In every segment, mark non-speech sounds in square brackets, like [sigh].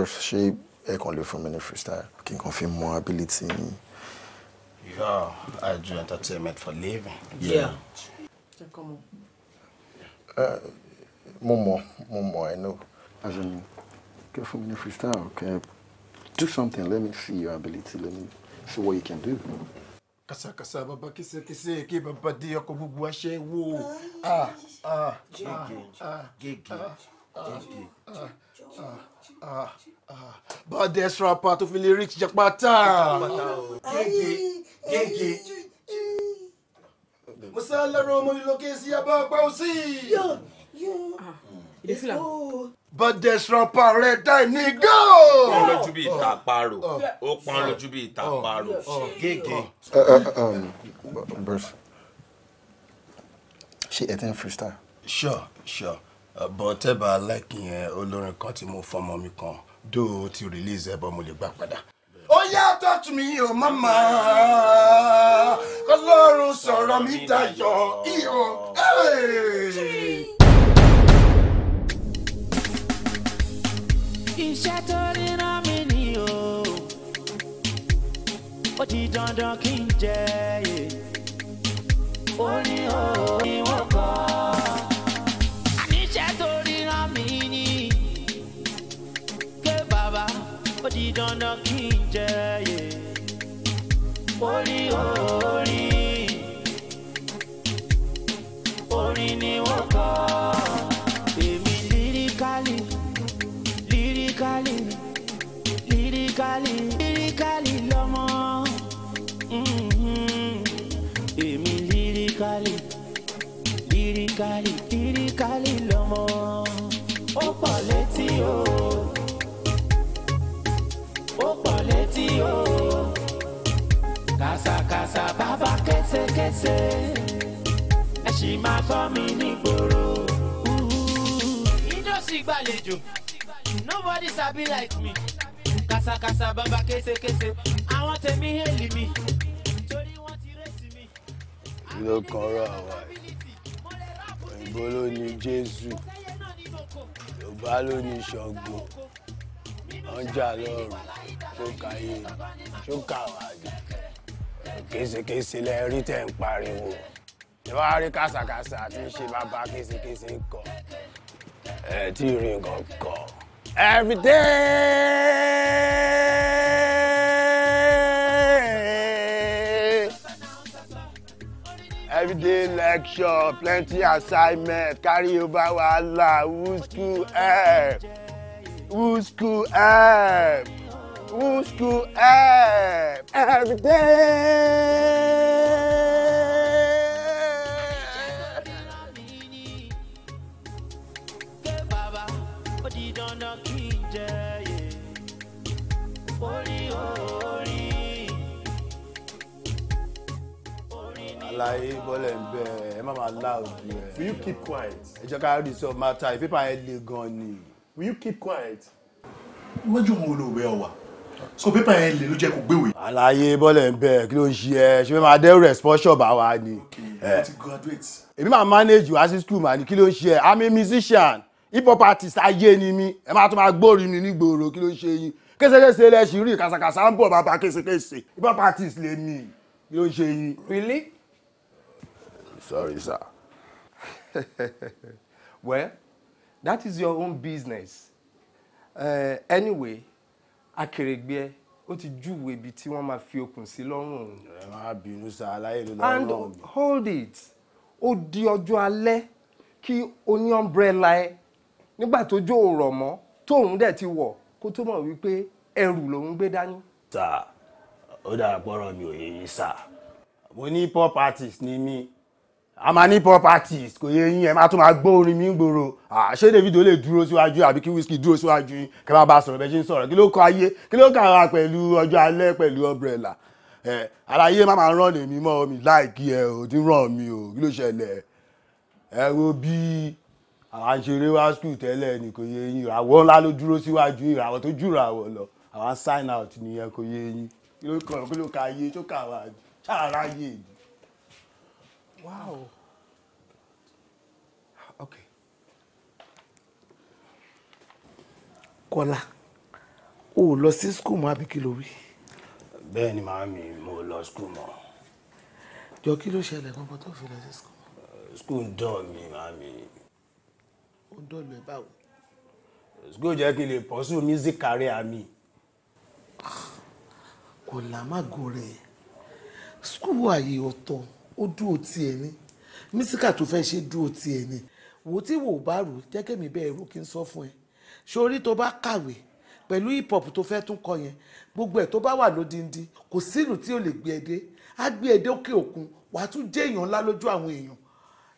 bro ṣé ẹ kàn lè fún mi ní freestyle kí n kàn fi mọ ability yín. Yeah, I do entertainment for living. Yeah. Uh, Mo mọ̀, mo mọ̀, I know. As in, get for me freestyle, okay? Do something, let me see your ability, let me see what you can do. Kasakasa baba kese kese ke baba di ọkọ gbogbo aṣẹ wo ah ah ah ah, ah, ah bọ́dẹ sọ́pà tó fi lyrics, rí jẹpá tá. gègé gègé. musa lọ́rọ̀ ọmọ yìí lókè sí abá ọgbà òsì. bọ́dẹ sọ́pà rẹ̀ dáì ní gò. ó pọn lójú bí ìta parò oh, oh, ó pọn oh, lójú bí ìta parò gègé. Eh, eh, eh, um, ṣé ẹ ti ń freestyle. sure sure bọ́ tẹ́bà láìkìyẹn olórin kan tí mo fọmọ mi kan dó o ti release ẹ mo lè gbà padà. ó yàtọ̀ tún mi ò màmá ọlọ́run sọ̀rọ̀ mi dayọ̀ ihò. iṣẹ́ tó ríran mi ni o ó ti dandan kí n jẹ yé orin o ni wọ́n. di dandan kí n jẹ yé orí orí orí ni wọ́n kọ èmi lírikálì lírikálì lírikálì lírikálì lọ́mọ mm-hmm. èmi lírikálì lírikálì lírikálì lọ́mọ ó pọ̀ létí o. Oh ó pọ̀ létí o kàṣàkàṣà bàbá késekése ẹ sì máa gbọ́ mi nígboro. ìdọ́sí gbàlejò nobody sabi like me kàṣàkàṣà bàbá késekése àwọn tèmi hèlì mi torí wọ́n ti rẹ́sì mi. ló kàn rọ àwa òyìnbó ló ní jésù yorùbá ló ní ṣàngó ọjà lọ́rùn ṣókàyé ṣókàwàdì késekése lẹ́rí tẹ̀ ń pariwo ìwà rí kàṣàkàṣà àti ṣe bàbá késekése kọ ẹ tí ì rí nǹkan kọ. every day lecture plenty assignment carry over wahala who school help. Wusku app. Wusku app. Every day. you bọ́lẹ̀ ń bẹ ẹ má máa láòdù ẹ. you keep quiet. ẹ jẹ́ ká rí sọ máa ìfipá yẹn le gan ni will you keep quiet. iwájú àwọn olóògbé ọwà so pépà yẹn lè ló jẹ kó gbéwèé. àlàyé bọ́lẹ̀ ń bẹ̀ kí ló ń ṣe ẹ ṣe fẹ́ máa dẹ́rù ẹ̀ sport shop àwa ni. ok ti graduate. èmi máa manage wá sí school mà ní kí ló ń ṣe ẹ i'm a musician hip hop artist ayé ni mi ẹ máa tún máa gbóòrin ni nígboro kí ló ń ṣe yín késekése lẹ ṣì rí kàṣàkàṣà ń bọ̀ bàbá késekése hip hop artist lè mi kí ló ń ṣe yín. really. sorry sir. [laughs] well that is your own business uh, anyway akèrègbè ẹ ó ti júwèé ibi tí wọ́n máa fi okùn sí lọ́rùn òun. and hold it ó di ọjọ́ alẹ́ kí o ní umbrella ẹ nígbà tó jó òrọ̀ mọ́ tóun dẹ̀ ti wọ̀ kó tó mọ̀ wípé ẹrù lòun gbé dání. sà ó dára mi ò yẹ yín sà mo ní pop artist ni mí a máa ní properties kò yẹ yín ẹ máa tún máa gbọ́ orin mi ń gbòòrò ṣé Davido lè dúró síwájú àbí kí Wizkid dúró síwájú yín kí wọ́n bá sọ̀rọ̀ bẹ́ẹ̀ ṣe ń sọ̀rọ̀ kí ló kọ ayé kí ló kà wá pẹ̀lú ọjọ́ alẹ́ pẹ̀lú umbrella ẹ ara ayé má máa ràn èmi mọ́ mi láìkí ẹ ò ti ràn mí o kí ló ṣẹlẹ̀ ẹ wo bí àwọn àṣeré wá skul tẹ́lẹ̀ ni kò yẹ yín ìràwọ̀ ńlá ló dúró síwájú ìràwọ̀ tó jù ìràwọ̀ sign out nìyẹn kò yẹ yín kí Wow. Okay. Kọ́lá, o ò lọ sí skul mọ́ àbí kí ló wí? Bẹ́ẹ̀ ni màá mi, mo lọ skul mọ́. Jọ kí ló ṣẹlẹ̀ gbọ́ngbọ́n tó fi lọ sí skul? Skul ń dán mi, màá mi. Ó ń dán lu ẹ̀ báwo? Skul jẹ́ kí n lè pursue music career mi. Ah, Kọ́lá má gòrè, skul wà yìí ọ̀tọ̀ ó dúró ti ẹ̀ ni mísíkà tó fẹ́ ṣe dúró ti ẹ̀ ni wò tí wò bá rò jẹ́ kẹ́mi bẹ́ẹ̀ rò kí n sọ fún ẹ sórí tó bá kàwé pẹ̀lú hip hop tó fẹ́ tún kọ yẹn gbogbo ẹ̀ tó bá wà lódindi kò sílùú tí ò lè gbé ẹ dé á gbé ẹ dé òkè òkun wàá tún jẹ́ èèyàn ńlá lójú àwọn èèyàn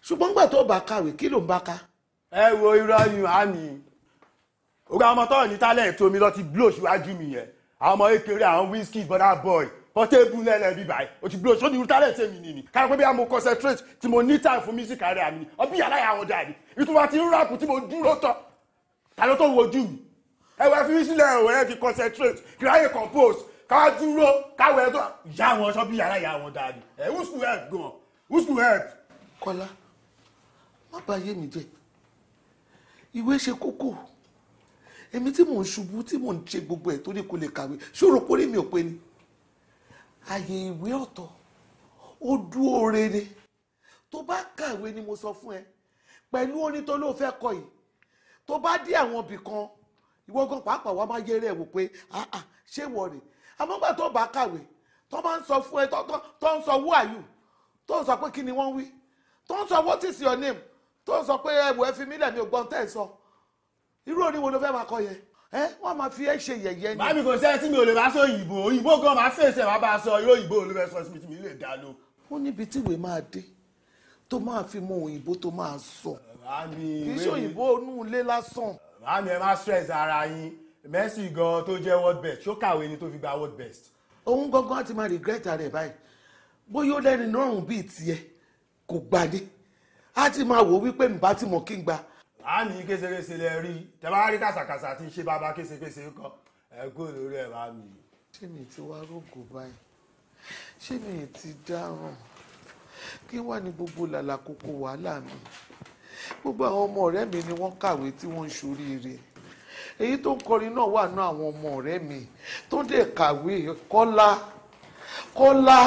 ṣùgbọ́n nígbà tó bá kàwé kí ló ń bá ká. ẹ wo irọ́ yun àmì ògbà ọmọ tọ́ọ̀ ní tálẹ̀ ètò lọ ti blow síwájú mi yẹn àwọn ọmọ ékeré àwọn Wizkid bọ́dà boy portable lẹ́lẹ̀ bí báyìí o ti blow sóni irú talent èmi ni ni kára pé bí mo concentrate tí mo ní time fún music ààrẹ àmì ọbí yàrá yà wọn dàbí ìtumọ̀ àti rap tí mo dúró tọ̀ ta ló tó wojú mi ẹ wá fi sílẹ̀ ọ̀rẹ́ fi concentrate kí láyè compose káwá dúró káwé tó yà wọn sọ bí yàrá yà wọn dàbí ẹ who's to help gan who's to help. Kọ́lá má bà yé mi jẹ́ ìwé ṣe kókó èmi tí mò ń ṣubú tí mò ń ṣe gbogbo ẹ̀ torí kò lè kàwé ṣòro kórè mi ò pe ni àyè ìwé ọ̀tọ̀ ó dúró rere tó bá kàwé ni mo sọ fún ẹ pẹ̀lú onítọ́ ló fẹ́ kọ yìí tó bá dé àwọn ibì kan ìwọ gan pàápàá wàá máa yẹrẹ ẹ wò pé ṣé wọ rè amọ́gbà tó bá kàwé tó bá ń sọ fún ẹ tó ń sọ who are you tó ń sọ pé kí ni wọ́n wí tó ń sọ what is your name tó ń sọ pé ẹ̀wọ̀ ẹ fi mílẹ̀ mi ò gbọ́n tẹ́ ẹ sọ irú oníwo ló fẹ́ máa kọ yẹn ẹ wọn máa fi ẹ ṣe yẹ̀yẹ́ ni. bábí kò sẹ́yìn tí mi ò lè bá sọ òyìnbó òyìnbó gan máa fèsì máa bá a sọ yóò òyìnbó olùbẹ̀ sọ sí mi lè dá ló. ó níbi tí ìwé máa dé tó máa fi mọ òyìnbó tó máa sọ kì í ṣe òyìnbó onú ilé lásán. màámi ẹ má stress ara yín Messi gan tó jẹ́ world best ṣó kàwé ni tó fi gba world best. òun gangan ti máa regret rẹ̀ báyìí bóyá ó lẹ́ni lọ́rùn bíi tiẹ̀ kò gbani á ti máa wò wípé ǹbá ti mọ̀ kí n gba a ní késekése lẹ rí tẹ bá rí kàsàkàsà tí ń ṣe bàbá késekése kan ẹ kó ẹ bá mi. ṣé mi ti wá rògò báyìí ṣé mi ti dáràn kí wá ní gbogbo làlàkókò wàhálà mi gbogbo àwọn ọmọ ọ̀rẹ́ mi ni wọ́n kàwé tí wọ́n ń ṣoríire èyí tó ń kọrin náà wà ní àwọn ọmọ ọ̀rẹ́ mi tó ń dẹ̀ kàwé kọ́lá kọ́lá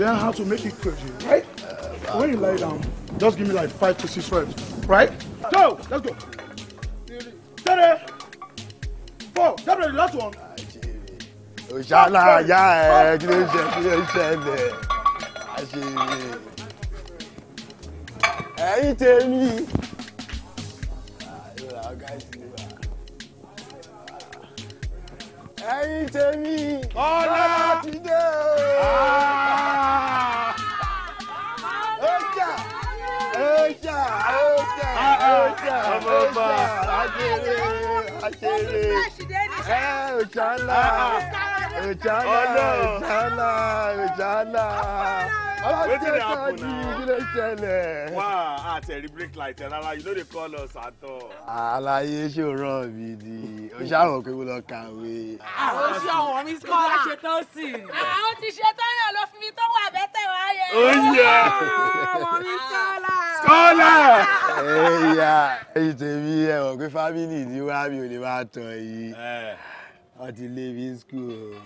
then how to make it crazy, right? Uh, when you lie down, just give me like five to six reps, right? So, let's go. Three, four, Tere, the last one. Òṣàlà àyà ẹ̀ kí ló ń ṣe kí ló ń ṣẹlẹ̀ eh, àṣírí. ẹ̀yin tèmi ọlá ti dé o. ọjà ọjà ọjà ọjà ọmọ ọba ajere ajere ẹ ọjà ńlá ọjà ńlá ọjà ńlá ọjà ńlá wetin dey happen na kí ló ṣẹlẹ̀. wa a tẹ̀rí break light rárá mi ni o ṣàwọn pé mo lọ kàwé. o ṣọwọ́n mi kọ́ la ṣe tán sí àwọn ah, ti ṣe tán náà ló fi mi tó wà bẹ́tẹ̀ wá yẹ. ó yẹ. ọmọ mi sọ́la. sọ́la. ẹ̀yà ẹ̀yìn pé fámìlì ni wá mi ò lè máa tọ̀ yìí. Eh. wọ́n ti lé mi school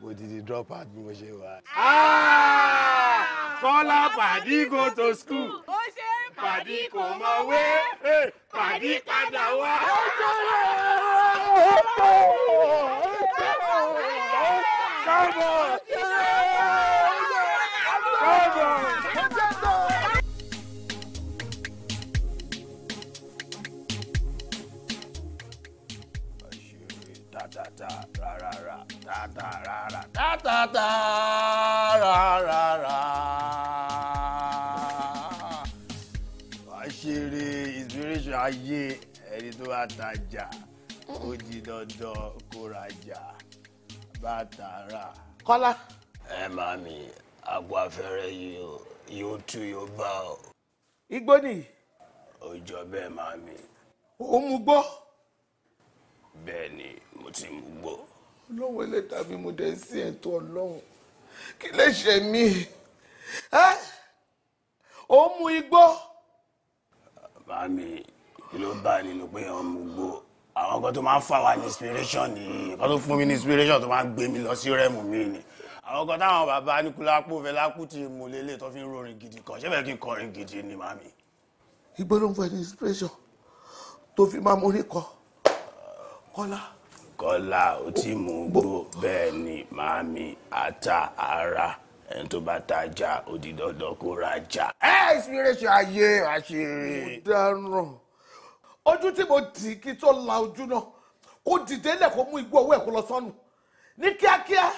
mo ti di drop out bí mo ṣe wà. Ah! Kọ́lá pàdí go to school. Ó ṣe é pàdí kò mọ̀wé. Pàdí padà wá. Ó jọrọ Come on! Come on! àṣírí inspiration ayé ẹni tó bá tajà ó di dandan kó rajà bá tààrà. kọ́lá. ẹ máa mi àgbo afẹ́rẹ́ yìí o yóò tú yóò bá o. igbó nìyí. ó jọ bẹ́ẹ̀ máa mi. òun mú gbó. bẹ́ẹ̀ ni mo ti mú gbó ọlọ́run ẹlẹ́dàá mi mo dẹ̀ ń sí ẹ̀tọ́ ọlọ́run kí lè ṣe mí ẹ́ ó mu igbó. bàbá mi kí ló bá nínú pé ó mu igbó àwọn kan tó máa ń fà wá ní inspiration ni kan tó fún mi ní inspiration tó máa ń gbé mi lọ sí rẹ́mù mi ni àwọn kan táwọn bàbá Aníkúlápó Fẹlákú ti mú lélẹ̀ tó fi ń rorin gidi kan ṣé bẹ́ẹ̀ kí n kọrin gidi ni màmí. igbó ló ń fọ ẹni inspiration tó fi máa mú orí kọ kọ́lá ó ti mú gbó bẹ́ẹ̀ ni màámi ata ara ẹni tó bá tajà ó di dandan kó rajà. ẹ ìsúnrẹ́sẹ̀ ayé àṣírí. mo dáràn ojú tí mo dì kí tó la ojú náà kó dìde lẹ̀ mú igbó owó ẹ̀ lọ sọ́nù ní kíákíá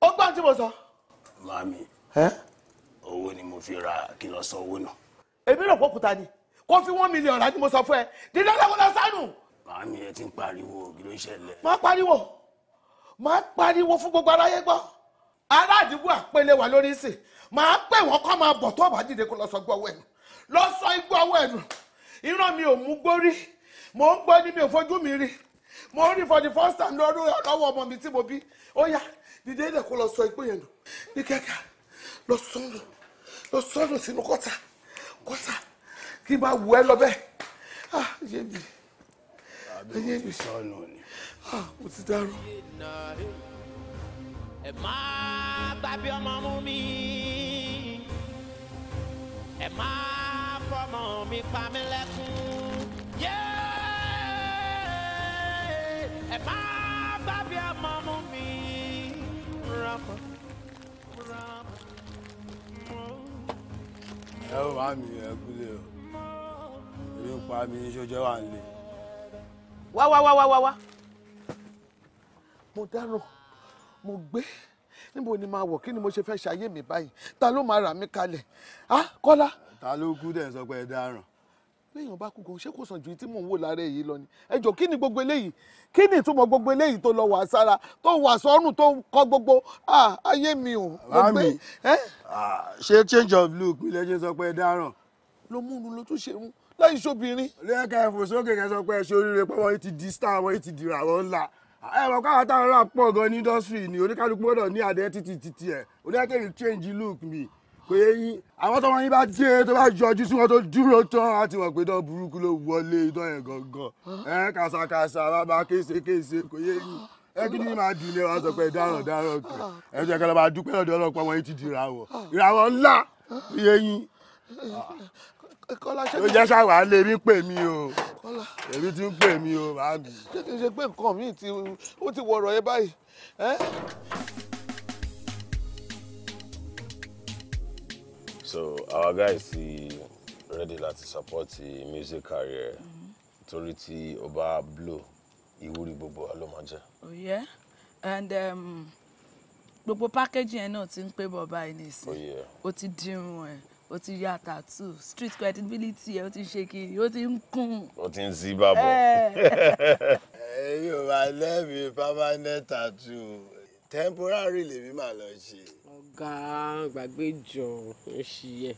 ó gbọ́n tí mo sọ. màámi owó ni mo fi ra kí lọ san owó náà. èmi rò pé òkúta ni kó fi one million rà ni mo sọ fún ẹ dídá lẹ́kọ̀ọ́ lọ sánù. màámi ẹ ti ń pariwo kí ló ń ṣẹlẹ̀. má pariwo má pariwo fún gbogbo aráyé gbọ́ ará àdúgbò àpẹẹlẹ wà lórí ìsìn màá pè wọ́n kọ́ máa bọ̀ tó bá dìde kó sọ igbó ọwọ́ ẹ̀nu lọ igbó ọwọ́ ẹ̀nu ìran mi ò mú gbórí mò ń gbọ́ mi ò fojú mi rí mo rí for the first time ọmọ mi tí mo bí ó yá dìde ilẹ̀ kó àbí ti sọnù ni. Ah, mo ti dárò. ẹ máa gbàbí ọmọ mú mi ẹ máa fọmọ mi pa mí lẹ́kún ẹ máa gbàbí ọmọ mú mi rọpò rọpò. ẹ wá mi ẹ kúlẹ̀ o èmi ń pa mi ní sọ́jọ́ wà ń lè wá wá wá wá wá wá mo dáràn mo gbé níbo ni máa wọ̀ kí ni mo ṣe fẹ́ ṣayé mi báyìí ta ló máa rà mí kalẹ̀ á kọ́lá. ta ló kú dẹ̀ sọ pé ẹ dáràn. léèyàn bá kú gan ṣé kò sàn ju tí mò ń wò lára èyí lọ ni ẹ jọ kí ni gbogbo eléyìí kí ni ìtumọ̀ gbogbo eléyìí tó lọ wà sára tó wà sọ́rùn tó kọ gbogbo ayé mi ò. bámi ṣé change of look mi lẹ́jọ́ sọ pé ẹ dáràn. ló mú un ló tún ṣe ń lẹ́yìn sóbìnrin. olóyè ká ẹ fò sókè kẹsàn pé ẹ ṣe oríire pé wọ́n ti di star wọ́n ti di ìràwọ̀ ńlá ẹ mọ̀ káwọn táwọn náà pọ̀ gan ní industry ni oníkálukú gbọ́dọ̀ ní identity títí ẹ̀ oníkálukú change look mi kò yẹ yín àwọn tó wọn yín bá dé tó bá yọjú sí wọn tó dúró tán á ti wọ̀n pé dán burúkú ló wọlé dán yẹn gangan ẹ kàṣàkàṣà bàbá kéṣekéṣe kò yẹ yín ẹ kí ni máa dùn lé wa sọ pé dáràn dáràn kẹ ẹ jẹ kí ló máa dúpẹ́ lọ́dọ̀ ọlọ́pàá wọn yìí ti di ìràwọ̀ ìràwọ̀ ńlá kò yẹ yín kọ́lá ṣe. ló jẹ́ ṣàwà lé mi pè mí o èmi ti ń pè mí o báàbí. ṣé kì ṣe pé nǹkan míì ti ó ti wọ̀rọ̀ yẹn báyìí. so our guys ti ready láti support music career mm-hmm. torí tí o bá blow ìwúrí gbogbo wa ló máa jẹ. oyè oh, and um, gbogbo pákéjì yẹn náà ti ń pé bọ̀ báyìí nìsín o oh, ti dirun ẹ̀ o ti ya tattoo street credibility ẹ o ti ṣe kiri o ti ń kún. o ti ń sí bàbọ. [laughs] ẹ̀yin máa lẹ́bi permanent tattoo temporary lèmi máa lọ ṣe. ọ̀gá gbàgbé jọ oṣù yẹ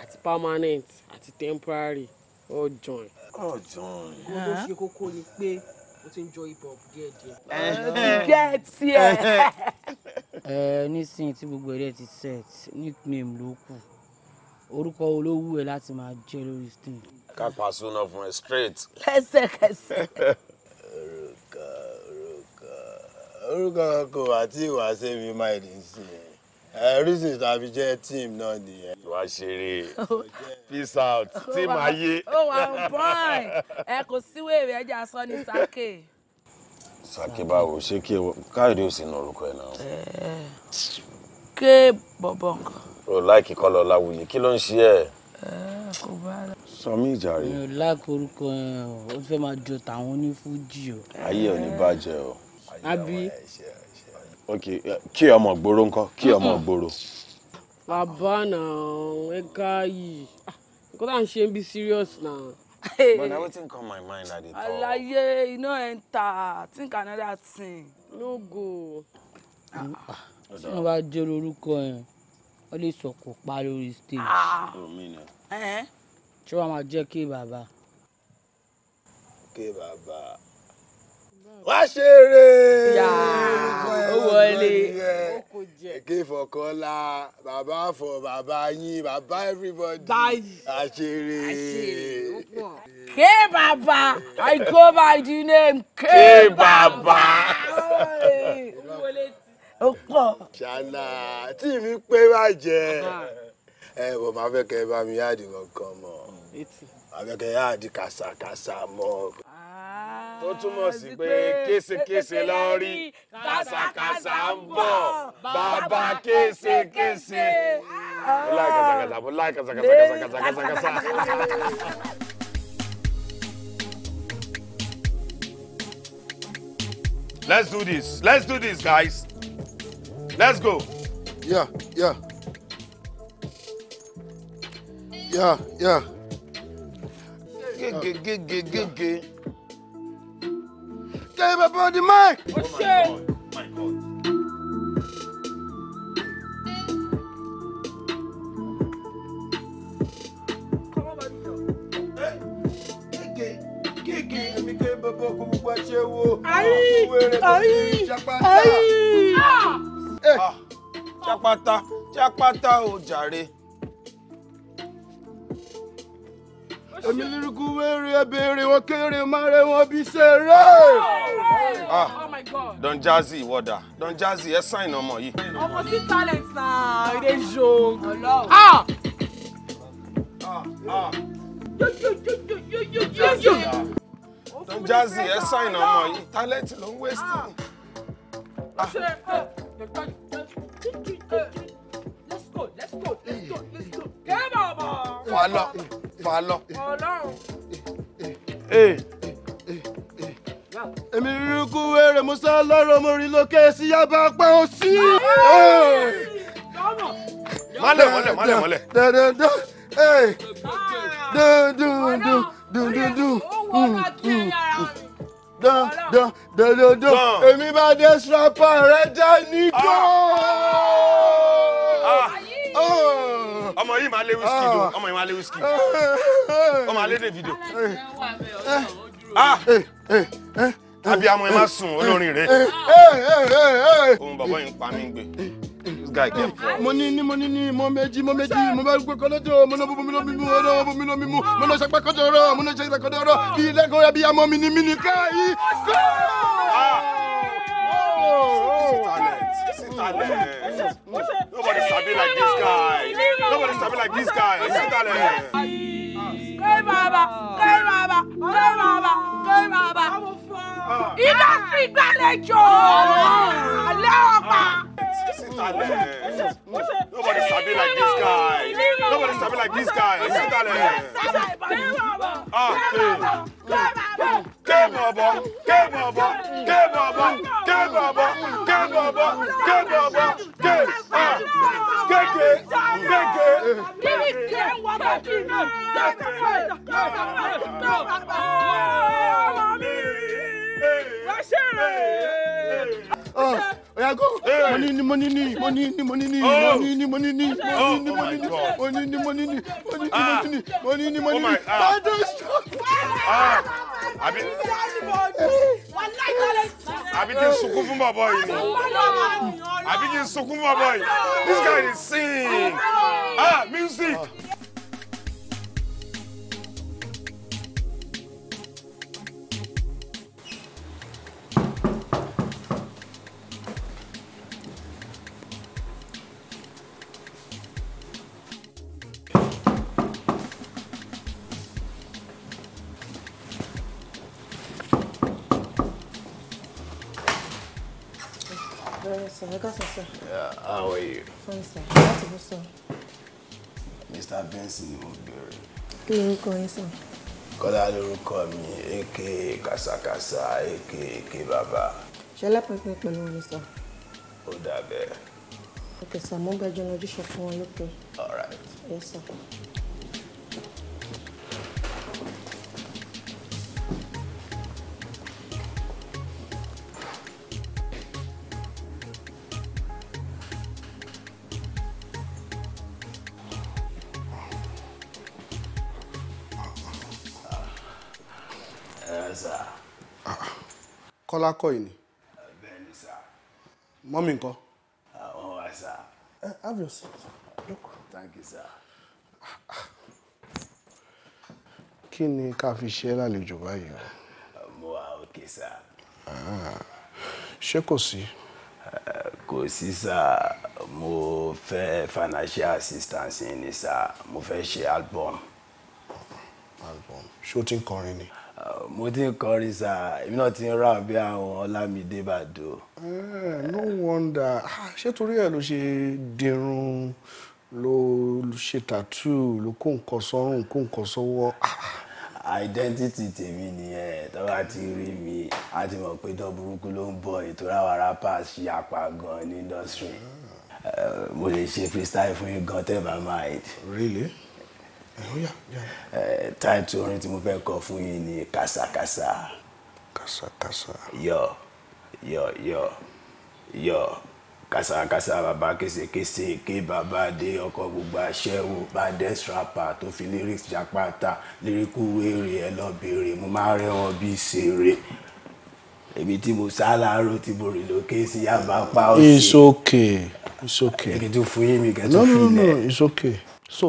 àti permanent àti temporary ó join. ó join. kó ló ṣe kókó ni pé o ti ń jọ hip hop díẹ̀ díẹ̀. díẹ̀ tiẹ̀. ẹ nísìnyí tí gbogbo ẹ̀rẹ́ ti set nickname ló kù orúkọ olówó ẹ láti máa jẹ́ lórí stage. ká pàṣúná fún ẹ straight. lẹ́sẹ̀kẹsẹ̀. orúkọ orúkọ orúkọ kò wá tí ìwà ṣe mi máa lè ṣe reason tàbí jẹ́ team náà nìyẹn. ìwà ṣeré peace out team ayé. ó wà ń bọ́ ẹ kò síwèé ẹ jẹ́ aṣọ ní sákè sakibawo ṣé kí káyọ̀dé ò sí ní orúkọ ẹ̀ náà. ké bọ̀bọ̀ nǹkan o láìkí kọ́ lọ láwùyí kí ló ń ṣe ẹ̀. Eh, kò bá rẹ. sọmi ìjàre. mi ò láìkí orúkọ yẹn o ó fẹ́ máa jọ tàwọn onífújì o. ayé ò ní bàjẹ́ o. àbí. ok kí ọmọ gbòòrò ńkọ́ kí ọmọ hmm. gbòòrò. bàbá náà ẹ ká yìí ah, kó tá à ń ṣe ń bí serious náà. [laughs] but na wetin come my mind at dey talk. alaye you no enter think another thing no go. Hmm. Ah, ah. tí wọ́n bá jẹ́ orúkọ yẹn wọ́n lè sọ̀kò pa lórí stage. Ah. ṣé wàá máa jẹ́ kí bàbá. kí bàbá wá ṣeré ó wọlé èké fọkànlá bàbá fọ bàbá yín bàbá everybody àṣeré. ké bàbá I go by the name ké bàbá ó pọ̀. ṣáná tí mi pé bàjẹ́ ẹ bọ̀ máa fẹ́ kẹ́ ẹ bá mi yáàdì kankan mọ́ máa mm, fẹ́ kẹ́ ẹ yáàdì kàṣàkàṣà mọ́ ah, tó túmọ̀ sí pé késekése lọ rí kàṣàkàṣà ń bọ̀ bàbá késekése. Ah. Let's do this. Let's do this, guys. Let's go. Yeah, yeah. Yeah, yeah. Gege, gege, gege. Give up on the mic. Oh my God. Oh my God. Ayi! Ayi! Ayi! Ah! chapata chapata ò jàre. èmi lírúkú wéré béèrè wọn kéré márẹ wọn bí ṣeré. Ah, oh don jazzy ìwọ́dà don jazzy ẹ sáìn ọmọ yìí. ọmọ sí talent na ilé joke. Ah! Ah, don jazzy ẹ sáìn ọmọ yìí talent ló ń waste fà lọ fà lọ. èmi rúkú wẹ́rẹ̀ musa lọ́rọ̀ mo rí lókè sí yaba pa ó sí. mọ́lẹ̀ mọ́lẹ̀ mọ́lẹ̀ mọ́lẹ̀. dandandan dandandan dandandan. owó ọ̀nà kí ẹ yára mi dán dán dòdòdò èmi bá dé strapa rẹ jẹ nígbà. Ah. Ah. Ah. ọmọ yìí máa lé wíṣkì dò ọmọ yìí máa lé wíṣkì ọmọ máa lé Davido. Eh. Eh, eh, abiyamọ ẹ má sùn olórin rẹ òun bàbá yìí ń pa mí gbé this guy came from. mo ní ní mo ní ní mo méjì mo méjì mo bá gbé kọ́lẹ́jọ́ mo náà bóbó mi náà mímú ọ̀rọ̀ bóbó mi náà mímú mo náà ṣàgbá kọ́jọ́ ọ̀rọ̀ mo náà ṣàgbá kọ́jọ́ ọ̀rọ̀ kí ilé ẹ̀kọ́ rẹ̀ bí amọ́ mi ní mí ní káyí. Nobody sabi like this guy. Nobody sabi like this guy industry gbàlejò alẹ́ ọ̀pá. nobody sabi like this guy nobody sabi like this guy sitalẹ. kébọ̀bọ̀ kébọ̀bọ̀ kébọ̀bọ̀ kébọ̀bọ̀ kébọ̀bọ̀ kébọ̀bọ̀ ké kéke kéke oya go money ni money ni money ni money ni money ni money ni money ni money ni money ni money ni money ni money ni money ni pardon abi abi ti sunkún fún bàbá yìí ni abi ti sunkún fún bàbá yìí this guy dey sing ah music. How are you? Fine, sir. Láti bó sọ. Mr. Benson ni mo bèrè. Kí lorúkọ yín sọ? Kọ́lá lorúkọ mi, aka Kàsàkàsà, aka Ike Bàbá. Ṣọlá pínpín pẹ̀lú mi sọ. Ó dà bẹ́ẹ̀. Okay, sir, mo gbẹ́jọ́ lọ́jọ́ ṣe fún wọn lókè. All right. Yes, sir. Fọlákọ́yì ni. bẹ́ẹ̀ ni sá. mọ́mì ńkọ́. àwọn wà sá. ẹ have your seat. Look. thank you sir. kí ni ká fi ṣe lálejò báyìí o. mo wà òkè sá. Ah. ṣé kò sí. Eh, kò sí sá mo fẹ́ financial assistance ni sá mo fẹ́ ṣe album. album ṣé o ti ń kọrin ni mo ti ń kọrin sá èmi náà ti ń rà bí àwọn ọlámídé bàdó. Eh, no wonder ah, ṣé torí ẹ ló ṣe dirun ló ṣe tattoo ló kó nǹkan sọ́rùn kó nǹkan sọ́wọ́. Ah, ah. identity tèmi nìyẹn tó bá ti rí mi a ti mọ̀ pé dán burúkú ló ń bọ̀ ètò ráwa rappers ṣe apá gan ní industry eh, mo lè ṣe freestyle fún yín gan tẹ́ bá máa. really. Eh, oh eh, táìtù orin tí mo fẹ́ kọ fún yín ni kàsàkàsà. kàsàkàsà. yọ yọ yọ yọ kàsàkàsà bàbá késekése ké bàbá dé ọkọ gbogbo aṣẹ́wó bandest rapper tó fi lyrics jápáta líríkù wéèrè ẹ lọ mo máa rẹ́wọ̀n bíi ṣeré èmi tí mo sá láàárọ̀ tí mo rìn lókè sí yàrá pa ọ̀sẹ̀. it's okay it's okay. èkìtì fún yín mi kẹ́tọ́ fi lẹ̀. no no no it's okay so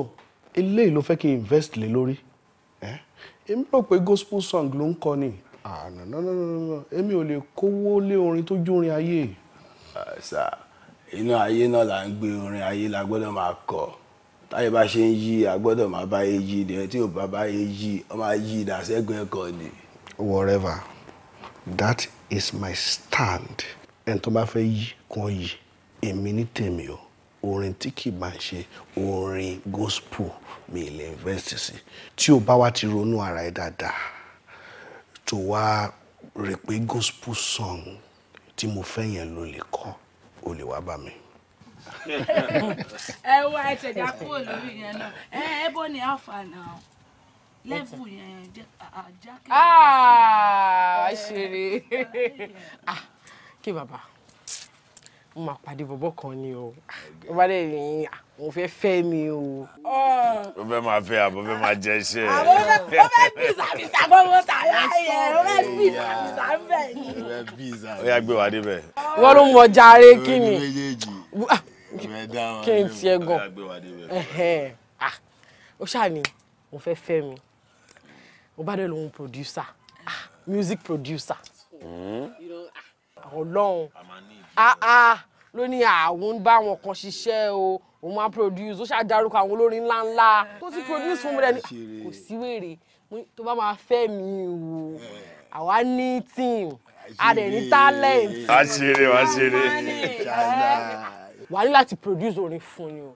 eléyìí ló fẹ́ kí n invest lé lórí èmi rò pé gospel song ló ń kọ ni èmi ò lè kówó lé orin tó jórin ayé. sà inú ayé náà là ń gbé orin ayé la gbọ́dọ̀ máa kọ táyé bá ṣe ń yí a máa bá yé yí ni tí ò bá bá yé yí ọ máa yí ìdásẹ́gbẹ̀ẹ́ kan ni. whatever that is my stand ẹni tó bá fẹ́ yí kan yí èmi ní tèmi o orin tí kì í bá ṣe orin gospel mi lè invest sí tí o bá wá ti ronú ara ẹ dáadáa tó wá rè pé gospel song tí mo fẹ́ yẹn ló lè kọ́ o lè wá bá mi. ẹ wá ẹ tẹ̀dá kúrò lórí yẹn náà ẹ ẹ bọ́ ni alpha náà lẹ́fù yẹn jákè. Ah, àṣírí ah, kí bàbá mo máa pàdé bọ̀bọ̀ kan ni o ó bá dẹ̀ rìn mo fẹ́ fẹ́ mi o. ó fẹ́ máa fẹ́ àbọ̀ fẹ́ máa jẹ iṣẹ́. àbọ̀ ó bí ìsàmìsà bọ́ mo tà láàyè ó fẹ́ bí ìsàmìsà ń bẹ̀ ni. yà gbé wa débẹ̀. wọ́n ló mọ jàre kí ni ah, kí n tiẹ̀ gan ó ah, ṣàní mo fẹ́ fẹ́ mi ó bá dẹ̀ lòun producer ah, music producer. Hmm? ọlọ́run. a máa Ah, ah, ló ní àwọn bá wọn kan ṣiṣẹ́ o òun máa produce ó ṣáà dárúkọ àwọn olórin ńláńlá tó ti produce fún mi rẹ ni kò sí wèrè tó bá máa fẹ́ mi wò àwa ní team a dẹ̀ ní talent. wá ṣeré wá ṣeré. wà á ní láti produce orin fún ni o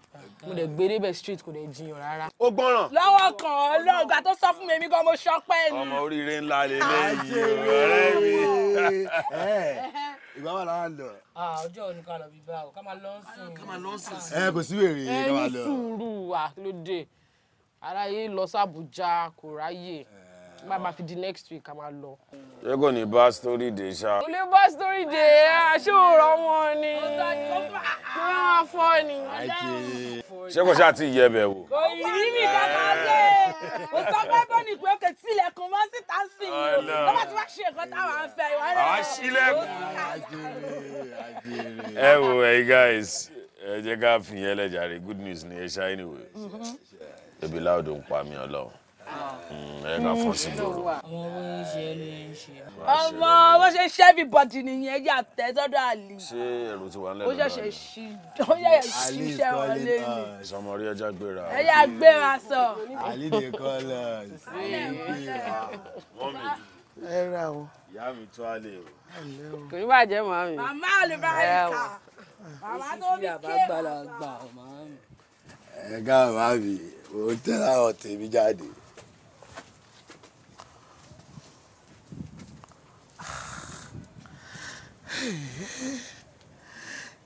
mo dẹ̀ gbé débẹ̀ street kò dẹ̀ jiyàn rárá. ó gbọ́ràn. lọ́wọ́ kan ọlọ́run gbà tó sọ fún mi èmi gan mo ṣọpẹ́ ni. ọmọ oríire ńlá lélẹ́yìí ọ̀rẹ́ mi. [laughs] ìgbà wà lára lọ. ọjọ́ òní ká lọ bí bá o ká máa lọ sùn. ká máa lọ sùn sí. ẹ kò sí wèrè ká lọ. ẹ sùúrù àlódé aráyé lọ sí Àbújá kò ráyè bá ma fi di next week a máa lọ. ṣé kò ní bá story de ṣá. kò lè bá story de aṣọ́rọ̀ wọn ni kí wọ́n máa fọ́ ni. ṣé kò ṣáà ti yẹ bẹ̀ wò. kò yí mi kankan lé kò sọ pé bọ́ọ̀nì pé kò tilẹ̀ kò mọ́ síta sí i lọ́wọ́ tí wọ́n ṣe nǹkan táwọn ń fẹ́ ìwà rẹ̀. àwọn sílẹ̀kùn. ẹ wo ẹ̀yin guys ẹ jẹ́ ká fìyẹn lẹ́jà rẹ̀ good news ni ẹ ṣá anyway mm-hmm. ebi láòdù ń pa mí ọlọ́run ẹ ká ọmọ wọn ṣe ṣe everybody nìyẹn ẹjẹ àtẹ sọ́dọ̀ àlè. ṣé èrò ti wà ń náà. ó ṣẹ̀ṣẹ̀ ṣí ó wọn lé ní. ìsọmọrí ẹja gbéra. ẹja gbéra sọ. àlè dey call us. [laughs] ẹ ra o. ìyá mi tún á lè o. kò ní bàjẹ́ màmí. màmá olùbáyìí kà. màmá tó bí kéèmà. ẹ ká màmí òun tẹ́lá ọ̀tẹ̀ mi jáde.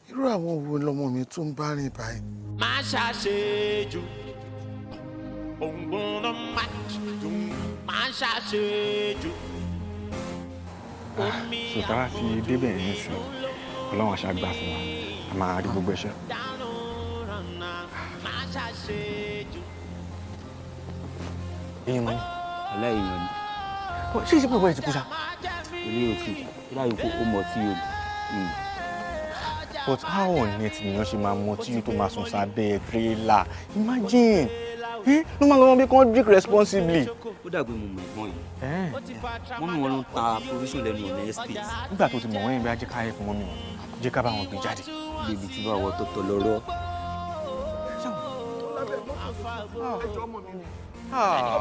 irú àwọn wo lọmọ mi tún ń bá rìn báyìí. má ṣàṣejù òǹgbọ́n ló má jù má ṣàṣejù. Ah, sọ̀tà wá fi débẹ̀ yẹn sí ọlọ́run aṣáágbá fún wa a máa rí gbogbo iṣẹ́. èèyàn mọ̀ ní. aláìyàn ni. ṣé ìṣẹ́ pọ̀ ti kú sa ilé òtí láyé kó o tí o lù. Hmm. but how on earth ni wọ́n ṣe máa mọ tí tó máa sùn sábẹ́ La imagine eh? ló máa lọ wọn bí kàn drink responsibly. ó dàgbé mo mọ ìgbọ́n yìí eh. wọ́n mi wọn ló ń ta provision lẹ́nu ọ̀nà estate. nígbà tó ti mọ̀ wọ́n yẹn bí ajẹ́ká ẹ̀kún mọ́ mi wọ́n jẹ́ ká bá wọn gbé jáde. bébí tí bá wọ tọ̀tọ̀ lọ́rọ́. Ah. Ah. ẹjọ́ ọmọ Ah.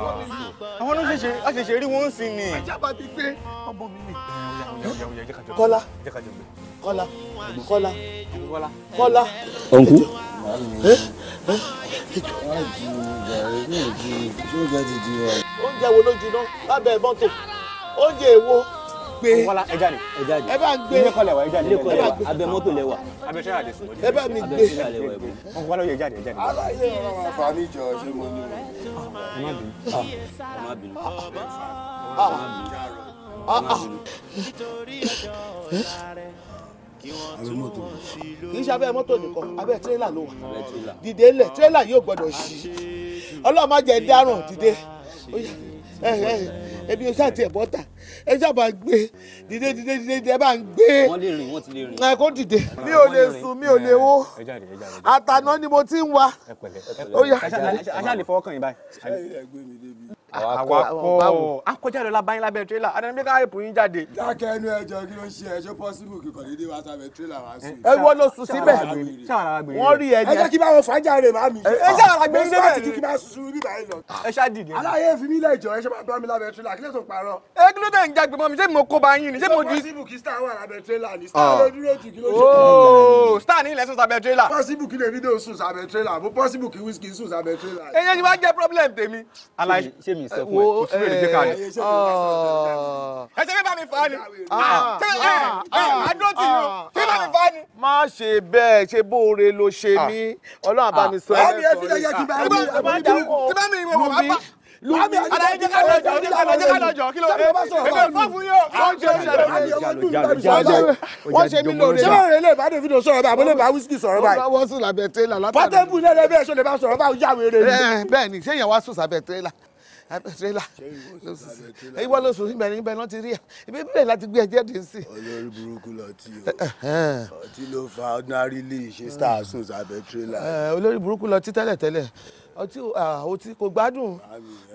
àwọn ló ṣẹ̀ṣẹ̀ àṣẹ̀ṣẹ̀ rí wọ́n sí ni. ajaba ti pé ọmọ mi ni. kọ́lá kọ́lá kọ́lá kọ́lá ọ̀nkú. Eh? Eh? oúnjẹ wo ló jiná lábẹ́ mọ́tò oúnjẹ èwo gbé ẹ bá ń gbé ilé kọlẹ̀ wá ẹ jáde ilé kọlẹ̀ wá abẹ mọ́tò lẹ wà. abẹ sẹ́yà lè sùn. ẹ bá mi gbé abẹ sẹ́yà lè wà ẹ̀bùn. wọn kọ́ lọ́yẹ̀ jáde jáde. aláyé ọ̀rọ̀ wà fà mí jọ ṣé mo ní o. ẹ má bínú ah. ẹ má bínú ah. ẹ má ah. bínú abẹ́ mọ́tò kì í ṣe abẹ́ mọ́tò nìkan abẹ́ tírélà ló wà dìde lẹ̀ tírélà yóò gbọ́dọ̀ ṣí ọlọ́run má jẹ́ dáràn dìde ebi oṣù àti ẹ̀bọ́ta ẹ jábà gbé dìde dìde dìde ẹ bá ń gbé ẹ kó dìde mi ò lè sùn mi ò lè wó àtàná ni mo ti ń wa ó yá. aṣá lè fọwọ́ kàn yín báyìí àwakọ akọjáde ọlábáyín lábẹ́ tírélà adanibi ká èpò yín jáde. dákẹ́ ẹnu ẹjọ́ kí ló ń ṣe ẹjọ́ pọ́sibú kíkọ̀ déédéé wá sábẹ́ tírélà wá sí. ẹ wọ́n ló sùn síbẹ̀ wọ́n rí ẹ̀jẹ̀. ẹ jẹ́ kí bá wọn fàájà rẹ̀ máa mi. ẹ ṣe àwọn àgbẹ̀ síbẹ̀ rẹ̀ kí bá sùn bí báyìí lọ. ẹ ṣá dìde. aláyé fi mí lẹ́jọ́ ẹ ṣe máa bá mi lábẹ́ tírélà kí lè tó parọ́. ẹ kí ló dé ń jágbe mọ́ mi ṣé mo kó ba yín ni ṣé mo ju. pọ́sibù kí star wà lábẹ́ tírélà ni star ló dúró jù kí ló ṣe. star ní ilẹ̀ sùn sábẹ́ tírélà. pọ́sibù kí Davido sùn sábẹ́ tírélà mo pọ́sibù wíṣkì sùn sábẹ́ tírélà. eyín ni wàá jẹ́ problem tèmi. alaye ṣé mi sẹ fún ẹ kí ló lè ká rí. ẹ ṣe bá mi fà á ni. àdúró tì yín ṣé bá mi fà á ni. má ṣe bẹ́ẹ̀ ṣe bóore ló ṣe mí ọlọ́run bá sọ ẹ o lórí alájẹ alájọ alájẹ alájọ kí ló dé ebe fọ́ọ̀fù yóò wọ́n ṣe wọ́n ṣe mí lóore ṣé wọ́n rẹ̀ lè bá davido sọ̀rọ̀ báyìí àbúlé bá wíṣíkì sọ̀rọ̀ báyìí. wọ́n sùn lábẹ́ tẹ́lá látàrí. pọ́tẹ́bù náà lẹ́bẹ̀ẹ́ ṣọlẹ̀ bá sọ̀rọ̀ báyìí yàwé rẹ̀. bẹ́ẹ̀ ni ṣé èèyàn wá sùn sábẹ́ tẹ́lá tírélà ìwọ ló sùn ibẹ̀ níbẹ̀ náà ti rí ibi bẹ́ẹ̀ láti gbé ẹjẹ́ dé sí. olórí burúkú lọtí o ọtí ló fa ordinary lee ṣe star sùn sábẹ́ tírélà. olórí burúkú lọtí tẹ́lẹ̀tẹ́lẹ̀ ọtí ọtí kò gbádùn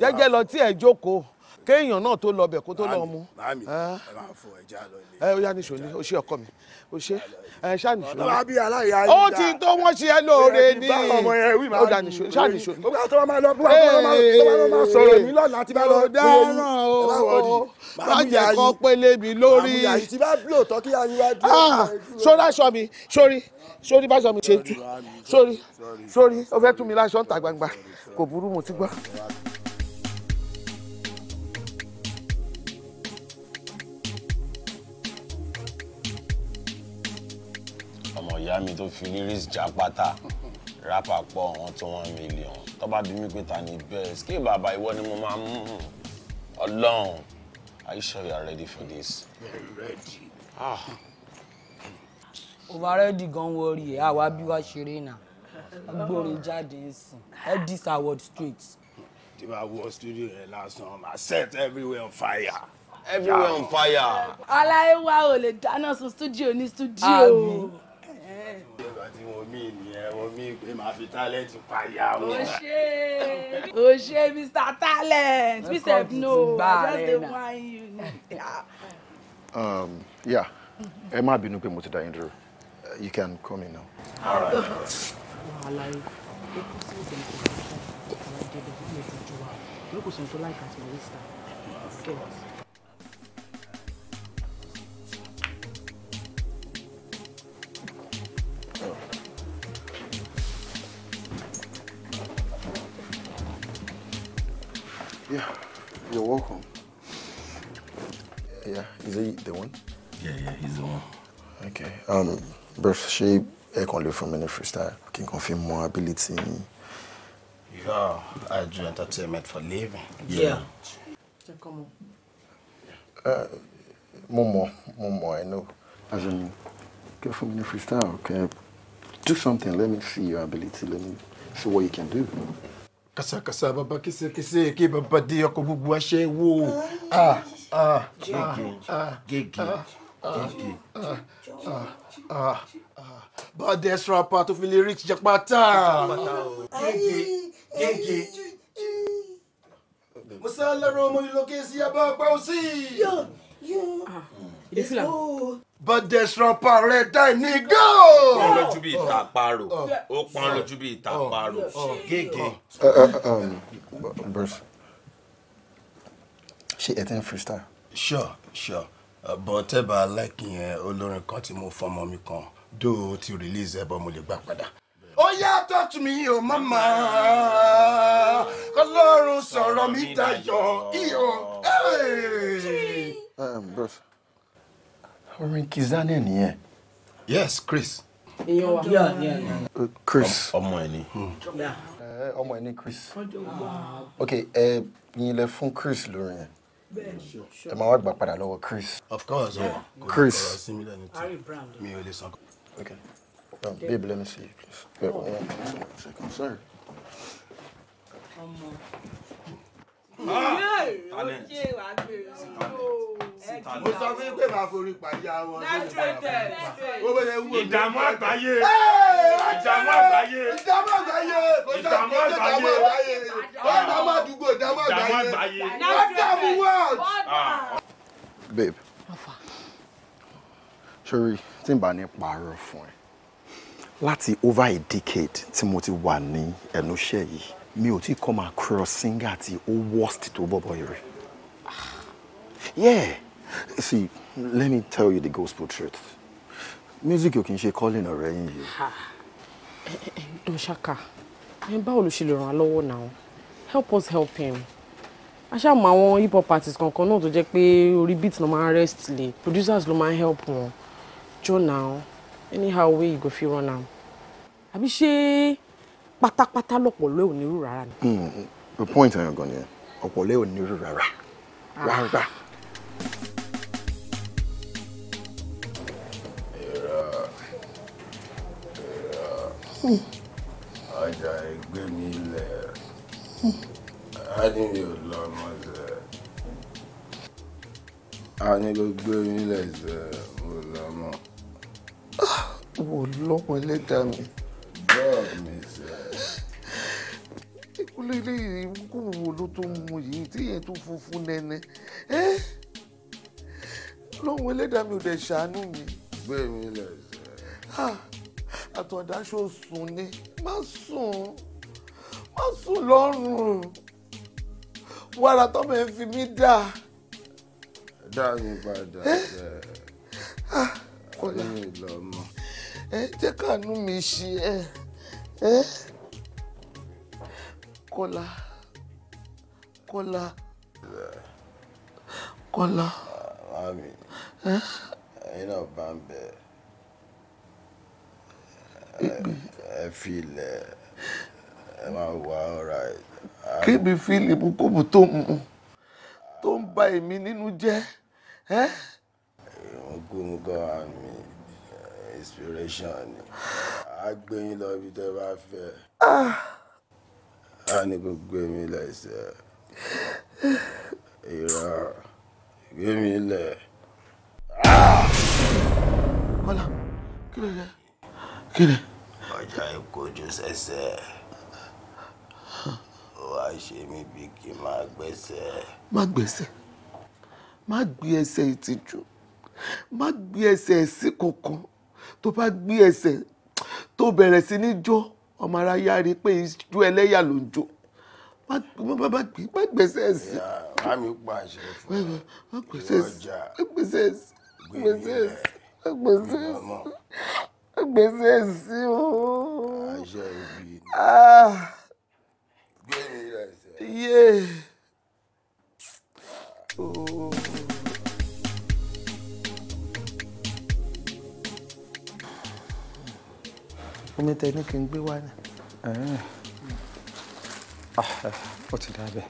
jẹ́jẹ́ lọ tí ẹ jókòó kéèyàn náà tó lọ bẹ̀ kó tó lọ mú. bàmí ẹ máa fọ ẹja lọ ilé. ẹ ó yá ní sòní o ṣé ọkọ mi o ṣé ẹ ṣàníṣó. ọlọ́wà bí aláìyá yìí dá. ó ti tó wọ́n ṣe ẹ́ lóore ní. ó ṣàníṣó ṣàníṣó. ó gbà tó wọ́n máa lọ bí wọ́n máa sọ̀rọ̀ mí lọ́la tí bá lọ bí oyún. ó bàjẹ́ kọ́ pélébi lórí. àmúyàyí ti bá bí òótọ́ kí ayíwájú. Ah, sórí aṣọ mi sórí sórí bá aṣọ mi ṣe tú sórí sórí ó fẹ́ tú mi láṣọ ń ta gbangba kò burú mo ti gbọ́. ìyá mi tó fi lyrics já pátá rápà pọ̀ wọ́n tó one million tó bí mi pé ta ni bẹ́ẹ̀ ṣé bàbá ìwọ ni mo máa mú ọlọ́run are you sure you are ready for this. very ready. ah. o bá rẹ́dì gan wọrí ẹ̀ àwa bí wàá ṣeré náà gbòòrò jáde ń sìn edis award street. tí bá wọ studio rẹ lásán máa set everywhere on fire. everywhere on fire. aláìwá ò lè dáná sun studio ní studio àti wọn mí nìyẹn talent mr talent we sef know i just dey whine you. um, yeah ẹ má bínú pé mo ti you can come in now. All right. Yeah, you're welcome. Yeah, is he the one? Yeah, yeah, he's the one. Okay. Um, bruv, she, I kàn lè fún mi freestyle. Kí n kàn fi ability Yeah, I do entertainment for living. Yeah. yeah. Come on. Uh, more more more I know. As in, get for any freestyle, okay? Do something, let me see your ability, let me see what you can do. kàsàkàsà bàbá kìsìkìsì kí bàbá di ọkọ gbogbo aṣẹ wo part of the rich lè rí jàpátá. musa lọ́rọ̀ ọmọ ìlọkẹ́sì abá pa ó sí. You dey feel am? Bọ́dẹ̀ sọ̀pọ̀ rẹ̀ dá ní gò. Ó pọn lójú bí ìta parò. Ó pọn lójú bí ìta parò. Gègé. Bros, ṣe ẹ̀ tẹ́ ń freestyle? Sure, sure. Uh, Bọ̀tẹ́bà láìkìyẹn olórin kan tí mo fọmọ mi kan. Dó o ti release ẹ̀ bọ́ mo lè gbà padà ó yá talk to me o oh, mama kọlọ́run sọ̀rọ̀ mi dayọ̀ iyo. Um, bros orin kizane nìyẹn. yes Chris. èèyàn wa uh, Chris. ọmọ ẹ ni. Hmm. Eh, ọmọ ẹ ni Chris. ok ẹ yín lẹ fún Chris lórí yẹn ẹ máa wá gbà padà lọ́wọ́ Chris. of course Yeah. Chris. mi ò lè sọ. ok um, babe let me see you please. Oh. Wait, one second sorry. Um, mo sọ fún yín pé màá forí pàdé àwọn ọdún ìpàdé ìdààmú àgbáyé ìdààmú àgbáyé ìdààmú àgbáyé ìdààmú àgbáyé ìdààmú àdúgbò ìdààmú àgbáyé ìdààmú world. babe sori tí n bá ní pààrọ̀ fún ẹ láti over a decade tí mo ti wà ní ẹnu iṣẹ́ yìí mi ò tí come across singer tí ó worst tó bọ́bọ́ yìí yeah see let me tell you the gospel truth music ò kì í ṣe calling ọ̀rẹ́ yín yìí. don eh, eh, eh, ṣaka báwo ló ṣe lè ràn án lọ́wọ́ náà help us help him aṣáàmù àwọn hip hop artists kankan náà tó jẹ́ pé orí beat ló máa rest lè producers ló máa help wọn jọ náà anyhow way you go fit run am àbí ṣé pátápátá lọ̀pọ̀lọ́ ò nírú rárá ni. Hmm, the point ẹ̀yàn gan nìyẹn ọ̀pọ̀lọ́ ò nírú rárá ah. rárá. ọjà hmm. ẹgbẹ́ mi lẹ̀ á hmm. ní mi ò lọ ọmọ zẹ̀ á ní gbogbo mi lẹ̀ zẹ̀ mo lọ́mọ. wò ah, lọ́mọ lẹ́tà mi ìkúlẹ̀ ilé ìkúrò ló tó ń mu yìí tí yẹn tó funfun nẹ́nẹ́ ẹ́ lọ́wọ́ ẹlẹ́dàá mi ò dẹ̀ ṣàánú mi. bẹ́ẹ̀ mi lẹ̀ ṣe. àtọ̀dáṣọ sùn ni má sùn má sùn lọ́rùn wàrà tọ́mọ ẹ̀ fi mí dà. dá mi padà bẹ́ẹ̀ ayé mi ẹ jẹ́ káàánú mi ṣe ẹ ẹ Kọ́lá Kọ́lá Kọ́lá. mami ẹyin náà bá ń bẹ ẹ fi ilẹ̀ ẹ máa wà ọ̀rá ẹ. kébì fílìpù kóbù tó ń mu tó ń ba èmi nínú jẹ́. mo gbóhùn mi inspiration ni a gbé yín lọ ibi tẹ́ bá fẹ́ a ní kó gbé mi lẹ́sẹ̀ gbé mi lẹ̀. kọ́lá kí ló yẹ kí ni. ọjà ìkojú sẹ́sẹ̀ wá ṣe mí bí kí n máa gbẹ́sẹ̀. má gbẹ́sẹ̀ má gbé ẹsẹ̀ ìtìjú má gbé ẹsẹ̀ ẹ̀sìn kankan tó bá gbé ẹsẹ̀ tó bẹ̀rẹ̀ sí ní jó ọmọ aráyá rí pé ijó ẹlẹ́yà ló ń jó má gbèsè ẹ̀sìn. má mi pàṣẹ fún ọ má gbèsè gbèsè ẹ̀sìn gbèsè ẹ̀sìn gbèsè ẹ̀sìn gbèsè ẹ̀sìn o. àṣẹ ìbí. Ah. gbé mi rẹ̀ omi tẹ ní kí n gbé wá ní. Ah, eh, ó ti dá bẹ́ẹ̀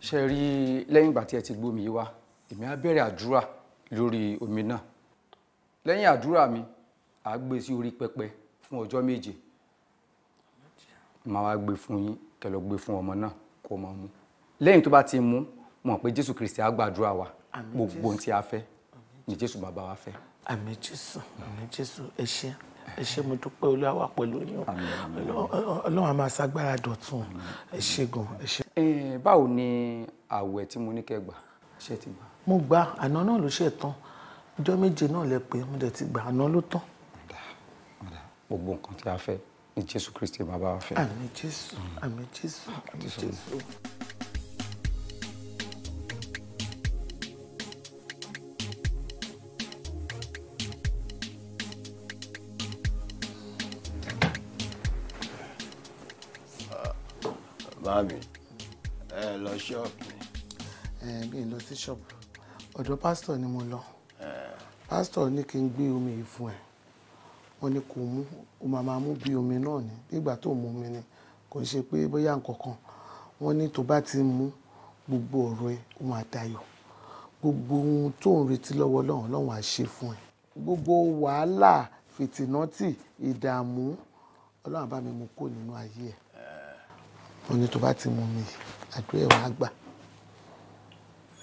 ṣe rí lẹ́yìn ìgbà tí ẹ ti gbómi wá èmi á bẹ̀rẹ̀ àdúrà lórí omi náà lẹ́yìn àdúrà mi à á gbé sí orí pẹpẹ fún ọjọ́ méje màá wá gbé fún yín kẹ́ lọ gbé fún ọmọ náà kó máa mu lẹ́yìn tó bá ti mu mọ̀ pé jésù kristi á gbàdúrà wa gbogbo ohun tí a fẹ́ ni jésù bàbá wa fẹ́. àmín jésù àmín jésù ẹ ṣé ẹ ṣé mo dúpẹ́ Olúwa wà pẹ̀lú yín Ọlọ́run a máa ṣagbára dọ̀tun ẹ ṣé gan ẹ ṣé. báwo ni àwẹ̀ tí mo ní kẹ́ gbà ṣe ti gbà. mo gba àná náà ló ṣe tán ọjọ́ méje náà lẹ pé mo dẹ̀ ti gbà àná ló tán. gbogbo nǹkan tí a fẹ́ ni Jésù Kristi bàbá wa fẹ́. àmín Jésù àmín Jésù àmín Jésù. shop ni. mi lọ sí shop ọ̀dọ̀ pásítọ̀ ni mo lọ pásítọ̀ ní kí n gbé omi yìí fún ẹ wọ́n ní kò mú o máa máa mú bí omi náà ni nígbà tó mú omi ni kò ṣe pé bóyá nǹkan kan wọ́n ní tó bá ti mú gbogbo ọ̀rọ̀ ẹ òun àtayọ̀ gbogbo ohun tó ń retí lọ́wọ́ lọ́hùn lọ́hùn á ṣe fún ẹ gbogbo wàhálà fìtìnátì ìdààmú ọlọ́run bá mi mú kó nínú ayé ẹ wọ́n ní tó bá ti mú mi yìí àdúrà wa gbà.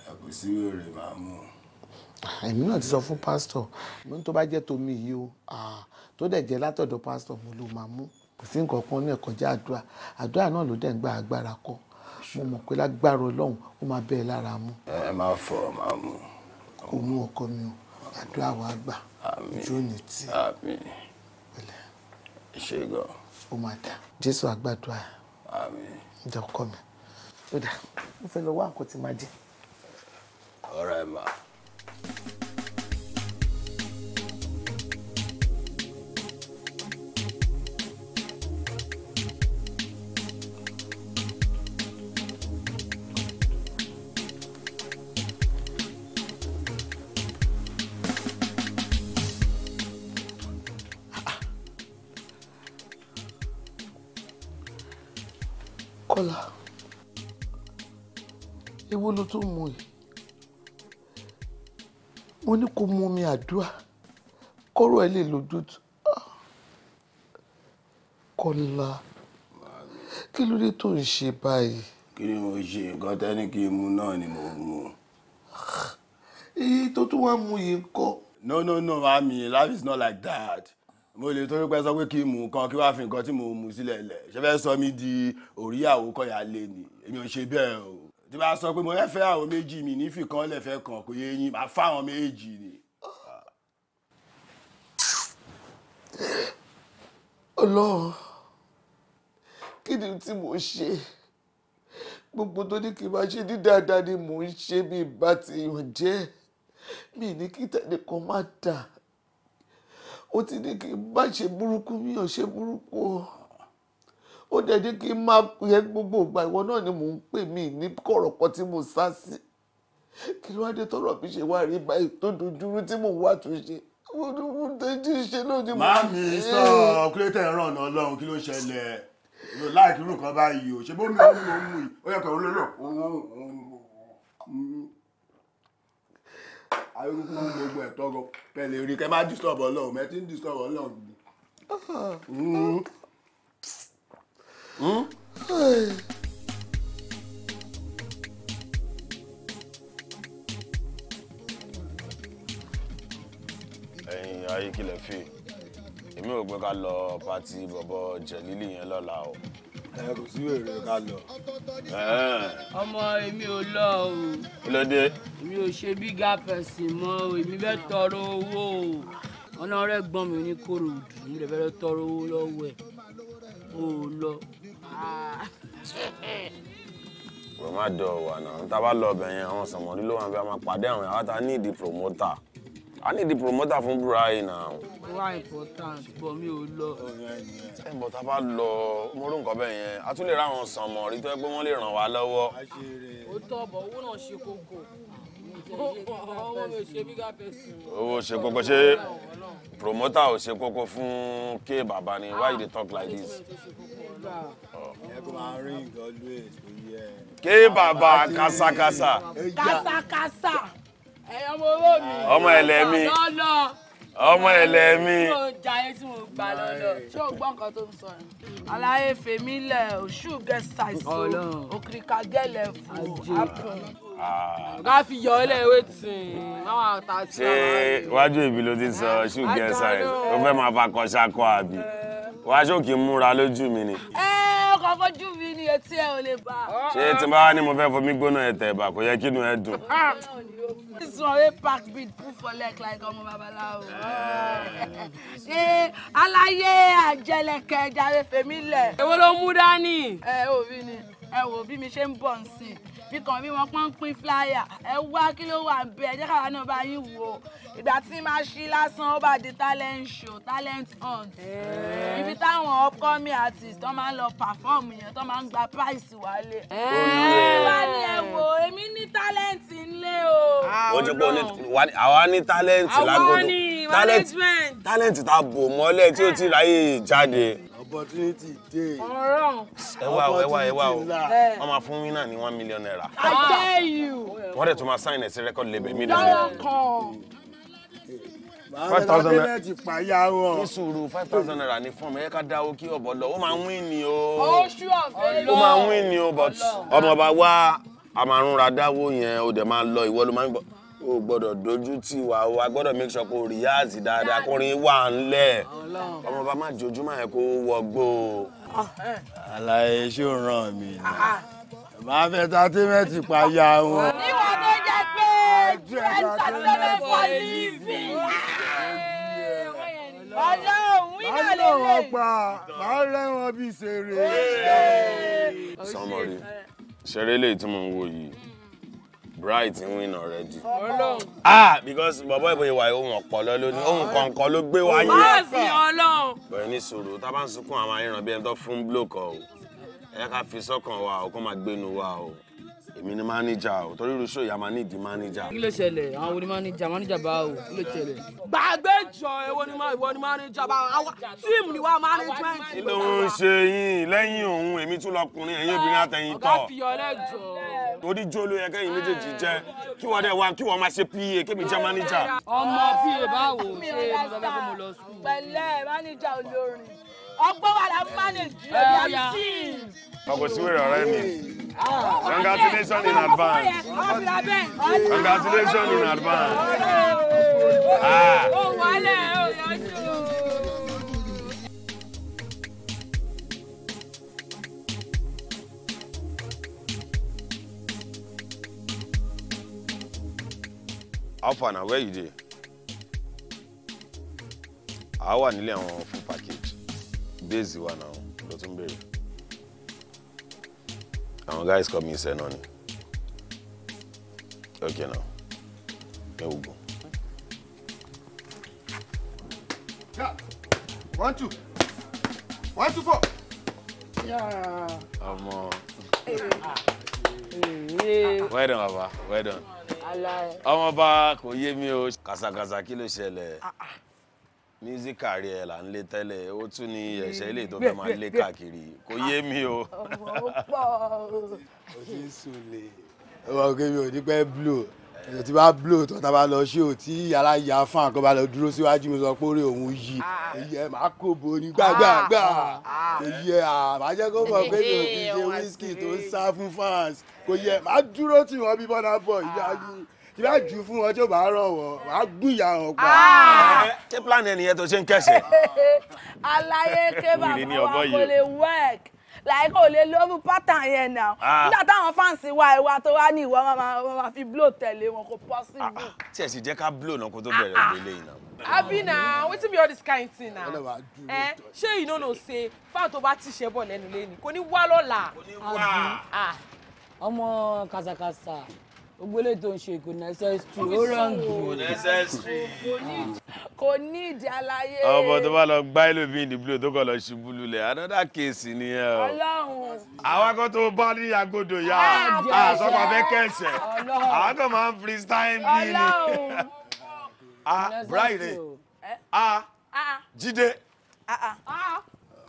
àkòsí wèrè máa mú. èmi náà ti sọ fún pásítọ̀ mo ní tó bá jẹ́ tomi yìí o tó dẹ̀ jẹ́ látọ̀dọ̀ pásítọ̀ mo ló máa mú kò sí nǹkan kan ní ẹ̀kọ́já àdúrà àdúrà náà ló dẹ̀ ń gba agbára kọ mo mọ̀ pé lágbára ọlọ́run ó máa bẹ́ẹ̀ lára mu. ẹ máa fọ ọ máa mú. kò mú ọkọ mi o àdúrà wa gbà ojú ò ní tì. àmín ìṣègùn. ó máa dà jésù àgbàdo àmín ìjọ kọ mi ó dà mo fẹ́ lọ wá nǹkan tí jẹ. all right ló tó mu yìí mo ní kó mu omi àdúrà kọ́rọ̀ ẹ lè lójútu ah! kọ́lá kí ló dé tó ń ṣe báyìí. kí ni mo ṣe nǹkan tẹ́ni kí n mu náà ni mo mu. èyí tó tún wá mu yìí kọ́. no no no mami life is not like that mo lè torí pé sọ pé kí n mú nǹkan kí wàá fi nǹkan tí mo mú sílẹ̀ lẹ̀ ṣe fẹ́ sọ mí di òríyàwó kọ́yà lé ni èmi ò ṣe bẹ́ẹ̀ o tí bá sọ pé mo fẹ́ fẹ́ àwọn méjì mi nífìkan lẹ́fẹ́ kan kò yé yín máa fáwọn méjì ni. ọlọ́run kí ni tí mo ṣe gbogbo tó ní kí n máa ṣe ní dáadáa ni mò ń ṣe bí ìbá ti yàn jẹ́ mi ní kí tẹnìkan má dà ó ti ní kí n má ṣe burúkú mi ò ṣe burúkú o ó dẹ̀ ní kí n máa yẹ gbogbo ìgbà ìwọ náà ni mò ń pè mí ní kọ̀rọ̀kọ̀ tí mo sá sí kí ló wá dé tọrọ mi ṣe wá rí báyìí tó dojúrú tí mò ń wá tún ṣe máàmì sọ kílẹ̀tẹ̀ ràn náà lọ́hùn kí ló ṣẹlẹ̀ ló láìkí irú kan báyìí o ṣe bó mi ò mú i ó yẹ kàn lọ. ayélujára ń gbogbo ẹ̀ tọrọ kẹlẹ̀ rí kẹ má disturb Ọlọ́run mẹ́tí ń disturb Ọlọ́run ẹ̀yin ayé kìlẹ̀ fi èmi ò gbé ká lọ pati bọ̀bọ̀ jẹ̀lílì yẹn lọ́la o. ẹ kò sí wèrè ká lọ. ọmọ èmi ò lọ o. kí ló dé. èmi ò ṣe bíga pẹ̀sìn mọ́ o èmi bẹ́ẹ̀ tọrọ owó o ọ̀nà rẹ̀ gbọ́n mi ní kòròdú mi lè fẹ́ tọrọ owó lọ́wọ́ ẹ̀ o lọ. Ah. [laughs] bọ̀ má jọ wà náà tá a bá lọ ọbẹ̀ yẹn àwọn sọ̀mọ́rí ló wà ń a máa pàdé àwọn yàrá tá a ní ìdí promoter a ní ìdí promoter fún burai náà. wá important bọ̀ mi ò lọ. ṣé ìbọn tá a bá lọ mọ́rú nǹkan bẹ́ẹ̀ yẹn a tún lè ra àwọn sọ̀mọ́rí tó yẹ pé wọ́n lè ràn wá lọ́wọ́. ó tọ́ bọ̀ owó náà ṣe kókó owó ṣe kókó ṣe promoter ò ṣe kókó fún k baba ni why you dey talk like this. k baba kásákásá. kásákásá ẹ̀yọ́ mo rò mí. ọmọ ẹlẹ́mí ọmọ ẹlẹ mi. mo jayé tí mo gbà lọ́dọ̀ ṣé o gbọ́ nǹkan tó ń sọ ọ̀gá ah. fi yọ ilé ìwé tì máa ta sí ọ̀rọ̀ rẹ̀. ṣé iwájú ìbí ló ti sọ ṣùgẹ́ ah, sáré ó fẹ́ máa fakọ ṣakọ àbí eh. wàá ṣòkì múra lójú mi ni. ẹ eh, ọkọ̀ fojú mi ni etí ẹ ò lè bá. ṣé tí bá wá ní mo fẹ́ fomi gbóná ẹ tẹ̀ bá kò yẹ kí inú ẹ dùn. Ah. this one wey eh, pack bead put for leg like ọmọ babaláwo. ṣé aláyé àjẹlẹkẹ jàre fèmí lẹ. èwo ló mú dání. ẹ wò bí mi ṣe ń bọ̀ nsìn bí kan bí wọ́n pọ́n ń flyer ẹ wá kí ló wà ń bẹ ẹ jẹ́ káwa náà bá yín wò ó ìgbà tí máa ṣí lásán ó bá di talent show talent hunt ibi táwọn upcoming artist tó máa ń lọ perform yẹn tó máa ń gba price wálé. wá ní ẹ wò èmi ní talent ńlé o. Ah, ó ti pọ̀ àwa ní talent lágbọ́dọ̀ talent talent tá bò mọ́lẹ̀ tí ó ti ráyè jáde opportunity dey. ọ̀rọ̀. ẹ wá o ẹ wá ẹ wá o wọ́n máa fún winner ní one million naira. I tell you. Ah. wọ́n dẹ̀ tún máa sign ẹ̀ sí record label mi lónìí. lọ́wọ́ kan. five thousand naira ti pààyà wọn. kí sùúrù five thousand naira ní fún mi ẹ ká dáwó kí ọ̀bọ̀ lọ ó máa ń win ni o. ó máa ń win ni o but ọmọ ọba wa àmàrúnra dáwó yẹn ó dẹ̀ máa lọ ìwọ ló máa ń bọ̀ o gbọ́dọ̀ dojú tì wá o a make sure kó ríyáàzì dáadáa kó rin wà ńlẹ̀ ọmọ bá má jojú máa yẹ kó wọgbó. àlàyé ṣé ràn mí ni màá fẹ́ tátímẹ́ǹtì payá wọn. níwọ̀n tó jẹ́ pé ẹ̀ńtàdínlẹ́fẹ̀ fọ́ lífì. ọlọ́run wíńdà lélẹ̀. máa ń lọ wọn pa máa ń bíi ṣeré. sọmọrí ṣeré lè tí mò ń wò yìí bright win already. Ọlọ́run. ah because bàbá ìbòye wà ohun ọpọlọ ló ní ohun ah. kọ̀ọ̀kan ló gbé wáyé. má sí Ọlọ́run. bẹ̀rẹ̀ ní sùúrù tá a bá ń sunkún àwọn ayéran bí ẹni tó fún blow o ẹ ká fi sọ́kàn wa o kó máa gbénu wa o èmi ni máníjà o torí irúṣọ ìyá máa ní ìdí máníjà. kí ló ṣẹlẹ̀ àwọn wo ni máníjà máníjà bá o kí ló ṣẹlẹ̀. gbàgbé jọ èwo ni ìwọ ni máníjà bá wa tíìmù ni wa máníjẹ́ǹtì. kí ló ń ṣe yín lẹ́yìn òun èmi tún lọkùnrin ẹ̀yìn obìnrin àtẹ̀yìn tọ̀. ọ̀gá fi ọlẹ́ jọ torí jó ló yẹ kẹ́yìn méjèèjì jẹ́ kí wọ́n dẹ̀ wá kí wọ́n máa ṣe pa kémi jẹ́ máníjà. ọmọ pa báwo ṣe mo sọ fẹ́ lọ sùn. pẹ̀lẹ́ máníjà olórin ọgbọ́n wà láti mánéjì ẹ̀mí àti. ọkọ̀ ọ̀rẹ́ mi. Congratulations in advance. Congratulations in advance. Ah. how far now? where you dey àá wà nílé àwọn full package bẹ́ẹ̀sì wa now, ló Our guys kọ́ mi ìṣẹ́ náà ni ok now ẹ go. gùn. one two one two four. Yeah. Um, uh... hey. Hey. Well done, Baba. Well done ọmọọba kò yé mi o kàṣàkàṣà kí ló ṣẹlẹ̀ ah, ah. music career là ń lé tẹ́lẹ̀ ó tún ní ẹ̀ṣẹ̀ ilé tó fẹ́ máa ń lé káàkiri kò yé mi o. Ah, ọmọ pọ̀ o. òṣìṣú lè. ọmọ kébì ò ní pẹ́ blue ẹ̀sẹ̀ tí bá blow tán tá a bá lọ ṣé o tí yàrá ya fún àkọ́ bá lọ dúró síwájú mi sọ pé orí òun yí ah. èyí ẹ máa kó bo ní gbàgbàgbà ah, ah, èyí ẹ àmà jẹ́ kó mọ̀ pé kò kí ṣe [laughs] whisky, tó ń sá fún fans kò yẹ máa dúró tì wọ́n bí bọ́nà bọ̀ ìyá yìí tí bá jù fún wọn tí ò bá rọ̀ wọ́n máa gún ìyá wọn pa. Eh, ṣé plan ẹnìyẹn tó ṣe ń kẹsẹ̀. àlàyé [laughs] kébà fún wa kò lè work láì kò lè lóru pátán yẹn náà nígbà táwọn fáǹsì wa ìwà tó wá ní ìwọ wọn máa fi blow tẹ̀lé wọn kò possible. Ah, ah. tí ẹ sì jẹ́ ká blow náà kó tó bẹ̀rẹ̀ ọ̀dọ̀ ah, eléyìí náà. abi na wetin be all this kind thing na ẹ eh, ṣé you no know say fan tó bá ti ṣe bọ̀ lẹ́nu lẹ́nu kò ní wá lọ́la. kò ní wá. ọmọ kàṣàkàṣà gbogbo eléyìí tó ń ṣe kò necessary ó rọǹgì kò necessary kò ní ìdí àlàyé. ọmọ tó bá lọ gbá ẹlòmíì ní blue tó kọ lọ ṣubú bululẹ̀ another case nìyẹn o. Ọlọ́run. àwọn kan tó bá ní agodo ya àsọpọ̀ fẹ́ kẹsẹ̀ àwọn kan máa ń freestyle bí ni. Ọlọ́run. Ah, Braille. Ah, eh? ah, Jídé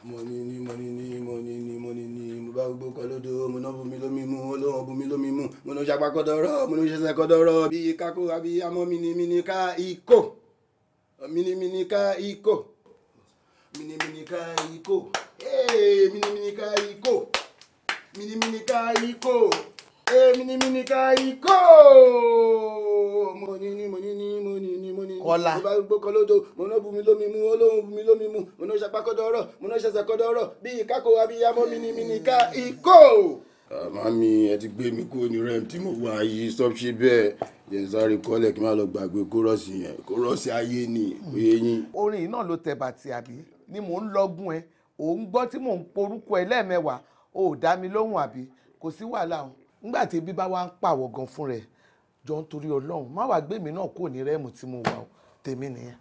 mo ní ní mo ní ní mo ní ní mo ní ní mo bá gbó kọ lódò mo náà bumi lómi mú olóhùn bumi lómi mú mo náà ṣapá kọdọrọ mo náà ṣẹṣẹ kọdọrọ bí kakó àbí amọ minimini ká ikó minimini ká ikó minimini ká ikó minimini ká ikó minimini ká ikó èmi mini, mi nìkan ikó mo ní ní mo ní ní mo ní ní mo ní ní kọlá mo bá gbó kan lódò mo mu mo náà ṣapá kọ́dọ̀ ọ̀rọ̀ mo náà ṣẹ̀ṣẹ̀ kọ́dọ̀ ọ̀rọ̀ bí ìkákò abiyamọ mi ni mi nìkan ikó. màmí ẹ ti gbé mi kúrò ní rẹ́m tí mo wà yìí stop ṣe bẹ́ẹ̀ yẹn sáré kí n má lọ gbàgbé kórọ́ọ̀sì yẹn kórọ́ọ̀sì ayé ni oyè orin náà ló tẹ bàtì àbí ni mò ń lọ́gùn ẹ òun gbọ́ tí mò ń porúkọ ẹ lẹ́ẹ̀mẹwàá o ò dá mi lóhùn àbí kò sí wàhálà o nígbà tí ebi bá wá ń pàwọ̀ gan fún rẹ̀ jọ ń torí ọlọ́run má wàá gbé mi náà kúrò ní rẹ́ẹ̀mù tí mo wà ó tèmi nìyẹn.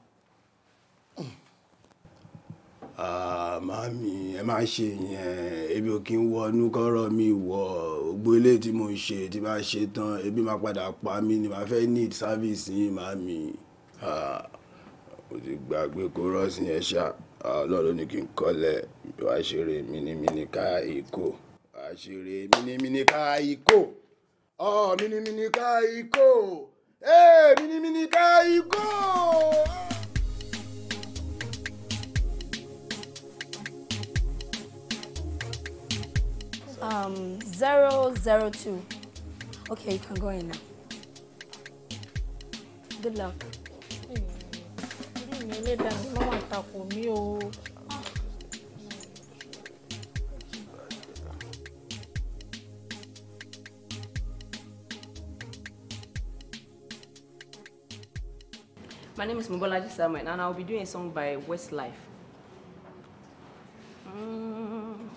màámi ẹ má ṣe yẹn ebi ò kí ń wọnú kọ́rọ̀ mi wọ gbogbo eléyìí tí mo ń ṣe tí bá ṣe tán ebi máa padà pa mí ni màá fẹ́ need service yín màámi mo ti gbàgbé kó rọ́ọ̀sì yẹn ṣá ọlọ́run ní kí n kọ́lẹ̀ wá ṣeré mímímí ká èkó àṣírí mínímíní káíkó ọ mínímíní káíkó ẹ mínímíní káíkó. Um, zero zero two. Okay, you can go in now. Good luck. Mm. Mm. Mm. Mm. Mm. Mm. Mm. Mm. My name is Mobolaji Samuel and I'll be doing a song by Westlife. Mm.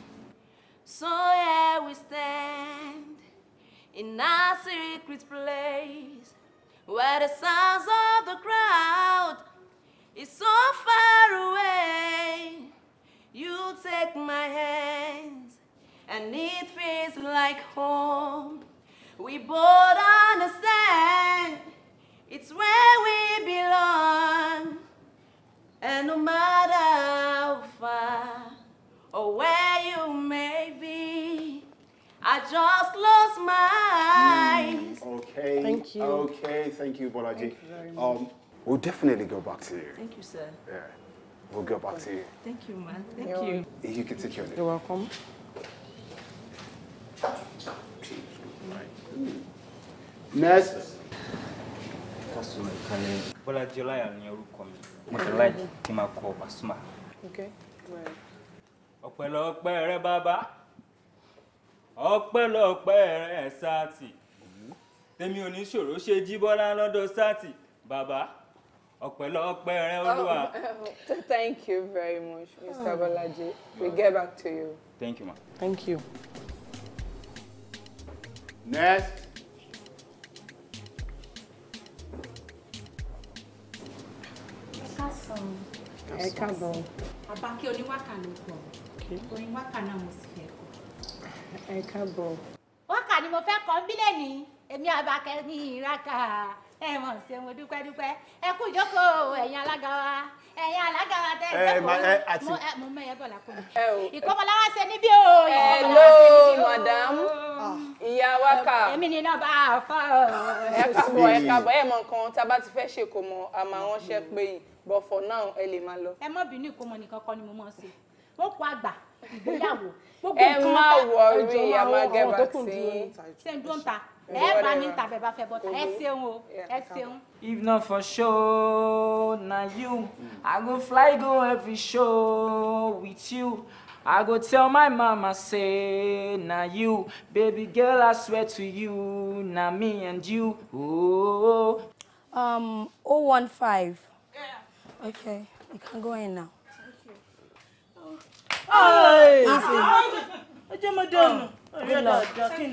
So here we stand in our secret place where the sounds of the crowd is so far away. You take my hands and it feels like home. We both understand It's where we belong. And no matter how far or where you may be, I just lost my Mm, okay. Thank you. Okay, thank you, Bolaji. Thank you very um, much. Um, we'll definitely go back to you. Thank you, sir. Yeah, we'll go back to you. Thank you, man. Thank You're you. You can take your leave. You're welcome. Next kásò rẹ bàbá ọpẹ́lọpẹ́ rẹ sátì tèmi ò ṣe jí bọ́lá lọ́dọ̀ sátì bàbá ọpẹ́lọpẹ́ rẹ olúwa. Oh, [laughs] thank you very much mr ah. Bọ́lájí we get back to you. thank you ma. thank you. next. ẹ káàbọ̀. àbákẹ́ oníwákà ló kọ orin wákà náà mo sì fẹ́ kọ. ẹ káàbọ̀. wákà ni mo fẹ́ kọ́ bílẹ̀ ní èmi àbákẹ́ ní ìràkà ẹ mọ̀ ṣe mo dúpẹ́ dúpẹ́ ẹ kú ìjókòó ẹ̀yin alága wa ẹ̀yin alága wa tẹ́ ẹ jókòó mo mẹ́yẹ bọ̀ lápò mi. ìkọ́mọláwá ṣe níbí o ìkọ́mọláwá ṣe níbí o. hello madam ìyá wákà. èmi ni iná bá a fọ́. ẹ káàbọ̀ ẹ káàbọ̀ ẹ nǹkan tá a bá ti fẹ́ ṣe kò mọ̀ àmọ́ but for now ẹ lè máa lọ. ẹ má bínú ìkómọ nìkan kọ́ ni mo máa ń ṣe ó kó àgbà ìgbéyàwó gbogbo nǹkan tá ọjọ́ àwọn ọ̀hún tó kùn dúró ṣe ń dúró ń ta ẹ bá mi ń ta bẹ́ẹ̀ bá fẹ́ bọ́ta ẹ ṣeun o ẹ ṣeun. if not for show na you i go fly go every show with you. I go tell my mama say na you baby girl I swear to you na me and you oh. Um, 015 Okay, you can go in now. Thank you. Oh, hey.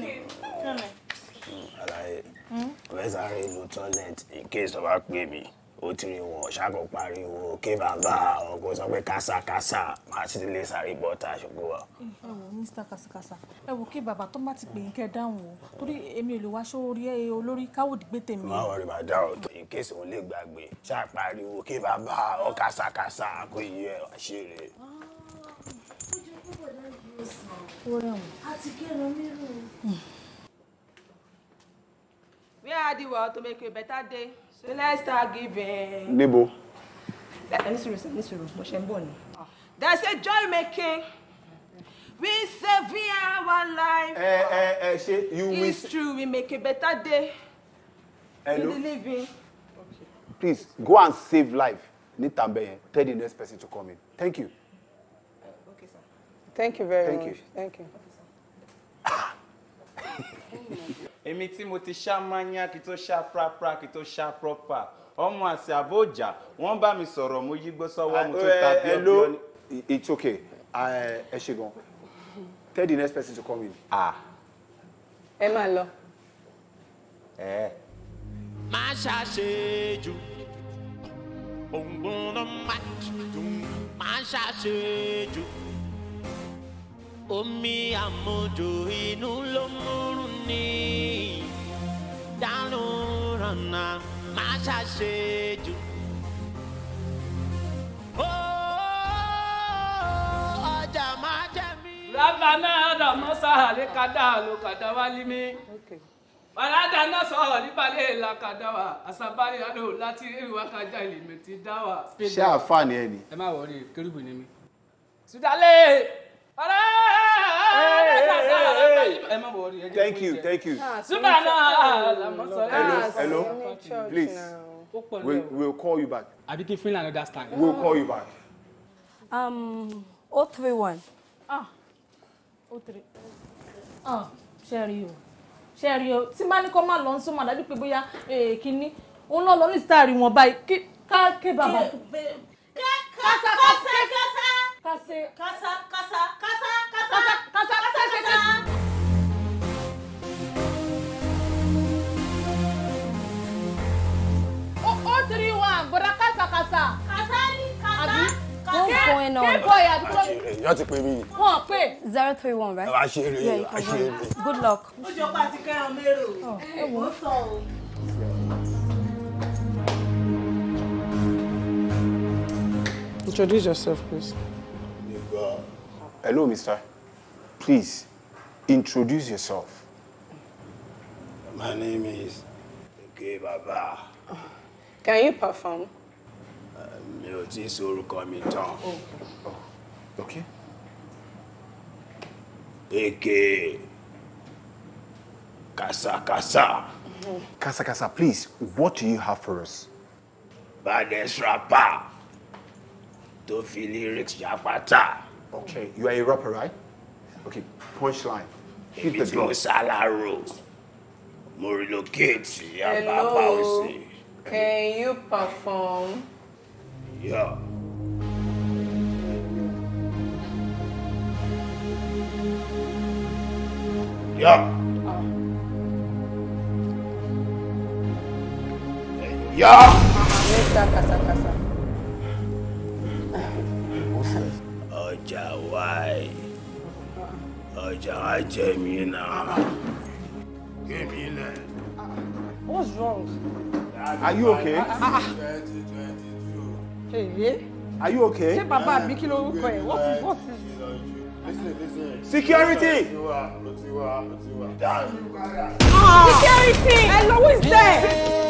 Alaye, hmm? where's Harry no toilet in case of a baby? ó ti rí wọn ṣáàkó pariwo kí bàbá ọkọ sọ pé kásákásá máa ti lè sáré bọ́ta ṣògo wa. ẹ wo mr kásákásá ẹ wo kí bàbá tó bá ti pè yín kẹ dáhùn o torí èmi ò lè wá sórí ẹ olórí káwòdì gbé tèmi. má wọrí máa dá ọ tó ìkéṣe òun lè gbàgbé ṣàpariwo kí bàbá ọ kásákásá kó iye ẹ wá ṣe rè. Ah, ó rẹ̀wọ̀n. a ti kẹ́ran mírù. Hmm. where are the to make you better day. So let's start giving. Níbo. Ẹni sùúrù sẹ́ni sùúrù, mo ṣe ń bọ̀ ni. There's a joy making. We save our life. Ẹ Ẹ Ẹ ṣe you will. It's true we make a better day. Hello. the living. in. Please go and save life. Ní tàbẹ̀ tell the next person to come in. Thank you. Okay, sir. Thank you very Thank much. You. Thank you. Okay, [laughs] sir èmi tí mo ti ṣá mányá kí tó ṣá prapra kí tó ṣá proper ọmọ àti àbójà wọ́n bá mi sọ̀rọ̀ mo yí gbọ́ mo tó tàbí ọbí ọ. it's okay ẹ ṣe gan tell the next person to come in. ẹ máa lọ. má ṣàṣejù òǹgbọ́n ló má ṣàṣejù omi àmójò inú ló múrùn ní dánú rànà má ṣàṣe jù. ọjà má jẹ mí. rábà náà rà mọ́ sáhàlì kàdá ló kàdá wá lí mi. Balada náà sọ̀rọ̀ níbalẹ̀ ìlàkàdáwà, àṣàbárí adó láti ìwà kájà ìlìmẹ̀tì dáwà. Ṣé àǹfààní ẹ ni? Ẹ má wọrí, kérúbù ni mí. Sùdálẹ̀. Thank you, thank you. Hello, hello, please. we we'll call you back. Abi kí fún another time. We'll call you back. Um, o three one. Ah, o. three. Ah, share you, share you. kó máa lọ ń súnmọ́ àdájú pé bóyá kínní. Òun náà lọ ní sítáàrí wọn báyìí. Ká ké bàbá. Ká ká ká kase. kasa kasa kasa kasa kasa kasa kasa. o o three one bọ̀dá kasa kasa. kasa ni kasa. What's going on? Yóò ti pè mí. Wọ́n pè. zero three one right. A ṣe eré a ṣe eré. Good luck. Ó jọ pa ti kẹ́hàn mérò. Oh, ẹ wò ó sọ o. Introduce yourself, please. Hello, mister. Please, introduce yourself. My name is Ike Baba. Can you perform? Um, mi ò tí sorúkọ mi tán. Oh. Oh, okay. Ike Kasakasa. Kasakasa, please, what do you have for us? Baddest rapper tó fi lyrics yapata. okay you are a rapper right okay punchline. èmi tí mo ṣàlàrò mo relocate yababa òsì. can you perform. Yeah. Yeah. Yeah. Mr. Kasakasa. Kai. Ọjà á jẹ náà. Gé mi lẹ̀. What's wrong? Are you okay? Èyí. Ah, ah, ah. Are you okay? Ṣé bàbá àbí kí ló rúkọ ẹ̀? What is what is? Security! Security! Hello, who is there?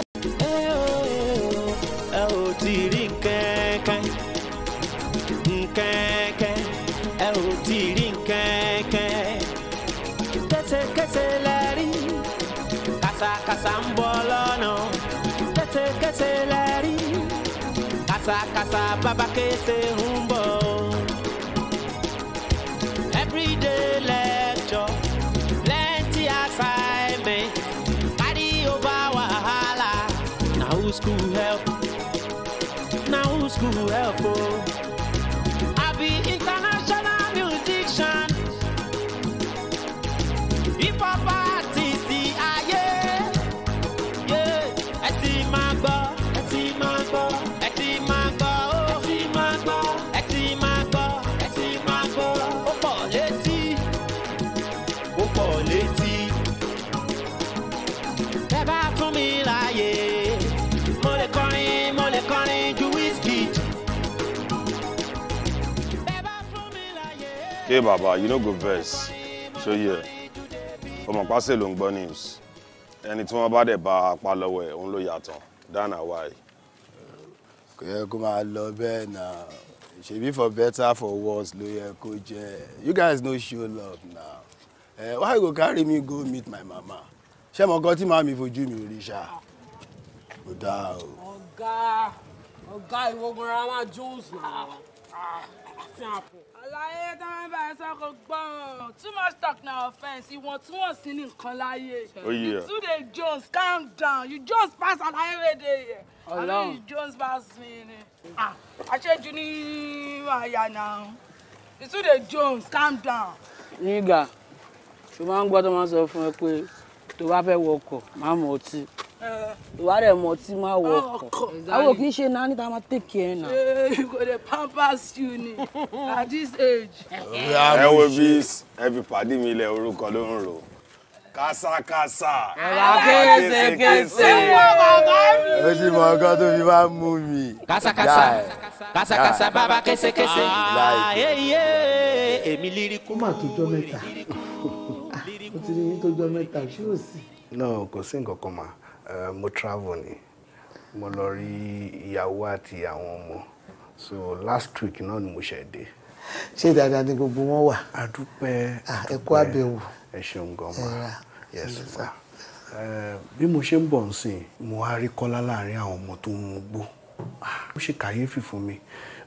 bàbá kése ń bọ̀ o. everyday lecture plenty assignment carry over wahala na who school help na who school help o. Oh. hey baba you know good verse. So yeah, ọmọ my past long gbọ́ news ẹni tí wọ́n bá dẹ̀ bá apá lọ́wọ́ ẹ̀ òun ló yàtọ̀ dáná wáyé. kò yẹ kó máa for better for worse ló yẹ you guys know show love now uh, why you go carry me go meet my mama ṣé mo kọ́ tí màá mi fojú mi rí ṣá kò dáa o. ọ̀gá ọ̀gá ìwọ̀gbọ̀nra máa jóòsù àti àpò àlàyé tí wọ́n bá ẹ sọ kò gbọ́n too much talk na offence ìwọ̀ntúnwọ̀nsí ní nǹkan láyé oh, you too dey jones calm down you jones pass on wey day. here àlọ́ you jones pass me ni àṣejù ah, ní àyà náà you too dey jones calm down. nígbà ṣùgbọ́n gbọ́dọ̀ máa sọ fún ẹ pé tó bá fẹ́ wọkọ̀ máa mọ̀ ọtí ìwà rẹ̀ mọ̀ tí máa wọ oh, ọkọ̀ àwọn kì í ṣe náà níta máa take care náà. ṣé kò dé pampers you ni at this age. ẹ wo bí ẹ fi pàdé mi ilẹ̀ orúkọ ló ń rò kásákásá. ẹ̀rọ kéékèèké. ó sì mọ ọkọ tó fi máa ń mú mi. kásákásá kásákásá bàbá késékésé. ayẹyẹ èmi lírí kú. ó mà tó jọ mẹ́ta ó ah, ti ní tó jọ mẹ́ta ṣé ò sí. náà kò sí nǹkan kan mà. Eh, mo travel ni mo lọ rí ìyàwó àti àwọn ọmọ so last week náà ni mo ṣe dé. ṣé dáadáa ni gbogbo wọn wà. a dúpẹ́ àbẹ̀wò. ẹ ṣeun gan yes ma eh, bí mo ṣe ń bọ̀ nsìn mo á rí kọ́lá láàrin àwọn ọmọ tó ń mú gbó ah, ó ṣe kàyéfì fún mi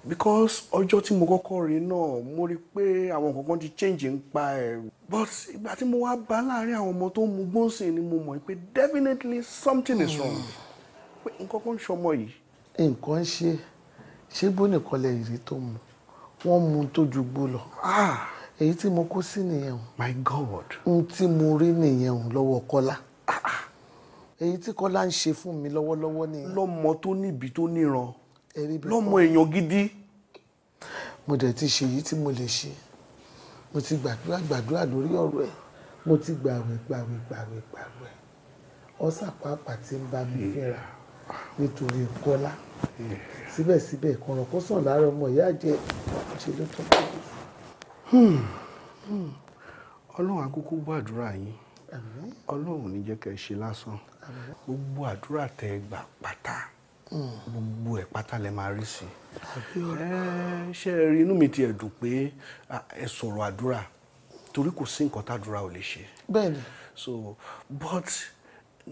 because ọjọ́ tí mo kọ́kọ́ rí náà mo rí i pé àwọn kankan ti change ń pa ẹ̀ but ìgbà tí mo wá bá láàrin àwọn ọmọ tó ń mu gbóǹsì ni mo mọ̀ pé definitely something is wrong pé nǹkan kan ń ṣọmọ yìí. nǹkan ń ṣe ṣé gbónìkan lè rí tó mu wọ́n mu tó ju gbó lọ ah! èyí tí mo kó sí nìyẹn my god. ohun tí mo rí nìyẹn o lọ́wọ́ kọ́lá ah! èyí tí kọ́lá ń ṣe fún mi lọ́wọ́lọ́wọ́ nìyẹn. lọ́mọ tó níbi tó níran lọ́mọ èèyàn gidi. mo dẹ̀ ti ṣe èyí tí mo lè ṣe mo ti gbàdúrà gbàdúrà lórí ọ̀rọ̀ ẹ̀ mo ti gbàwẹ̀ gbàwẹ̀ gbàwẹ̀ gbàwẹ̀ ọ̀sà pàápàá ti ń bá mi fẹ́ra nítorí kọ́lá síbẹ̀síbẹ̀ kọ̀ràn kó sàn lára ọmọ ìyá jẹ́ ṣe ló tọ́ pé. Hmm. ọlọ́run àkókò gbàdúrà yín ọlọ́run ní jẹ́ kẹ́ ẹ ṣe lásán gbogbo àdúrà tẹ́ ẹ gbà pátá gbogbo ẹ̀ pátá lẹ máa rí sí i ṣe rí inú mi ti ẹ̀dùn pé ẹ sọ̀rọ̀ àdúrà torí kò sí nǹkan tàdúrà ò lè ṣe. bẹ́ẹ̀ni. so but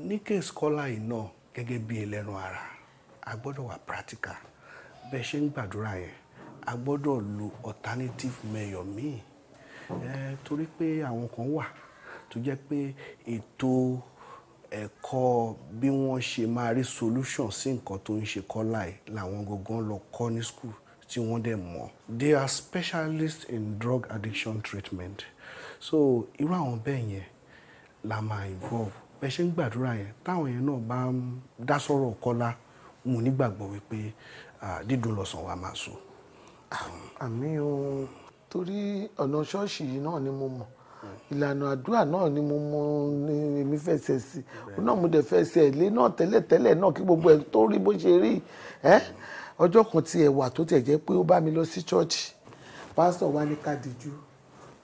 ní case kọ́lá yìí náà gẹ́gẹ́ bí ẹlẹ́ran ara a gbọ́dọ̀ wà practical bẹ́ẹ̀ ṣe ń gbàdúrà yẹn a gbọ́dọ̀ lo alternative mayor míì torí pé àwọn kan wà tó jẹ́ pé ètò ẹ̀kọ́ bí wọ́n ṣe máa rí solution sí nǹkan tó ń ṣe Kọ́lá yìí làwọn gangan lọ kọ́ ní school tí wọ́n dẹ̀ mọ̀. they are specialists in drug addiction treatment so irú àwọn bẹ́ẹ̀ yẹn la máa involve bẹ́ẹ̀ ṣe ń gbàdúrà yẹn táwọn yẹn náà bá ń dá sọ̀rọ̀ Kọ́lá mo nígbàgbọ́ wípé dídùn lọ́sàn wa máa sùn. àmì o torí ọ̀nà ṣọ́ọ̀ṣì yìí náà ni mo mọ̀ ìlànà àdúrà náà ni mo mọ ni èmi fẹsẹ̀ sí òun náà mo dẹ̀ fẹsẹ̀ ilé náà tẹ́lẹ̀ tẹ́lẹ̀ náà kí gbogbo ẹ̀ tó rí bó ṣe rí ẹ́ ọjọ́ kan ti ẹ̀wà tó tẹ̀ jẹ́ pé ó bá mi lọ sí chọ́ọ̀chì pásítọ̀ wa ní ká kí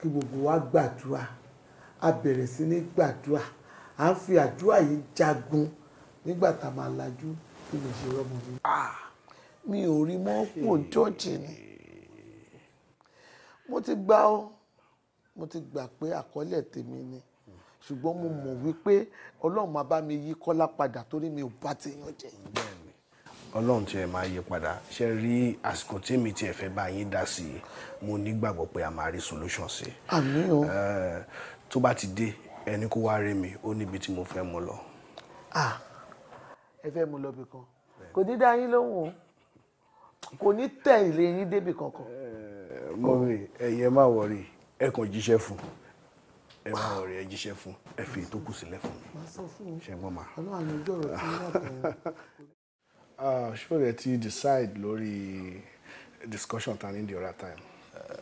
gbogbo wa gbàdúrà a bẹ̀rẹ̀ sí ní gbàdúrà à ń fi àdúrà yìí jagun nígbà tá a máa lajú kí mo ṣe rọmọ mi. mi ò rí mọ́ pò chọ́ọ̀chì ni mo ti gbà ọ́ mo ti gbà pé àkọlé tèmi ni ṣùgbọ́n mo mọ̀ wípé ọlọ́run máa bá mi yí kọ́lá padà torí mi ò bá ti yan jẹ. ọlọ́run tiẹ̀ máa yí padà ṣe rí àsìkò tí mi tiẹ̀ fẹ́ bá yín dá sí i mo nígbàgbọ́ pé a máa rí solution sí i. o. Eh, tó bá ti dé ẹni kó wá rí mi ó níbi tí mo fẹ́ mú lọ. ẹ fẹ́ mú lọ bìkan kò ní dá yín lóhùn o kò ní tẹ̀lé yín débi kankan. Eh, mọ̀mí ẹ̀yẹ má wọrí ẹ kàn jíṣẹ́ fún ẹ wá ọ̀rẹ́ jíṣẹ́ fún ẹ fi ètò kù sílẹ̀ fún mi ṣe ń gbọ́n ma. rẹ ti decide lórí discussion ta ní the other time. Eh,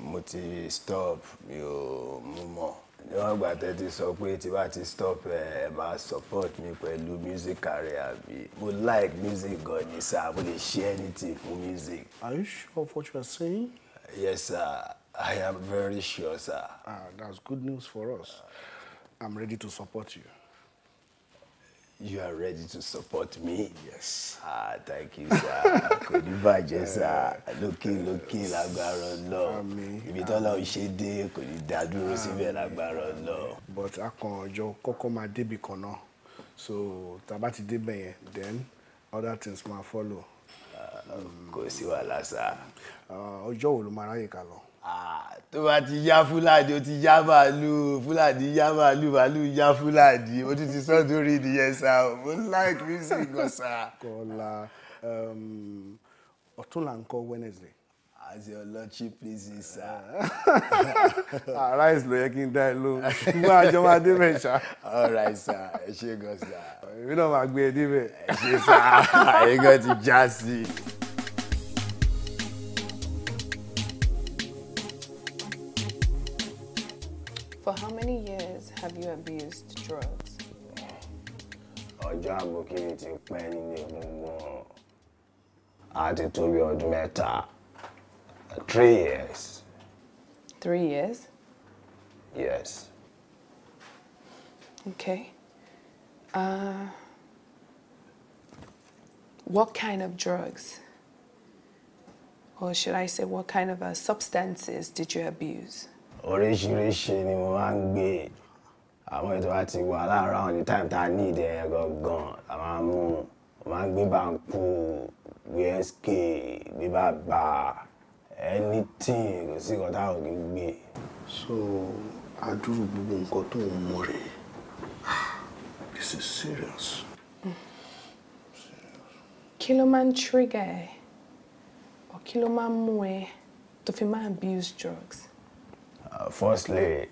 mo ti stop mi ò mú mọ́ níwọ̀n ìgbà tẹ́ ti sọ pé tí bá ti stop ẹ eh, ẹ máa support mi pẹ̀lú music career mi mo like music gan ni sir mo lè ṣe anything fún music. are you sure of what you are saying. yes sir. I am very sure, sir. Ah, that's good news for us. I'm ready to support you. You are ready to support me? Yes. Ah, thank you, sir. Kò ní bàjẹ́, sir. Lókè lókè lágbára Ọlọ́run. Àmín. Ibi tọ́lọ́run ṣe dé kò ní dádúró síbẹ̀ lágbára Ọlọ́run. But a kàn ọjọ́ kọ́kọ́ máa débì kan So tá a bá ti then other things might follow. Ah, kò sí wàhálà, sir. Ah, ọjọ́ Joe, ló máa tó bá ti yá fúlàní ó ti yá màálù fúlàní yá màálù màálù yá fúlàní ó ti ti sọ́ọ́ lórí nìyẹn sá o mo like music gan sá. kọ́lá um, ọ̀túnla ń kọ́ Wednesday àti ọlọ́chí please sir. ara ìsìn ló yẹ kí n dá ẹ lóhùn ṣùgbọ́n àjọ máa dé bẹ̀ ṣá. all right sir ẹ ṣe gan sir. èmi náà máa gbé e débẹ̀. ẹ ṣe sá ẹ̀yin gan ti já sí i. have you abused drugs? ọjọ́ àbòkiri ti pẹ́ nílé gbogbo a ti tó bí ọdún mẹ́ta three years. three years? yes. okay. Uh, what kind of drugs? or should I say what kind of uh, substances did you abuse? oríṣiríṣi ni mo máa ń gbé àwọn ètò wa ti wà láàárọ̀ àwọn ní time tá ní ìdẹ gangan la máa mú máa gbé bàǹkù wsk gbé bàbà anything kò sí nǹkan táwọn kì í gbé. so adúrú gbogbo nǹkan tó ń mọ rẹ this is serious. kí ló máa ń trigger ẹ or kí ló máa ń mú ẹ tó fi máa abuse drugs. Uh, firstly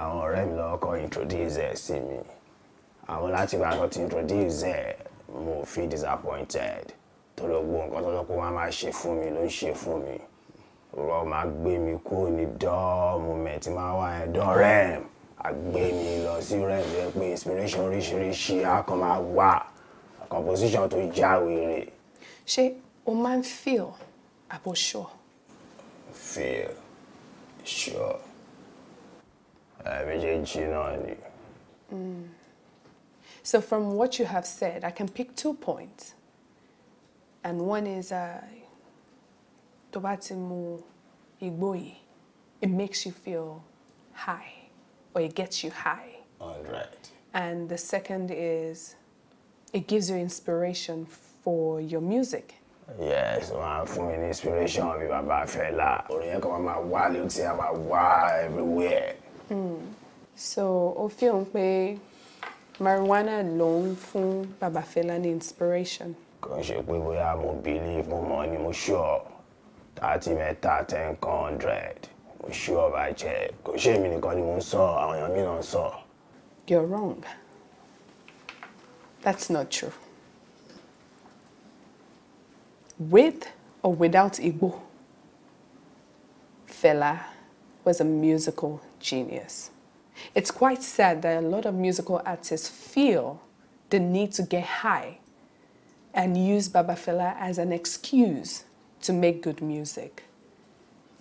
àwọn ọ̀rẹ́ mi lọ́wọ́ kọ́ introduce ẹ̀ sí mi àwọn láti gba àtọ́ ti introduce ẹ̀ mo feel disappointed torí gbogbo nǹkan tó lọ pé wọ́n máa ṣe fún mi ló ń ṣe fún mi rọ máa gbé mi kúrò ní dọ́ọ̀ moment máa wá ẹ̀ dán rẹ́m àgbé mi lọ sí rẹ́m tó yẹ pé inspiration oríṣiríṣi á kàn máa wà composition tó jáwèrè. ṣé o máa ń feel àbò sure. feel sure. Eh, méjèèjì náà ni. Mm. So from what you have said, I can pick two points. And one is uh, tó bá ti mu igbó yìí, it makes you feel high or it gets you high. All right. And the second is it gives you inspiration for your music. Yes, máa fún mi inspiration bí bàbá Fẹlá. Orin yẹn kan máa wá létí, máa wá everywhere so ó fihàn pé marijuana ló ń Baba Babafẹ́lá ní inspiration. kò ṣe pé bóyá mo believe mo mọ̀ ni mo sure thirty mẹ́ta ten hundred mo sure bàjẹ́ kò ṣe èmi nìkan ni mo ń sọ àwọn èèyàn mi you're wrong that's not true with or without Igbo, Fela was a musical genius. It's quite sad that a lot of musical artists feel the need to get high and use Babafela as an excuse to make good music.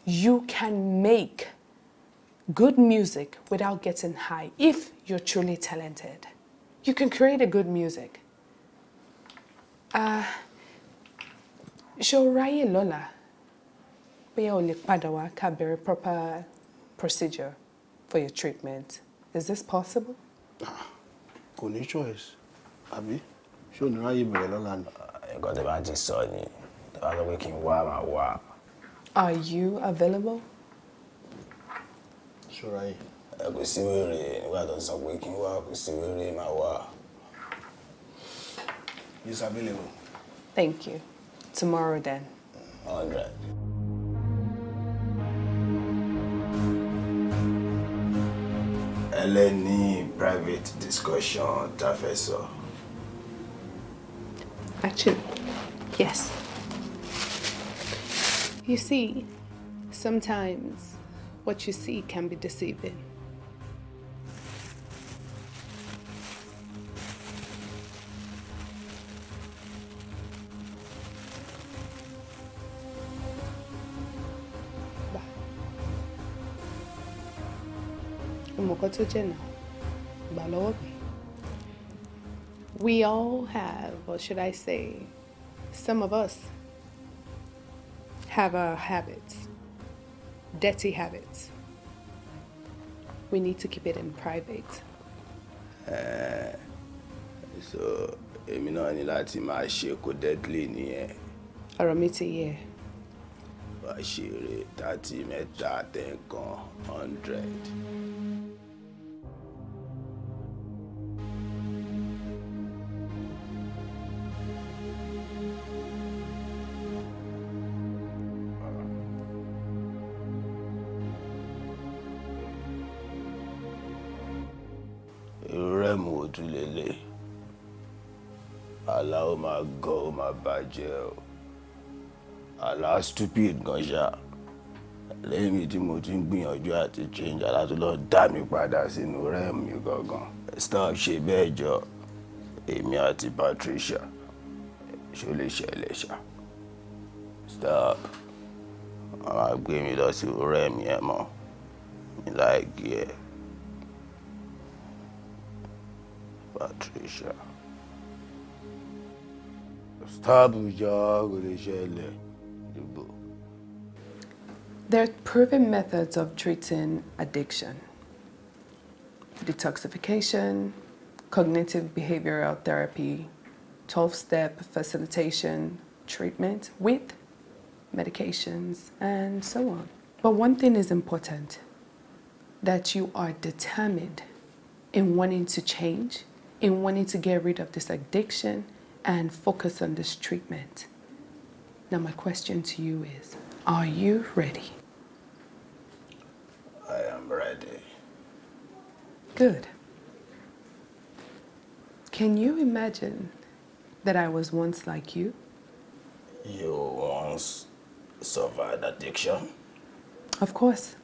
You can make good music without getting high if you're truly talented. You can create a good music. Uh, Shoraye Lola, we only padawa kabere proper procedure for your treatment. Is this possible? Ah, kò ní choice, àbí? Ṣé òní ráyè bẹ̀rẹ̀ lọ́la ni? Nǹkan tẹ bá ti sọ ni, tẹ bá sọ pé kí n wá máa wá. Are you available? Ṣọ́ra yìí. I sí wèrè nígbà tó sọ pé kí n wá, kò sí wèrè máa wá. He's available. Thank you. Tomorrow then. All right. ẹlẹ́ni private discussion ta Actually, yes. You see, sometimes what you see can be deceiving. nǹkan tó jẹ́ gbà lọ́wọ́ mi. We all have, or should I say, some of us have our habits, dirty habits. We need to keep it in private. Eh, so èmi náà ní láti máa ṣe kó deadly nìyẹn. ọ̀rọ̀ mi ti yé ẹ. wàá ṣeré thirty mẹ́ta ten kan hundred. bàjẹ́ o àlá stupid gan ṣá lẹ́yìn tí mo ti ń gbìyànjú àti change àlá tó lọ dá mi padà sínú rẹ́ẹ̀m mi gangan stop ṣe bẹ́ẹ̀ jọ èmi àti Patricia ṣó lè ṣẹlẹ̀ ṣá stop wọn máa gbé mi lọ sí rẹ́ẹ̀m yẹn mọ́ mi láì gé ẹ Patricia. There are proven methods of treating addiction. Detoxification, cognitive behavioral therapy, 12-step facilitation treatment with medications and so on. But one thing is important, that you are determined in wanting to change, in wanting to get rid of this addiction, and focus on this treatment. Now, my question to you is Are you ready? I am ready. Good. Can you imagine that I was once like you? You once suffered addiction? Of course.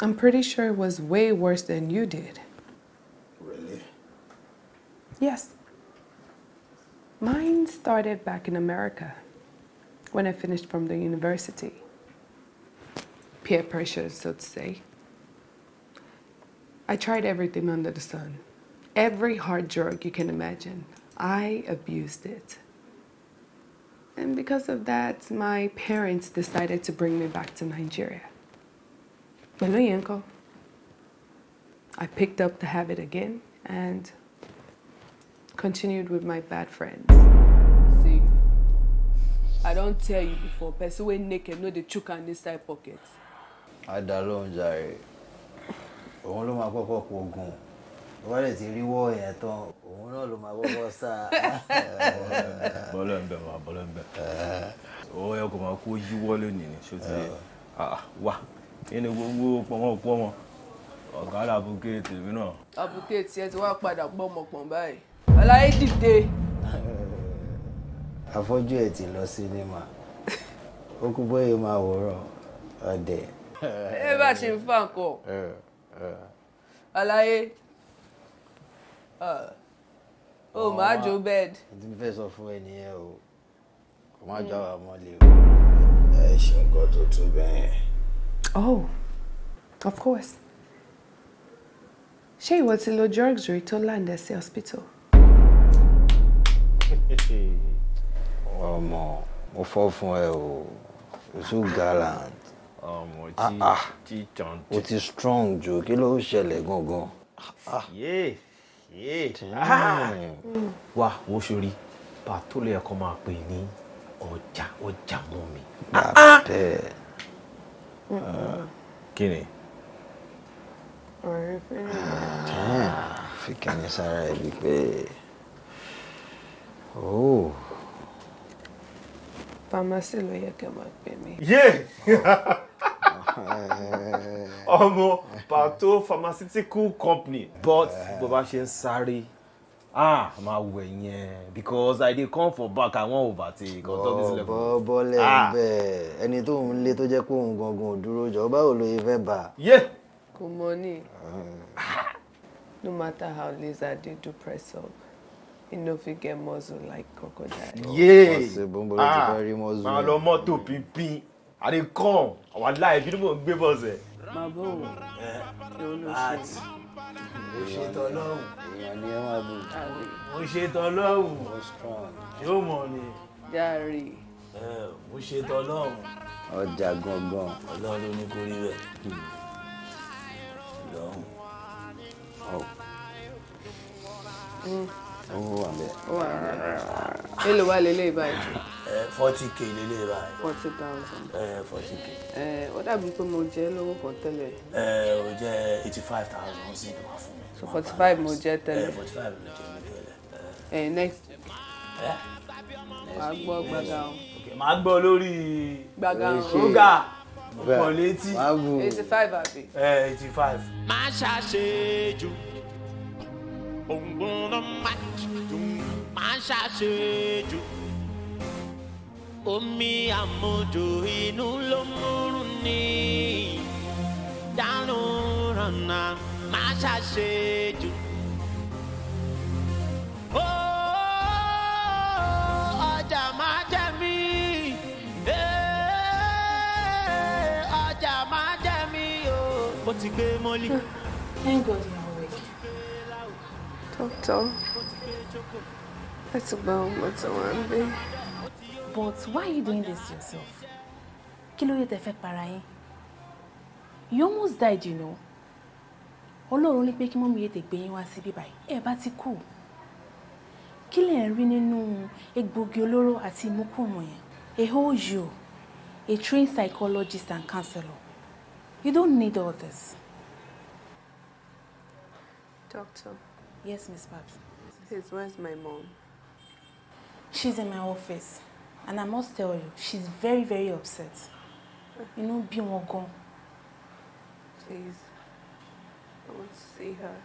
I'm pretty sure it was way worse than you did. Really? Yes. Mine started back in America when I finished from the university. Peer pressure, so to say. I tried everything under the sun. Every hard drug you can imagine. I abused it. And because of that, my parents decided to bring me back to Nigeria. Hello, Yanko. I picked up the habit again and continued with my bad friends. See, I don't tell you before, person when naked no dey chook hand inside pocket. Adalo ń jàre, òun ló máa kọ́kọ́ kó What is bá dẹ̀ ti rí wọ́ yẹn tán, òun náà ló máa kọ́kọ́ sá. Bọ́lá ń bẹ̀ wá, bọ́lá ń bẹ̀. Owó yẹ kò máa kó yíwọ́ lónìí ni, ṣó ti yẹ? Ah. Ah, ah, wá, kí ni gbogbo pọ̀nmọ́pọ̀nmọ́? Ọ̀gá làbùkẹ́ tèmi náà. Àbùkẹ́ tiẹ̀ ọláyé dìde. Eh, afọ́jú ẹ̀ ti lọ sinimá ó kú bóyá máa wòran ọdẹ. ẹ bá ṣe ń fà kọ ọláyé ó eh, máa jó bẹ́ẹ̀dì. ètò ìfẹ́ sọ fún ẹ nìyẹn o kò má jọ àwọn ọmọ lè o. ẹ ṣe nǹkan tó tó bẹ́ẹ̀. oh of course ṣé ìwọ ti lo drugs rí tó láǹdẹ̀ sí hospital. [laughs] ọmọ mo fọ́ fún ẹ o o gallant ọmọ tí ah, ah. tí tàn tí o ti strong jù kí ló ṣẹlẹ̀ gangan. Ah, wá wo sori pàtó lè ẹ̀kọ́ máa pè ní ọjà ọjà mú mi. kí ni. ọ̀rẹ́ fẹ́ràn. fi kàn ní sára ẹ̀ bí pé. Oh. Pharmacy ló yẹ kẹ́ máa pè mí. Yé! [laughs] Ọmọ Pato Pharmaceutical Company but bó bá ṣe ń sáré ah máa wẹ̀ yẹn because i dey come for back i wan overtake on top this level. bọ́ bọ́lẹ̀ ah. bẹ́ẹ̀ ẹni tó ń lé tó jẹ́ pé òun gangan ò dúró jọ báwo ló yẹ fẹ́ bá. yé. kò mọ ní no matter how laser dey do press up you no fit get muscle like crocodile. yéé ah màá lọ mọ́tò pínpín i dey come our life you no go gbé bọ́sẹ̀. màbó o èwo ló ṣe mo ṣe tọlọ́hùn èèyàn ni ẹ máa bù mo ṣe tọlọ́hùn ṣé o mọ̀ ni. jàre. mo ṣe tọlọ́hùn. ọjà gangan. ọlọ́run ló ní kó rí bẹ́ẹ̀. Hmm. lọ́hùn. Oh. Mm ó wà bẹ́ẹ̀. ó wà bẹ́ẹ̀ èlò wà lélẹ̀ báyìí. ẹ eh, forty k lélẹ̀ báyìí. forty thousand. ẹ eh, forty k. ẹ eh, ó dàbí pé mo jẹ lówó kan tẹ́lẹ̀. ẹ o jẹ eighty five thousand ó sì tó wá fún mi. so forty five mo jẹ tẹ́lẹ̀. ẹ forty five mo jẹ mi ẹ next. ẹ máa gbọ́ gbàgà o. máa gbọ́ lórí. gbàgà o. ọ̀gá ọkọ̀ létí. eighty five àbí. ẹ eighty five. má ṣàṣe jù omi àmujù inú ló múrù ní dárùn rànà máa ṣàṣejù. ọjà máa jẹ mí ọjà máa jẹ mí o. mo ti gbé mọ́lì. thank god. Doctor, that's about what I want to be. But why are you doing this to yourself? Kí ló effect, para yín? You almost died, you know. Ọlọ́run ní pé kí mọ́mí yẹ tẹ gbé yín wá síbí báyìí. Ẹ bá ti kú. Kí lẹ̀ ń rí nínú egbògi olóró àti ìmúkùmù A whole you, a trained psychologist and counselor. You don't need all this. Doctor. Yes, Miss Babs. Please, where's my mom? She's in my office. And I must tell you, she's very, very upset. You know, bí wọn gan. Please, I want to see her.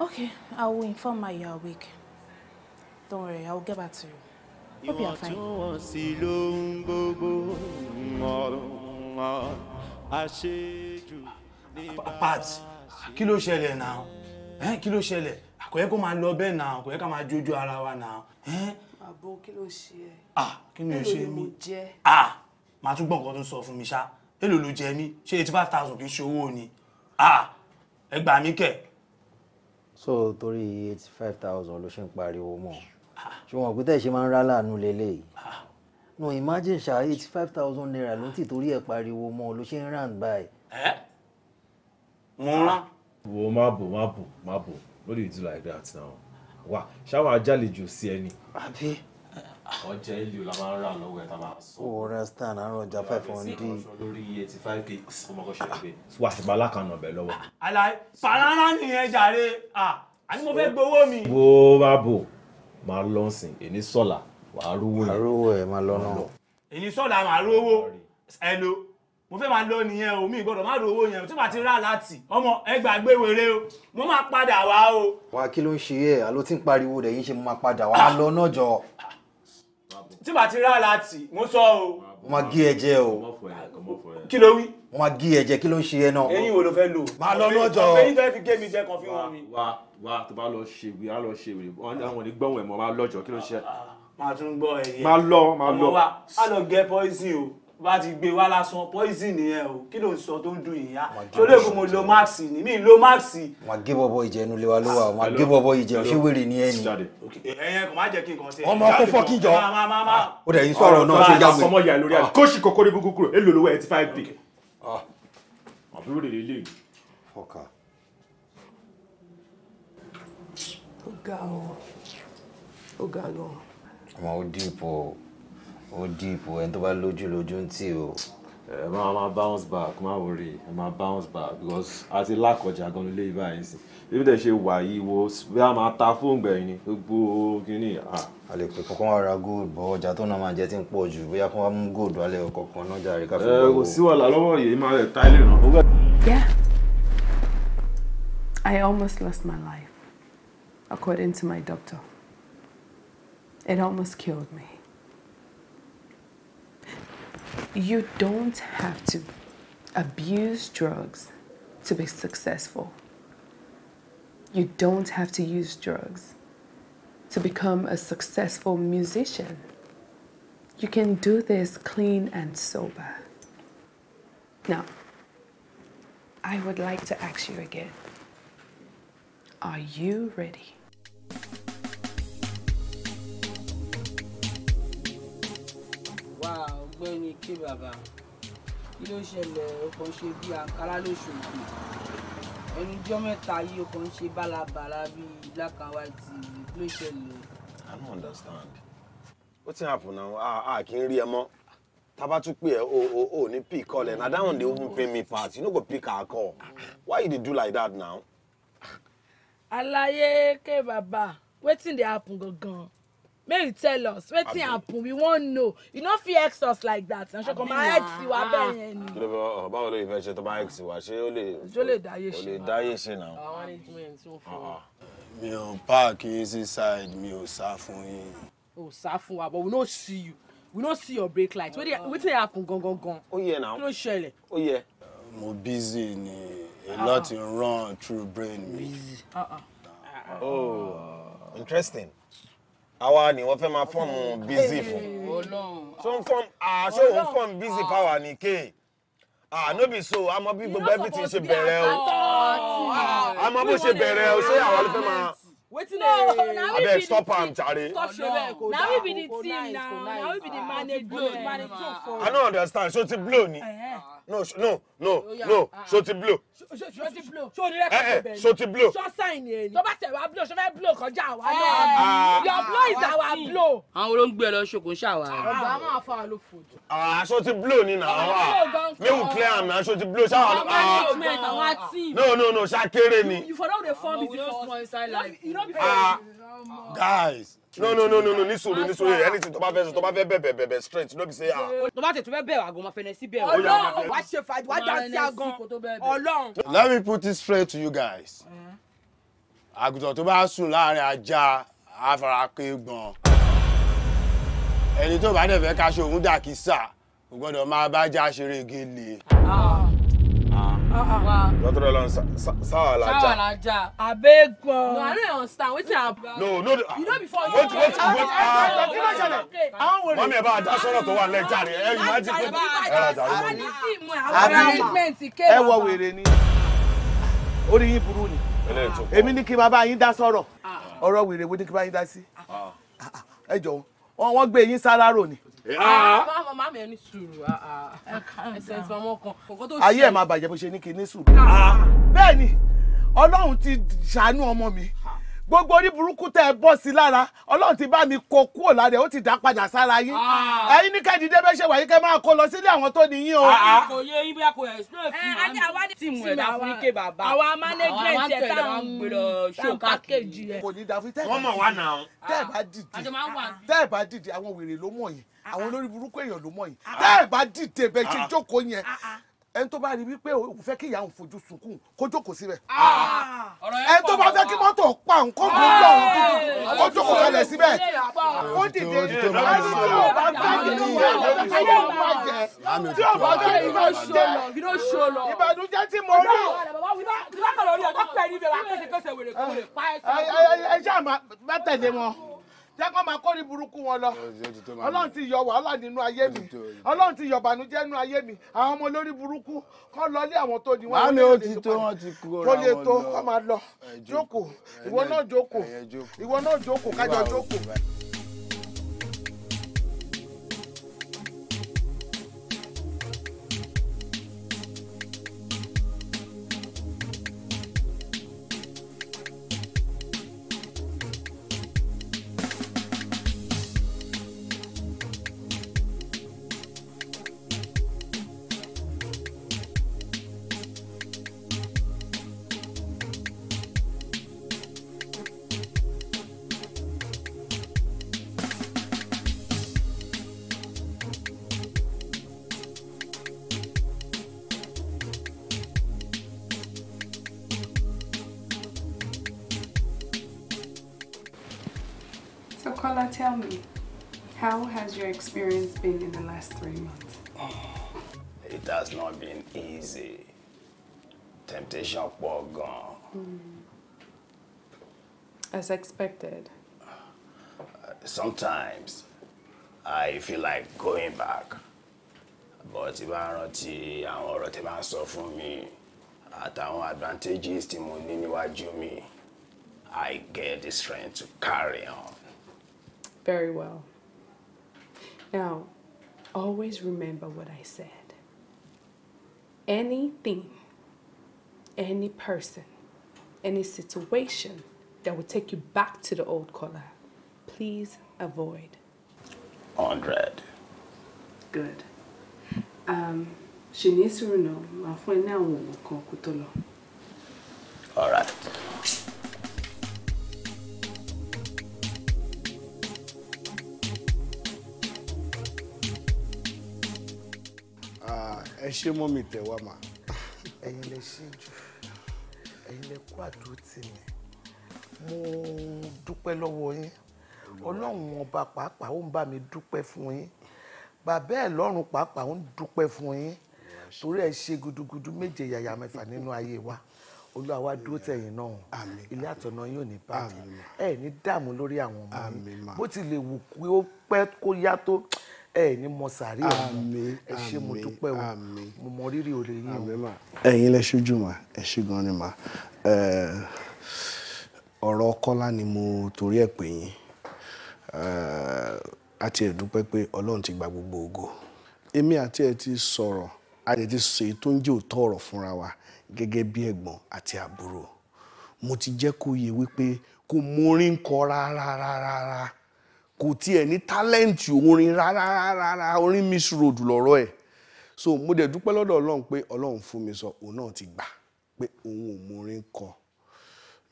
Okay, I will inform her you're awake. Don't worry, I will get back to you. Hope you are fine. Ìwọ̀ntúnwọ̀nsì kilo ń now. Eh, kilo ní kò yẹ kó máa lọ bẹ́ẹ̀ náà kò yẹ ká máa jójú ara wa náà. àbò kí ló ṣe ẹ. ah kí ló ṣe mí ah màá tún gbọ́ tó sọ fún mi ṣá èlò ló jẹ mí ṣé eighty five thousand kì í ṣe owó ni ah ẹ gbà mí kẹ̀. so torí eighty five thousand ló ṣe ń pariwo mọ́ ṣùgbọ́n òkúta ìṣe máa ń rá láàánú lélẹ́yìí no imagine ṣá eighty five thousand naira ló ti torí ẹ̀ pariwo mọ́ ló ṣe ń ràn báyìí. ẹ mo ń rán. wo má bò má bò má bò What do you do like that now wa ṣáwọn ajálejò sí ẹni. àbí. ọjà ilé la máa ń rà lọ́wọ́ ẹ̀ tá a máa sọ. o rẹ́sítàn àárọ̀ ọjà five hundred. lórí eighty five kgs ọmọ kan ṣe é gbé. wà á ti bá alákànnà bẹ̀ lọ́wọ́. àlàyé pàrọ̀rọ̀ nìyẹn jàre àní mo fẹ́ gbowó mi. wo bá bò máa lọ sìn èní sọ̀la wàá rówó ẹ̀. àrówó ẹ̀ máa lọ náà. èní sọ̀la máa rówó ẹ̀ lo mo fẹ́ máa lọ nìyẹn o mi gbọ́dọ̀ má ro yẹn tí màá ti rà láti ọmọ ẹ gbàgbé o mo máa padà wá o. wà á kí ló ń ṣe ẹ àló tí ń pariwo rẹ yìí ṣe mo máa padà wá lọ náà jọ. tí màá ti rà láti mo sọ o. mo máa gé ẹ o. kí ló wí. mo máa gé ẹ kí ló ń ṣe ẹ náà. eyín wo ló fẹ́ lò. máa lọ náà jọ. ọ̀fẹ́ yìí fi gé mi jẹ kan fi wọn mi. wà wà tó bá lọ ṣe wì á lọ ṣe wì àwọn ní gbọ́n bá ti gbé wá lásán poison nìyẹn o kí ló ń sọ tó ń dùn yìí ya torí èkó mo lo max ni mi lo max. wọn gé bọbọ ìjẹun lé wa ló wà wọn gé bọbọ ìjẹun ṣé wèrè ni ẹ ni. ẹyẹ kò má jẹ kí n kàn ṣe. ọmọ kó fọkí jọ ó dẹ̀ yín sọ̀rọ̀ náà ṣe jáwé. ọmọ ìyá lórí àná kóṣì kókó ní kúrò èlò lówó eighty five p. Ah. àbúrò lè lè. fọkà. ó ga ọ ó ga lọ. ọmọ ó dìbò ó dìpọ̀ ẹni tó bá lójú lójú ń tì o. ẹ máa máa bounce back máa worry ẹ máa bounce back because a ti lákọjá gan lé ibà yìí sí ibi tẹ̀ ṣe wà yìí wo bí a máa ta fóònù gbẹ̀yìn ni gbogbo kínní. a lè pè kọ́kọ́ wọn ra gold bọ́ ọjà tó náà máa jẹ́ tí ń pọ̀ jù bóyá kó wá mú gold wálé ọkọ̀ náà jàre ká fi gbọ́ kò sí wàhálà lọ́wọ́ yìí máa rẹ̀ táìlì ràn. Yeah, I almost lost my life, according to my doctor. It almost killed me. You don't have to abuse drugs to be successful. You don't have to use drugs to become a successful musician. You can do this clean and sober. Now, I would like to ask you again are you ready? ọ̀gbẹ́ni ké bàbá kí ló ṣẹlẹ̀ ọkàn ṣe bí àǹkárá lóṣogbo ẹnu jọ́ mẹ́ta yìí ọkàn ṣe bálabàla bíi black and white kí ló ṣẹlẹ̀. I don't understand. ó ti happen now a ah, ah, kì í rí ẹ mọ́ taba tún pè ẹ o o o ní pick call ẹ na that one dey even pay me pass you no go pick her call why you dey do like that now. àlàyé ké bàbá wetin dey happen gangan. May you tell us wetin happen we wan know you no fit ex us like that na sọkọ ma ex wa bẹ́ẹ̀ yẹn ni. kílódé bá báwo ló fẹ́ ṣe tó bá ex wa ṣé ó lè ó lè dáyé ṣe ó lè dáyé ṣe náà. management ò fún wa. Ah, ah. mi ò páàkì sí side mi ò sá fún yín. ò sá fún wa but we no see you we no see your brake light wetin ah. happen gangan gan. ó yẹ náà kí ló ṣẹlẹ̀. ó yẹ. mo busy ni a lot n run through brain mi. oh interesting àwa ni wọ́n fẹ́ máa fọ́ọ̀mù busy fún so n fọ́ọ̀mù àṣọ òun fọ́ọ̀mù busy power ni kéè no be so àmọ́ bí gbogbo everything ṣe bẹ̀rẹ̀ o àmọ́ bó ṣe bẹ̀rẹ̀ o ṣé àwa ló fẹ́ máa wetin no, abeg stop am jare na we be the team now. na we be the manager i no understand so ti blow ni no no oh, no no ah, ah. so ti blow. so ti blow. so eh, eh, ni record bẹ ni. so blow. so sign yẹn ni. tó bá tẹ̀ wá blow so fẹ́ blow kọjá wa eh, ah, your blow is our blow. àwọn olóńgbé ẹ lọ ṣokùn ṣàwà. ọba máa fa àlò fòdò. ah so ti blow ni na wa make we clear am na so ti blow ṣàwà. no no no ṣàkéré ni. you for don dey form business for us. ah guys no no no no no ní sùúrù ní sùúrù anything tó bá fẹ́ sọ tó bá fẹ́ bẹ̀bẹ̀ bẹ̀bẹ̀ straight no be say ah. tó bá tètè fẹ́ bẹ̀ wá gan ma fẹ́nẹ̀ sí bẹ̀rẹ̀. ọlọ́run wàá ṣe fàájì wàá dànsí agan ọlọ́run. let me put this straight to you guys. àgùntàn tó bá sùn láàrin ajá afárake gbọ̀n. ẹni tó bá dẹ̀ fẹ́ ká ṣe òun dà kí sà kò gbọ́dọ̀ máa bá já ṣeré gèlè. Lọ́tọ́dọ̀ lọ́n sáwà la já. Sáwà la já. Abégan. No, I don't understand. Wetin happen? No, no. You know before Wait, wait, wait. Ah. Kí ló ṣẹlẹ̀? Àwọn wèrè. Mọ́mí ẹ̀ bá a dá sọ́rọ̀ tó wà lẹ́jà rẹ̀. Ẹ yìí má jí pé. Ẹ rà jàre mọ́mí. Àbí ẹ wọ wèrè ni. Orí yín burú ni. Èmi ní kí bàbá yín dá sọ̀rọ̀. Ah. Ọ̀rọ̀ wèrè wo ni kí bàbá yín dá sí? Ah. Ẹ jọ̀wọ́, wọ́n gbé yín sálárò ni. Eh, ah, ah. máa ah, ayé ẹ̀ máa bàjẹ́ bó ṣe ní kí sùúrù. bẹ́ẹ̀ ni ọlọ́run ti ṣàánú ọmọ mi gbogbo orí burúkú tẹ ẹ bọ́ sí lára ọlọ́run ti bá mi kó kúrò lára ẹ ó ti dá padà sára yín ẹ̀yin ní kẹ́ẹ̀dì débẹ́ ṣe wáyé kẹ́ máa kó lọ sílé àwọn tó ní o. kò yẹ ibi a kò explain fún wa ní tìmù ẹ̀ láfíríkè bàbá àwa management ẹ̀ tá à ń gbèrò ṣó package kò ní dàfí tẹ́ẹ̀ bá dìde tẹ́ẹ̀ bá dìde àwọn wèrè ló mọ̀ yìí àwọn olórí burúkú èèyàn ló mọ̀ yìí tẹ́ ẹ̀ bá dìde bẹ́ẹ̀ ṣe jókòó yẹn ẹni tó bá rí wípé òun fẹ́ kí ìyá òun fojú sunkún kó jókòó síbẹ̀. ẹni tó bá fẹ́ kí mọ́tò pa nǹkan kó lọ òun dúdú kó jókòó kalẹ̀ síbẹ̀. ó dìde ẹni tí ó bá fẹ́ kí inú wa lọ sí ayé òun máa jẹ tí ó bá fẹ́ kí inú ṣe lọ ìbànújẹ́ tí mo rí. ìbátan lórí ọjọ́ pẹ̀lú ibẹ̀ wà kẹsẹ̀kẹsẹ̀ wèrè kúrè pa ẹ̀ṣẹ̀. ẹ ṣáà má tẹ̀lé wọn jẹ́ kó máa kórìí burúkú wọn lọ ọlọ́run ti yọ wàhálà nínú ayé mi ọlọ́run ti yọ bànújẹ́ nínú ayé mi àwọn ọmọ olórí burúkú kọ́ lọ lé àwọn tó ní wọn. láàmì ó ti tó wọn ti kú ọ̀rọ̀ lọ kó tó kó máa lọ jókòó ìwọ náà jókòó ìwọ náà jókòó kájọ jókòó. been in the last three months? Oh, it has not been easy. Temptation pọ̀ gone. Mm. As expected. Sometimes I feel like going back. But if I rántí àwọn ọ̀rọ̀ tí wọ́n sọ fún mi àtàwọn advantages tí mo ní níwájú mi, I get the strength to carry on. Very well. Now, always remember what I said. Anything, any person, any situation that will take you back to the old color, please avoid. Andred. Good. Um, she needs to know. All right. ẹ ṣe mọ́ mi tẹ̀ wá mà. ẹ̀yin lè ṣe jù ẹ̀yin lè kó àdúró tì mí mo dúpẹ́ lọ́wọ́ yín ọlọ́run ọba pàápàá ó ń bá mi dúpẹ́ fún yín bàbá ẹ̀ lọ́run pàápàá ó ń dúpẹ́ fún yín torí ẹ ṣe gudugudu méje yàyà mẹ́fà nínú ayé wa olúwa wa dúró tẹ̀yìn náà ilé àtọ̀nà yóò ní bàjẹ́ ẹ ní dààmú lórí àwọn ọmọ yín bó ti lè wù kí ó pẹ́ kó yá tó ẹ ní mọ sàárì ọ̀hún ẹ ṣé mo dúpẹ́ o mo mọ rírì òrè yín o. ẹ̀yin lẹ ṣojú mà ẹ ṣé gan ni mà ọ̀rọ̀ Kọ́lá ni mo torí ẹ̀ pè yín àti ẹ̀ dúpẹ́ pé Ọlọ́run ti gba gbogbo ògo èmi àti ẹ̀ ti sọ̀rọ̀ àti ti sọ èyí tó ń jẹ́ òótọ́ ọ̀rọ̀ fúnra wa gẹ́gẹ́ bí ẹ̀gbọ́n àti àbúrò mo ti jẹ́ kó yé wípé kò mórí ń kọ rárá rárá rárá kò tiẹ̀ ní tálẹ́ǹtì orin rárá rárá orin miss road lọ́rọ̀ ẹ̀ so mo dẹ̀ dúpẹ́ lọ́dọ̀ ọlọ́run pé ọlọ́run fún mi sọ òun náà ti gbà pé òun ò morin kọ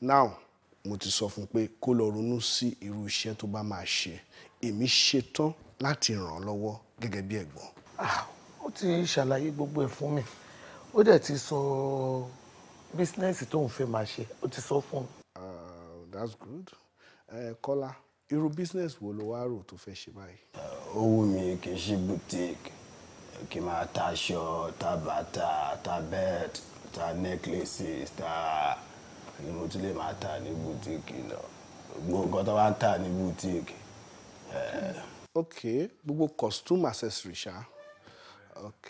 now mo ti sọ fún un pé kó lọ ronú sí irú iṣẹ́ tó bá máa ṣe èmi ṣetán láti ràn án lọ́wọ́ gẹ́gẹ́ bí ẹ̀gbọ́n. Ah, ó ti ṣàlàyé gbogbo ẹ̀ fún mi ó dẹ̀ ti sọ bísínẹ́sì tó fẹ́ máa ṣe ó ti sọ fún mi. Ah, that's good Uh, irú business wo ló wá rò tó fẹ́ ṣe báyìí. owó mi kì í ṣe boutique kì í máa ta aṣọ ta bàtà ta belt ta necklaces ta ni mo tún lè máa ta ní boutique náà gbogbo nǹkan tó bá ń tà ní boutique. Eh. ok gbogbo costume accessory ṣá ok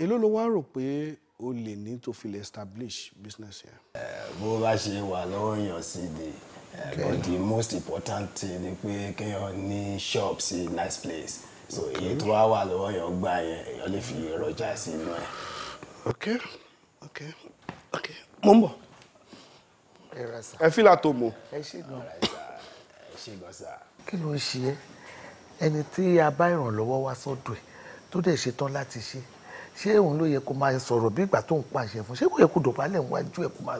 èló ló wá rò pé o lè ní tó fi lè establish business yẹn. Eh, bó bá ṣe wà lọ́wọ́ yàn sí ni. Okay. Eh, but the most important thing ni pé kéèyàn ní shop sí nice place. So èyí tó wá wà lọ́wọ́ yẹn gbà yẹn èyàn lè fi èròjà sí inú ẹ̀. Okay okay okay mo ń bọ̀. Ẹ fi là tó mo. Ẹ ṣe gan. Ẹ ṣe gan sá. Kí ló ń ṣe ẹ́? Ẹni tí a bá ìrànlọ́wọ́ wá sọ́dọ̀ ẹ̀ tó dẹ̀ ṣetán láti ṣe ṣé òun ló yẹ kó máa sọ̀rọ̀ bí ìgbà tó ń pàṣẹ fún ṣé kò yẹ kó dọ̀bálẹ̀ wájú ẹ̀ kó máa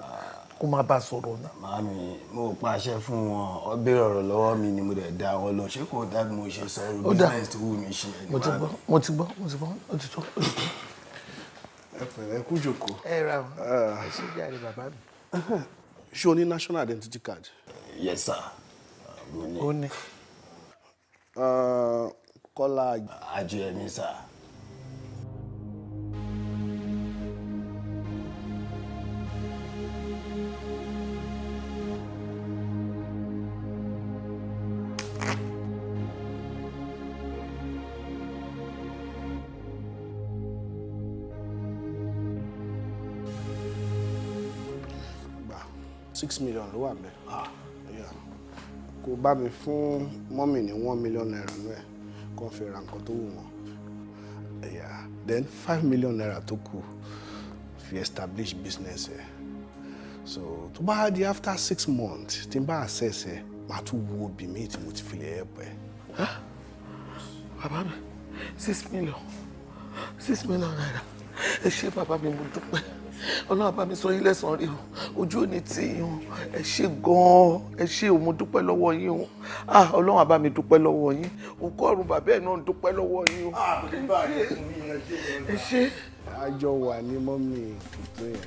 kó má bá sọ̀rọ̀ náà. màámi mo pàṣẹ fún wọn ó béèrè ọ̀rọ̀ mi ni mo dẹ̀ dá wọn lọ ṣé kò dá bí mo ṣe sọ irú business tó wù mí ṣe. mo ti gbọ́ mo ti gbọ́ mo ti gbọ́ ó ti tó ó ti tó. ẹ pẹ̀lẹ́ kú jòkó. ẹ ra o ah. ẹ ṣe jàre bàbá mi. [laughs] ṣé o ní national identity card. yes sir. Ah, ó ní. Ah, Kọ́lá. ajé mi sir. six million ló wà bẹ́ẹ̀ ah, kó bá mi fún mọ́mì ní one million naira nù ẹ̀ kó fi ra nǹkan tó wù wọ́n then five million naira tó kù fi establish business ẹ̀ so tó bá di after six months tí n bá access ẹ̀ màá tún wo obì míì tí mo ti fi lè ẹ̀ bàbá mi six million six million naira ẹ ṣé bàbá mi mo dúpẹ́ ọlọ́run bá mi sọ yín lẹ́sàn-án rí o ojú ò ní tì yín o ẹ ṣe gan-an ẹ ṣe o mo dúpẹ́ lọ́wọ́ yín o ah ọlọ́run bá dúpẹ́ lọ́wọ́ yín òkú ọ̀run bàbá ẹ̀ náà dúpẹ́ lọ́wọ́ yín o ẹ ṣe. àjọ wà ní mọ́mì tuntun yẹn.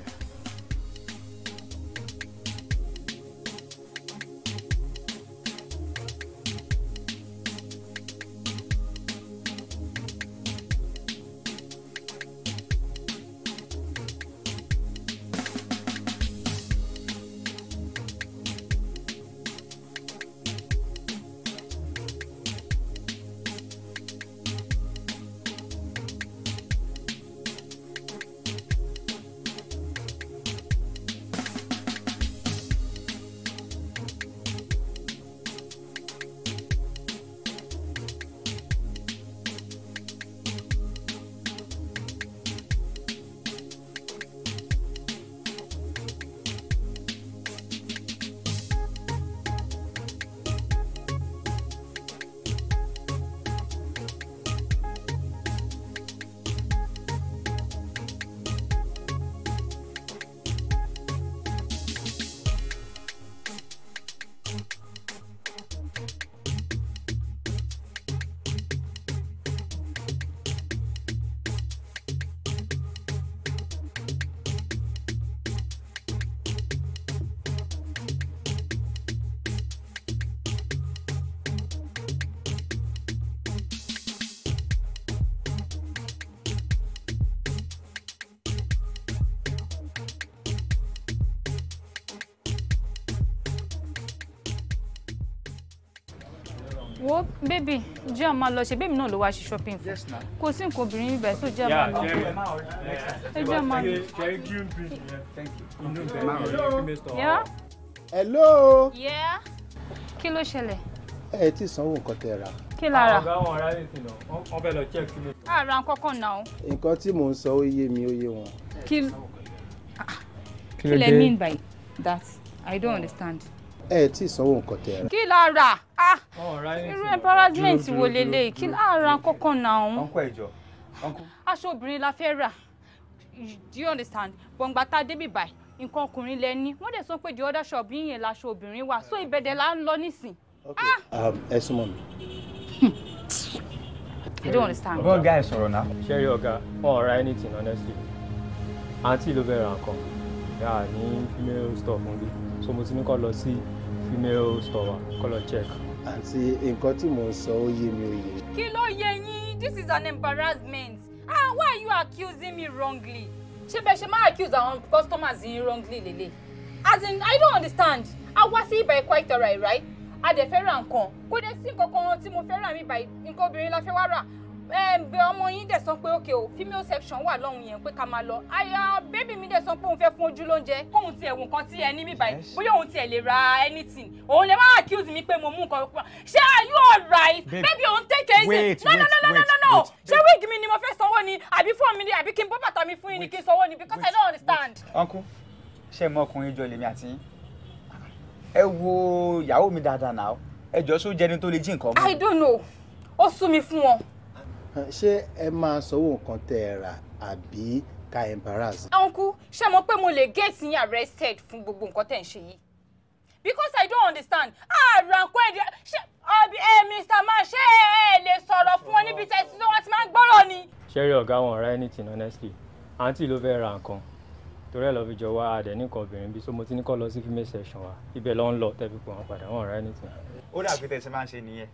wo bébì jẹ́ ọmọ lọ ṣe bébì náà ló wá ṣe shopping fún kò sí nǹkan obìnrin níbẹ̀ tó jẹ́ ọmọ lọ ẹ jẹ́ ọmọ lọ. hello. kí ló ṣẹlẹ̀. ẹ ti sanwó nǹkan tẹ ra. kí la ah, ra. àwọn ará lè sìn náà wọn fẹ́ lọ check kí ló. àrà ah, kọ́kọ́ náà. nǹkan tí mò ń sọ ó yé mi ó yé wọn. kí kí lẹ mean by that i don't understand. ẹ ti sanwó nǹkan tẹ ra. kí la ra. Oh, irú embarrassment wo leléyìí kí láàárọ̀ akọ́kọ́ na òun aṣọ obìnrin la fẹ́ rà do you understand gbọ̀ngbà tá a débi báyìí nǹkan ọkùnrin lẹ ní wọ́n dẹ̀ sọ pé the other shop yín yẹn laṣọ obìnrin wà so ìbẹ̀dẹ̀ là ń lọ nísìn. Um, ẹ súnmọ́ mi. I don't understand. bọ́ọ̀ guy sọ̀rọ̀ náà. ṣẹ́rí ọ̀gá wọn ò ra anything honestly àǹtí ló fẹ́ ra nǹkan yà ní female store fún mi so mo ti ní kọ́ lọ sí female store wa kọ́ lọ check àǹtí nǹkan tí mò ń sọ ó yé mi ò kí ló yé yín this is an embarrassment ah why are you accusing me wrongly ṣé bẹ́ẹ̀ ṣe máa accuse àwọn customers yín wrongly lélẹ̀ as in i don't understand a wá sí ibà ẹ̀kọ́ ìtọ́ra ẹ̀ right a dẹ̀ fẹ́ ra nǹkan kó dé sí nǹkan kan tí mo fẹ́ rà mí báyìí nǹkan obìnrin la fẹ́ wá rà bẹ ọmọ yín dẹ̀ sọ pé ok o female section wà lọ́hùn yẹn pé ká máa lọ àyà bébì mi dẹ̀ sọ pé òun fẹ́ fún ojú lóúnjẹ kóun tiẹ̀ wù nǹkan tí ẹ mi báyìí bóyá òun tiẹ̀ lè ra anything òun lè má accuse mi pé mo mú nǹkan pọ̀ ṣé are you alright baby òun take it easy no no no no no no ṣé wíìgì mi ni mo fẹ́ sanwó ni àbí fún mi ni àbí kí n bọ́ bàtà mi fún yín ni kí n sanwó ni because I don't understand. uncle ṣé mọ ọkùnrin jọ lèmi àti ẹ wo ìyàwó mi dáadáa náà ẹ jọ sójẹni tó lè jí nǹkan mú. I don't know ó sú mi fún wọn ṣé ẹ máa sanwó nǹkan tẹ́ ẹ rà àbí ká embarrass. uncle ṣé mo pé mo lè get yín arrested fún gbogbo nǹkan tẹ̀ ń ṣe yìí because i don't understand àràǹkó ẹ̀dí ṣe ọbí ẹ mr man ṣé ẹ lè sọ̀rọ̀ fún ọ níbi tẹ̀sí tí wọ́n ti máa ń gbọ́rọ̀ ni. ṣẹ́rí ọ̀gá wọn ra anything honestly àǹtí ló fẹ́ ra nǹkan torí ẹ̀ lọ́ fi jọ wá adẹ̀ nìkan obìnrin bíi so mo ti ní kọ́ lọ sí female section wa ibẹ̀ ló ń lọ tẹ́bí pọ̀ wọn padà wọn ra anything. ó dàbí tẹ̀sí máa ń ṣe nìyẹn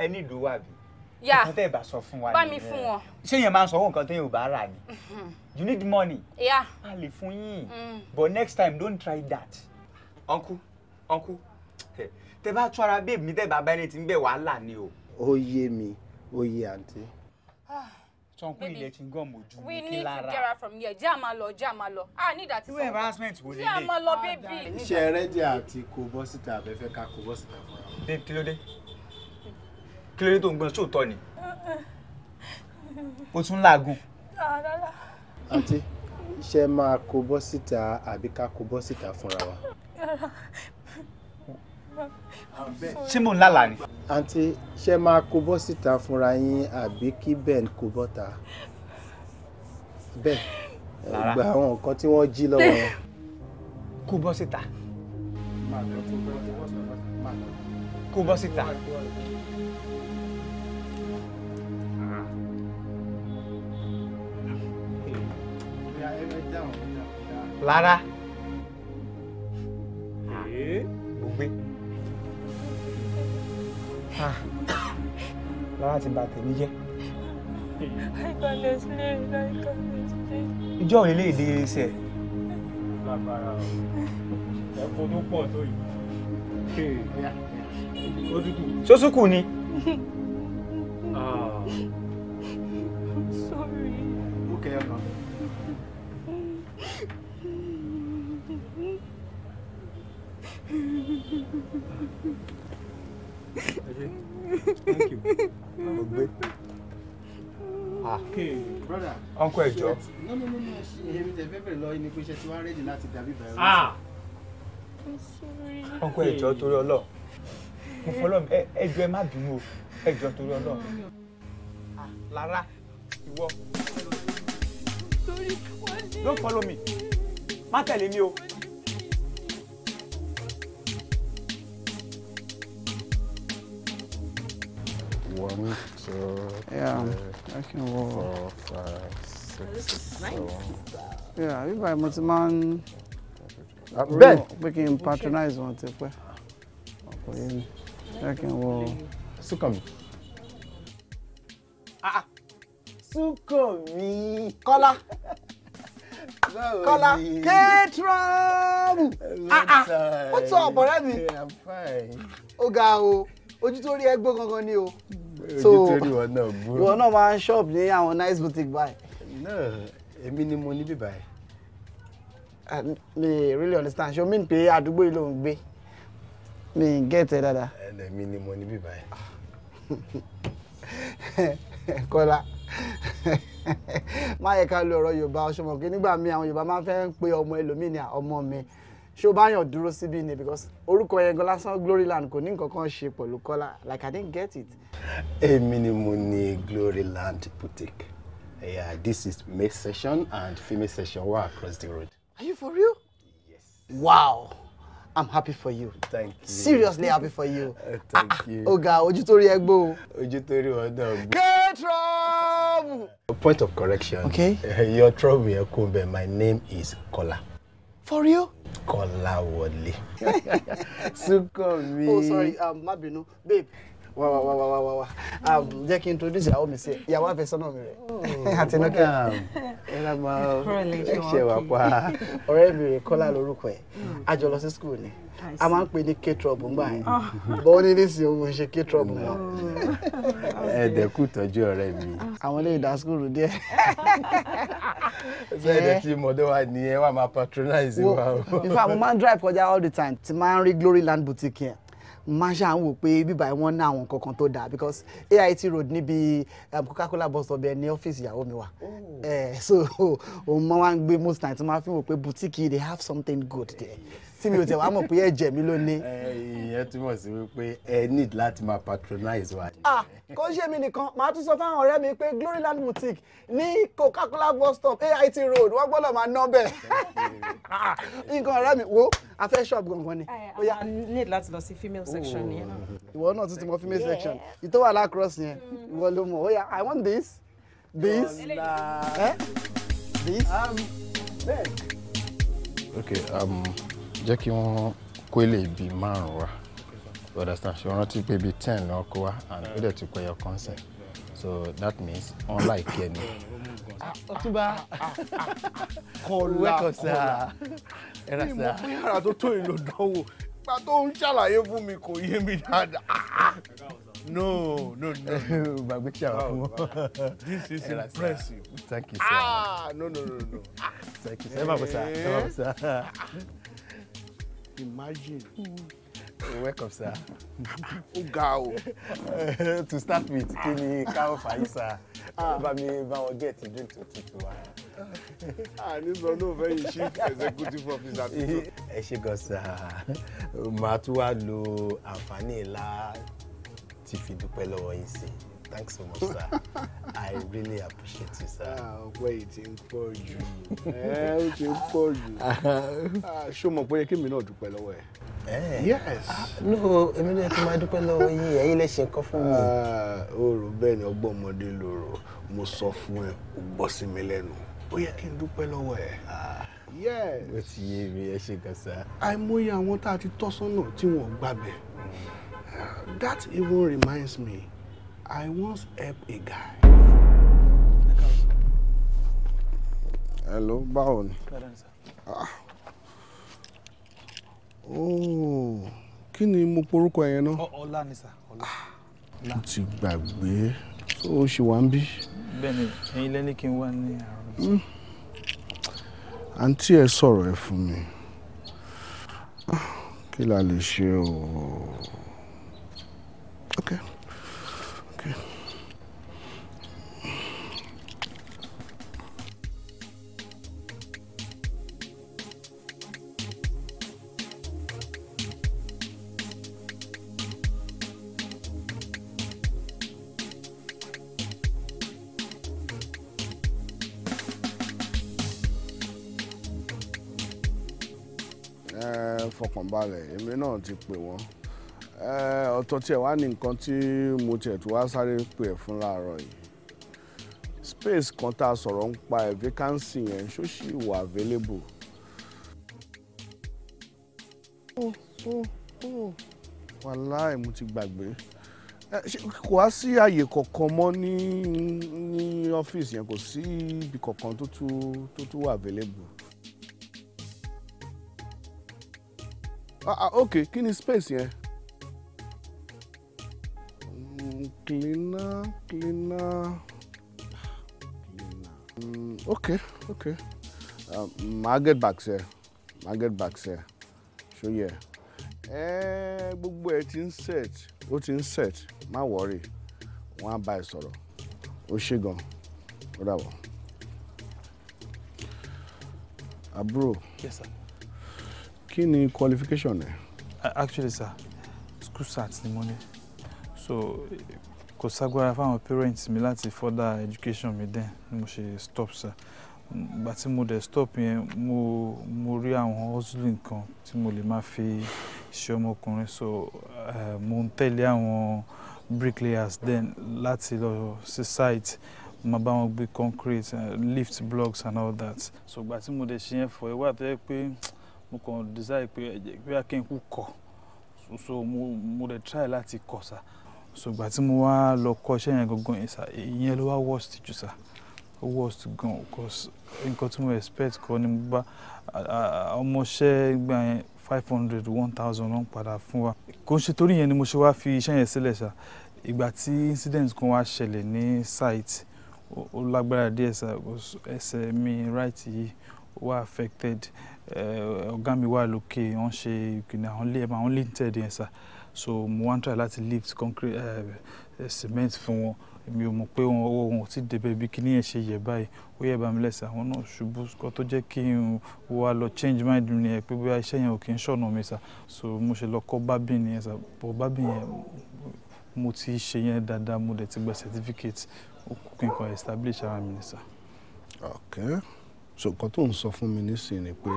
ẹ ní ìlú wà bíi yà nǹkan tẹ́ ẹ bá sọ fún wa ni bá mi fún wọn. ṣé yẹn máa sọ owó nǹkan tó yẹn ò bá rà ni mm-hmm. you need money. yà a lè fún yín mm. but next time don't try that. uncle uncle tẹ bá tún ara babe mi tẹ bá báyìí ti ń bẹ wàhálà ni o. ó yé mi ó yé àǹtí. sọ̀nkún ah, ilẹ̀ ti ń gàn mojú mi kí lára. we need to get out from here jẹ́ àmà lọ jẹ́ àmà lọ ah, a ní ìdá tí sọ. irú embarrassment wo lè lè. jẹ́ àmà lọ bébì. iṣẹ́ rẹ́díà àti kò bọ́ síta àbẹ́fẹ́ ká kò bọ́ síta fúnra. babe kí ló dé kí lóore tó ń gbọ́n sóòótọ́ ni o tún làágùn. àǹtí ṣe máa kó bọ́ síta àbí ká kó bọ́ síta fúnra wa. ṣé mò ń lálàá ni. àǹtí ṣe máa kó bọ́ síta fúnra yín àbí kí ben kó bọ́ ta bẹ́ẹ̀ gba àwọn nǹkan tí wọ́n jí lọ́wọ́ kó bọ́ síta. kó bọ́ síta. Lara. rárá gbogbo lára ti bà tèmi jẹ́. ìjọ òní lè dé iṣẹ́. ẹ̀kọ́ tó pọ̀ tó yìí. sósùkù ni. Ah. Sorry. Okay, I'm not. Thank you. Ah. Okay, brother. Uncle Joe. No, no, no, no. Èmi tẹ̀ fẹ́ bẹ̀rẹ̀ lọ ní pé ṣe ti wá rẹ́dì láti dàbí bẹ̀rẹ̀. Ah. Uncle Ejo torí ọlọ́. Mo fọlọ́ Don't follow me. Má tẹ̀lé mi o. one, two, yeah, three, I can walk. four, five, six, seven. Yeah, if buy a man, Ben, we can patronize one tip. I can walk. Sukami. Ah, ah. Sukan, Kola. Kọ́lá ah, ah. Ó tún ọ̀bọ̀rẹ́ mi. Ó ga o, ojú tó rí ẹgbó gangan ni o so ìwọ náà máa ń ṣọ́ọ̀bù ní àwọn nice boutique buy. náà èmi ni mo ní bíbá ah, mi really understand ṣé mean pé àdúgbò yìí ló ń gbé mi get ẹ dáadáa. èmi ni mo ní bíbá yìí. [laughs] kọ́lá [laughs] má yẹ ká lo ọ̀rọ̀ yorùbá ọ̀ṣọ́mọ̀kì nígbà míì àwọn yorùbá máa ń fẹ́ ń pe ọmọ ẹlòmíì ní ah, ọmọ mi ṣé o bá yàn dúró síbí ni because orúkọ yẹn gan gloryland kò ní nǹkan kan ṣe pẹ̀lú kọ́lá like i didn't get it. èmi ni mo ní gloryland boutique yeah, this is male session and female session wa across the road. are you for real. yes. wow i'm happy for you. thank you seriously happy for you. [laughs] Uh, thank ah, you. ọ̀gá ojú tó rí ẹgbẹ́ o. ojú tó rí ọ̀dọ́ mi. get trouble. A point of correction. okay. Uh, [laughs] your trouble yẹn kún bẹ́ẹ̀ my name is Kola. for real. Kọ́láwọlé. Súnkànmí. [laughs] Oh sorry, um, má bínú, babe wa wa wa wa wa wa wa ah, um jẹ́ kí n introduce ìyàwó mi sí ìyàwó àfẹ́sọ́nà mi rẹ̀ àtinúkẹ́ ẹ̀rọ máa ń ṣe wà pa ọ̀rẹ́ mi rẹ̀ kọ́lá lórúkọ ẹ̀ hmm. a jọ lọ sí school ni a máa ń pè ní k-trop ńgbà yẹn ah. bọ́ ó ní nísìnyí òun ṣe k-trop oh. mọ́. ẹ dẹ́kun tọ́jú ọ̀rẹ́ mi. àwọn ilé ìdá skúlù díẹ̀. sẹ́ẹ̀dẹ̀ eh. tí mọ̀dọ́ wa ni ẹ wà máa patronize wa. in fact mo máa ń drive kọjá all the time tí máa ń rí Glory Land Boutique yẹn máa ń wò pé bíbá wọn ná àwọn nǹkan kan tó dáa because AIT road níbi um, Coca-Cola bus stop ní ọ́fíìsì ìyàwó mi wà oh. eh, so [laughs] òun máa ń gbé most times máa fi wò pé boutique they have something good there tí mi ò tẹ̀ wá mọ̀ pé ẹ̀jẹ̀ mi ló ní. ìyẹn túmọ̀ sí wípé ẹ need láti máa patronize wa. Ah, kò ṣe mi nìkan màá tún sọ fáwọn ọ̀rẹ́ mi pé Gloryland Boutique ní Coca-Cola bus stop AIT road wọ́n gbọ́dọ̀ máa ná bẹ́ẹ̀. [laughs] nǹkan ọ̀rẹ́ mi wo a fẹ́ shop gangan ni. a need láti lọ sí female section oh. yẹn. ìwọ náà tún ti mọ female section ìtọ́wà lacrosse yẹn mm. ìwọ ló mọ̀ ó yá I want this this eh? this. Um, okay um jẹ́ kí wọ́n kó lè bí márùn wa you understand ṣe rántí pé bíi ten náà kó wa and ó dẹ̀ ti kọ ẹyọ consent so that means unlike láìkí ẹni. ọtúbà kọlá kọlá ìmọ̀ fún yàrá tó tó ìlò ìgbà tó ń ṣàlàyé fún mi kò yé mi dáadáa. No, no, no. [laughs] Gbàgbé kí àwọn fún wọn. This is impressive. Thank you sir. Ah, no, no, no, no. Thank you sir. Ẹ máa bọ̀ sá. Ẹ máa bọ̀ sá imagine. Mm. welcome sir. Oga, o. [laughs] to start with kí ni káwọ́ fàyí sá ah. bá mi bá wọn get drink to tutù wa. àní ah, sọ ló fẹ́ yìí chief executive officer tuntun. ẹ ṣe gan sá màá tún wá lo àǹfààní ńlá tí fi dúpẹ́ lọ́wọ́ yín sí i thanks so much, sir. [laughs] I really appreciate you, sir. Ah, ọpẹ́ yìí you. ń pọ̀ you. [laughs] Show eh, ó ti ń pọ̀ jù. [laughs] Ah, ṣé o mọ̀ eh. Yes. Ah, no, èmi náà ti máa dúpẹ́ lọ́wọ́ yín, ẹ̀yin lè ṣe nǹkan fún mi. O rò bẹ́ẹ̀ ni ọgbọ́n ọmọdé ló rò, mo sọ fún ẹ, o gbọ́ sí mi lẹ́nu. Ó yẹ kí n dúpẹ́ lọ́wọ́ ẹ. Yes. Mo ti yé mi, ẹ ṣe kan sá. Àìmọye àwọn tá a ti tọ́ sọ́nà tí wọ́n mm. That even reminds me. I once helped a guy. Hello, báwo ni? Ah. Oh, kí ni mo porúkọ ẹ̀yẹn náà? Ọlá ni sà. Ah, mo ti gbàgbé. Ṣé o ṣì wá ń bí? Bẹ́ẹ̀ni, ẹ̀yin lẹ́ni kí n wá ní àárọ̀. Hmm. Àǹtí ẹ̀ sọ̀rọ̀ ẹ̀ fún mi. Ah, okay. fọkànbalẹ̀ èmi náà ti pè wọ́n ọ̀tọ̀ tiẹ̀ wá ní nǹkan tí mo tiẹ̀ tó wá sáré pè ẹ̀ fún láàárọ̀ yìí space kan tá a sọ̀rọ̀ ń pa ẹ̀ vacancy yẹn ṣó sì wà available. ó ó ó wàláì mo ti gbàgbé kò wá sí àyè kankan mọ́ ní ní ọ́fíìsì yẹn kò sí ibi kankan tó tún tó tún wà available. ah ah ok kí ni space yẹn mm, cleaner cleaner cleaner mm, ok ok uh, màá get back sẹ màá back sẹ so yeah. Eh, gbogbo ẹ ti set ó ti set má worry One á bá ẹ she ó Whatever. gan ó dàbọ̀ yes sir kí ni qualification ẹ. actually sir school start ni mo ní so kò ságbára fáwọn parents mi láti further education mi then ni mo ṣe stop sir ìgbà tí mo dẹ̀ stop yẹn mo mo rí àwọn hustling kan tí mo lè máa fi ṣe ọmọkùnrin so uh, mo ń tẹ̀lé àwọn bricklayers then láti lọ sí site máa bá wọn gbé concrete eh, lift blocks and all that so ìgbà tí mo dẹ̀ ṣe yẹn fọ ìwà tó yẹ pé mo kàn decide pé ẹ jẹ́ pé kí kú kọ so mo mo dẹ̀ try láti kọ sa so ìgbà tí mo wá lọ kọ iṣẹ́ yẹn gangan yẹn sa ìyẹn ló wá worst jù sa ó worst gan because nǹkan tí mo expect kọ ni mo bá ọmọọṣẹ́ gbà yẹn five hundred one thousand ló ń padà fún wa kò ń ṣe torí yẹn ni mo ṣe wá fi iṣẹ́ yẹn sílẹ̀ sa ìgbà tí incident kan wá ṣẹlẹ̀ ní site ó lágbára díẹ̀ sa ẹsẹ̀ mi right yìí wà affected eh, ọ̀gá wà lókè wọ́n ṣe kìnìún àwọn lé ẹ̀ma àwọn linted yẹn sà so mo wá ń try láti lift concrete eh, eh, cement fún wọn èmi ò mọ̀ pé wọn ò tí débẹ̀ bí kíní yẹn ṣe yẹ báyìí ó yẹ bá mi lẹ́sẹ̀ àwọn náà ṣubú kan tó jẹ́ kí n wá lọ change mind mi nìyẹn pé bóyá iṣẹ́ yẹn ò kí ń ṣọ̀nà mi sà so mo ṣe lọ kọ́ bábìn yẹn sà bọ̀ bábìn yẹn mo ti ṣe yẹn dáadáa mo dẹ̀ ti gba certificate ó kí n kan establish ara mi ni sà. okay so nǹkan tó ń sọ fún mi nísìnyí ni pé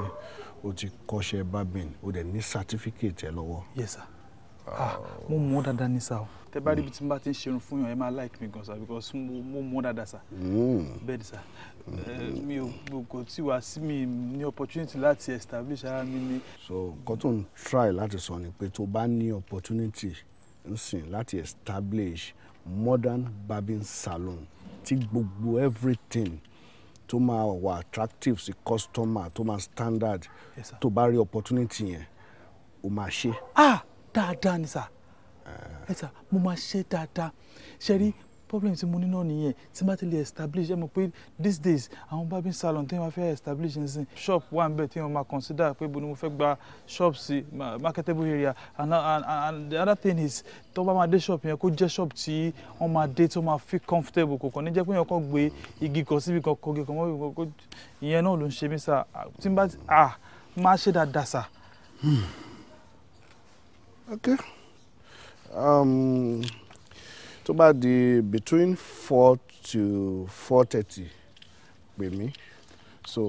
o ti kọ́ṣẹ́ barbing o dẹ̀ ní certificate ẹ lọ́wọ́. yes sir ah mo mọ̀ dáadáa ní sá o. tẹ bá ríbi tí mo bá ti ń ṣerun fún yàn ẹ máa like mi gan sa because mo mọ̀ dáadáa sa. Mm. bẹ́ẹ̀ ni sa eh, mi ò kò tí wá sí mi ní opportunity láti establish ara mi ni. so nǹkan tó ń try láti sọ ni pé tó bá ní opportunity ń láti establish modern barbing salon ti gbogbo everything tó máa wà attractive sí customer tó máa standard tó bá rí opportunity yẹn o máa ṣe. ah dáadáa ni sà ẹ sà mo máa ṣe dáadáa ṣe rí problem tí mo ní náà nìyẹn tí bá ti lè establish ẹ mọ̀ pé these days àwọn barbing salon tí wọ́n fẹ́ establish nsìn shop wà ń bẹ̀ tí wọ́n máa consider pé bo ni mo fẹ́ gba shop sí marketable area and, and, and the other thing is tó bá máa dé shop yẹn kó jẹ́ shop tí wọ́n máa dé tó máa feel comfortable kò kàn ní jẹ́ pé yẹn kàn gbé igi kan síbi kan kọ́gi kan mọ́ kó ìyẹn náà ló ń ṣe mí sá tí n bá ah máa ṣe dáadáa sá. Hmm. okay. Um, tó bá di between four to four thirty pè mí so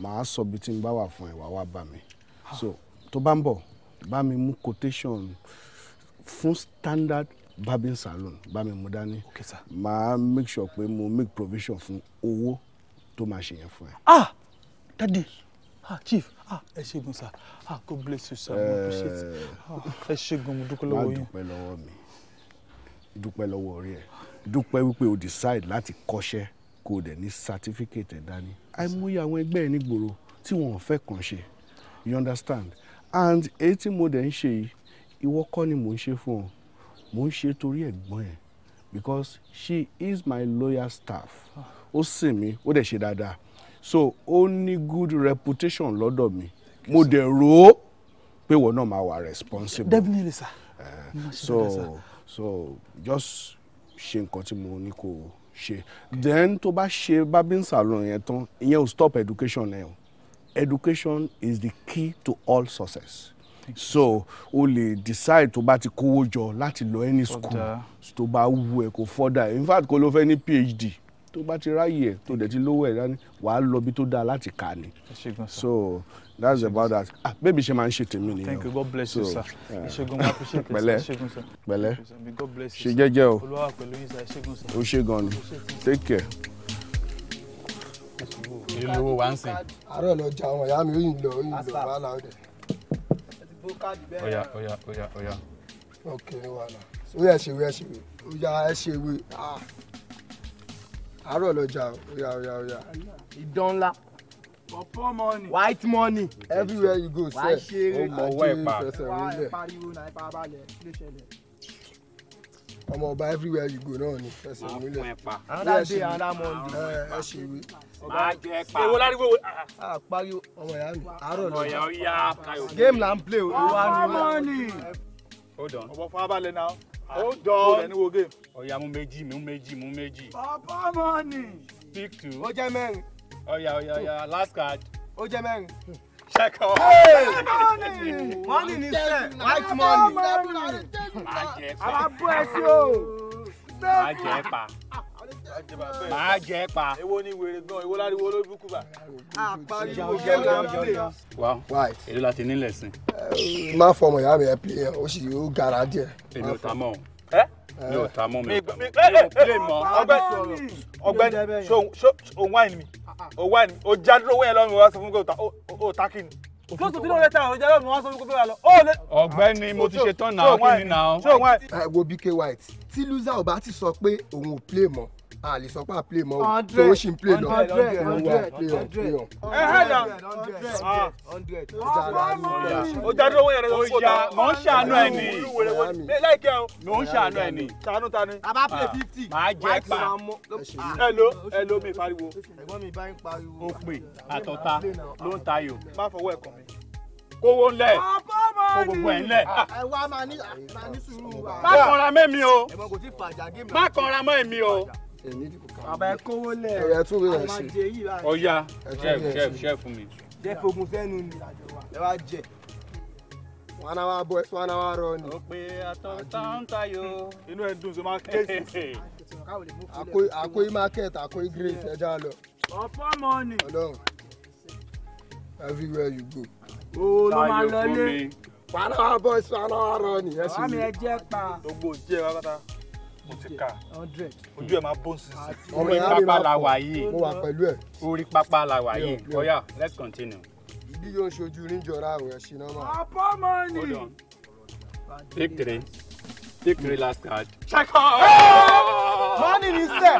màá sọ bí tí n bá wà fún ẹ wà wá bá mi ah. so tó bá ń bọ̀ bá mi mú quotation fún standard barbing salon bá mi mú dání okay sir màá make sure pé mo make provision fún owó tó máa ṣe yẹn fún ẹ. ah dadi ah chief ah ẹ ṣègùn sir ah god bless you sir mo appreciate eh. ah, ẹ ṣègùn mo dúpẹ́ lọ́wọ́ yín. má dúpẹ́ lọ́wọ́ mi dúpẹ́ lọ́wọ́ orí ẹ̀ dúpẹ́ wípé o decide láti kọ́ṣẹ́ kó o dẹ̀ ní certificate ẹ̀ dání àìmọye àwọn ẹgbẹ́ ẹ̀ nígboro tí wọn ò fẹ́ kàn ṣe you understand and èyí tí mo dẹ̀ ń ṣe yìí ìwọ kọ́ ni mò ń ṣe fún ọ mò ń ṣe torí ẹ̀gbọ́n ẹ̀ because she is my lawyer staff ó sìn mí ó dẹ̀ ṣe dáadáa so ó ní good reputation lọ́dọ̀ mi mo dẹ̀ rò ó pé ìwọ náà máa wà responsible. definitely sir. Uh, so. Sure, sir so just ṣe nǹkan tí mo ní kó ṣe then tó bá ṣe barbing salon yẹn tán ìyẹn ò stop education ẹ o education is the key to all success so o lè decide tó bá ti kówó jọ láti lọ any school tó bá wù ẹ́ kó further in fact kó ló fẹ́ ní phd tó bá ti ráyè ẹ̀ tó dẹ̀ ti lówó ẹ̀ dání wàá lọ bí tó dáa láti kà ní so that's about that ah bébí ṣe máa ń ṣe tèmi nìyẹn thank you god bless you sir ìṣègùn máa appreciate it pẹ̀lẹ́ pẹ̀lẹ́ ṣe jẹ́jẹ́ o olúwa pẹ̀lú yín sir ìṣègùn o ṣe gan ni take care. ìlú owó wa ń sìn. àárọ̀ lọ ja àwọn ìyá mi ó yìn lọ ó yìn lọ wà láwọn dẹ̀. oya oya oya oya. ok wàhálà ó yẹ ṣèwé ẹ ṣèwé ó yà ẹ ṣèwé ah. àárọ̀ lọ ja oya oya oya. ìdán ńlá pọ̀pọ̀ money. white money everywhere you go sẹ́ ọmọ ọwọ́ ẹ̀ pa ẹ̀ pariwo náà ẹ̀ pa balẹ̀ ló ṣẹlẹ̀. ọmọ ọba everywhere you go náà ni fẹsẹ̀ múlẹ̀. máa pọ̀ ẹ̀ pa another day another monday. ẹ ṣe wí. máa jẹ pa. èwo láriwo. Ah, ah. a pariwo ọmọ ìyá mi àárọ̀ lọ. ọ̀yà ọ̀yà tayo. game la n play o. pọ̀pọ̀ money. hold on. ọ̀pọ̀ fún abalẹ̀ náà. hold on. hold on. ọ̀yà mú méjì mú méjì mú méjì. pọ̀pọ̀ money. speak to. ó jẹ́ mẹ́rin ọ̀yà ọ̀yà ọ̀yà last card. ó jẹ́ mẹ́rin. check out. money money ni sẹ́ white money. máa jẹ pa. àwa bú ẹ sí o. máa jẹ pa. máa jẹ pa. èwo ni wèrè gan èwo láriwo ló búkú bá. àpariwo game na play. wa white èlò láti nílẹ̀ sìn. má fọmọ ìyá mi ẹ pè é o sì yóò gara díẹ̀. èmi ò ta mọ́ o mi ò ta mọ́ mi ò ta mọ́ mi ò play mọ́ ọgbẹ́ ọgbẹ́ ṣòun wáìnì mi o wá ní o já lówó yẹn lọ́mọ wá sọ fún mi pé o ta kí ni. lóṣù tí ló lè ta àwọn ìjà lọ́mọ wá sọ fún mi pé o lè. ọ̀gbẹ́ni mo ti ṣe tán náà kí ni náà. ẹ wo bk white tí lusa ò bá ti sọ pé òun ò play mọ́ a lè sọ pé a play mọ́ o tó o ṣì ń play lọ wọ́n wá play on play on. ẹ ẹ dà o jáde owó yẹn lọ sí ọjà mò ṣàánú ẹ ní láìkẹ́ o mò ń ṣàánú ẹ ní ṣàánú ta a bá play fifty máa jẹ pa ẹ ló mi pariwo o pè àtọ̀ta ló ń tayò. má fọwọ́ ẹ̀ kàn mí kówó ńlẹ̀ kó gbogbo ah, ẹ wá má kanra mọ́ èmi o má kanra mọ́ èmi o ẹ ní ìdìbò kan. bàbá kówó lẹ ẹ tún rí ẹ ṣe. ọya chef chef chef mi. jẹ́ fogun fẹ́nu ni ẹ wá jẹ. one hour boys one hour run. ó pe àtọ̀tà ń tayò. inú ẹ dùn sí máa kéèsì. àkóyí market àkóyí great ẹja lọ. ọ̀pọ̀ mọ́ọ̀nì. ọlọ́run everywhere you go. o ló máa lọ lé. one hour boys one hour run. ẹ ẹ jẹ́ pa. gbogbo jẹ́ wákàtà mo ti kà ojú ẹ̀ máa bó sísè orí pápá la wà yìí orí pápá la wà yìí oya let's continue. ìdí yóò ṣojú níjọra àwọn ẹ̀sìn náà. àpá máa ń nì. take three take three last card. check out. money ni sẹ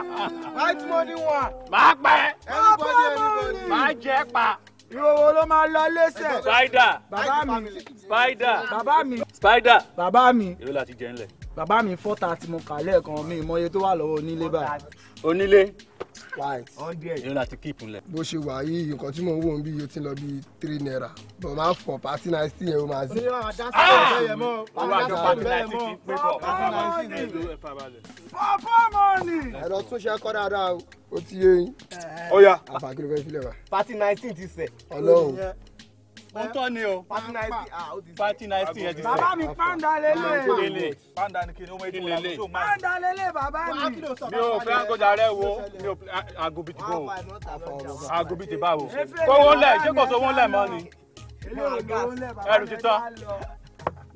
right money one. máa pẹ́. everybody everybody. máa jẹ́ pa ìrọ̀wọ̀ ló máa lọ lẹ́sẹ̀. spider bàbá mi spider bàbá mi spider bàbá mi. èrò láti jẹ ńlẹ̀ bàbá mi fọ́ta tí mo kà lẹ́ẹ̀kan mi ìmọye tó wà lọ́wọ́ onílé báyìí. onílé. white. hundred. èyí láti kí bó ṣe wà yìí nǹkan tí mò ń wò ń bí iye tí ń lọ bí three naira bọ̀ máa fọ̀ pàtí náà sí yẹn o máa sí. ẹ̀rọ tún ṣe kọ́ dáadáa o ti yé yín. Eh. ó yá. àbàkí ló fẹ́ filẹ̀ wa. pàtí náà sí ti sẹ̀. ọlọ́run ó ń tọ́ ni o pati nineteen ẹ ti sọ. bàbá mi panda lele. panda ni kini o mọ ètò ìlànà tó máa. panda lele bàbá mi. mi ò fẹ́ àgọ́jà rẹ wo mi ò àgọ́bí ti báwo àgọ́bí ti báwo kó wọ́n lẹ̀ ṣé kò tó wọ́n lẹ̀ ni ẹrù ti tán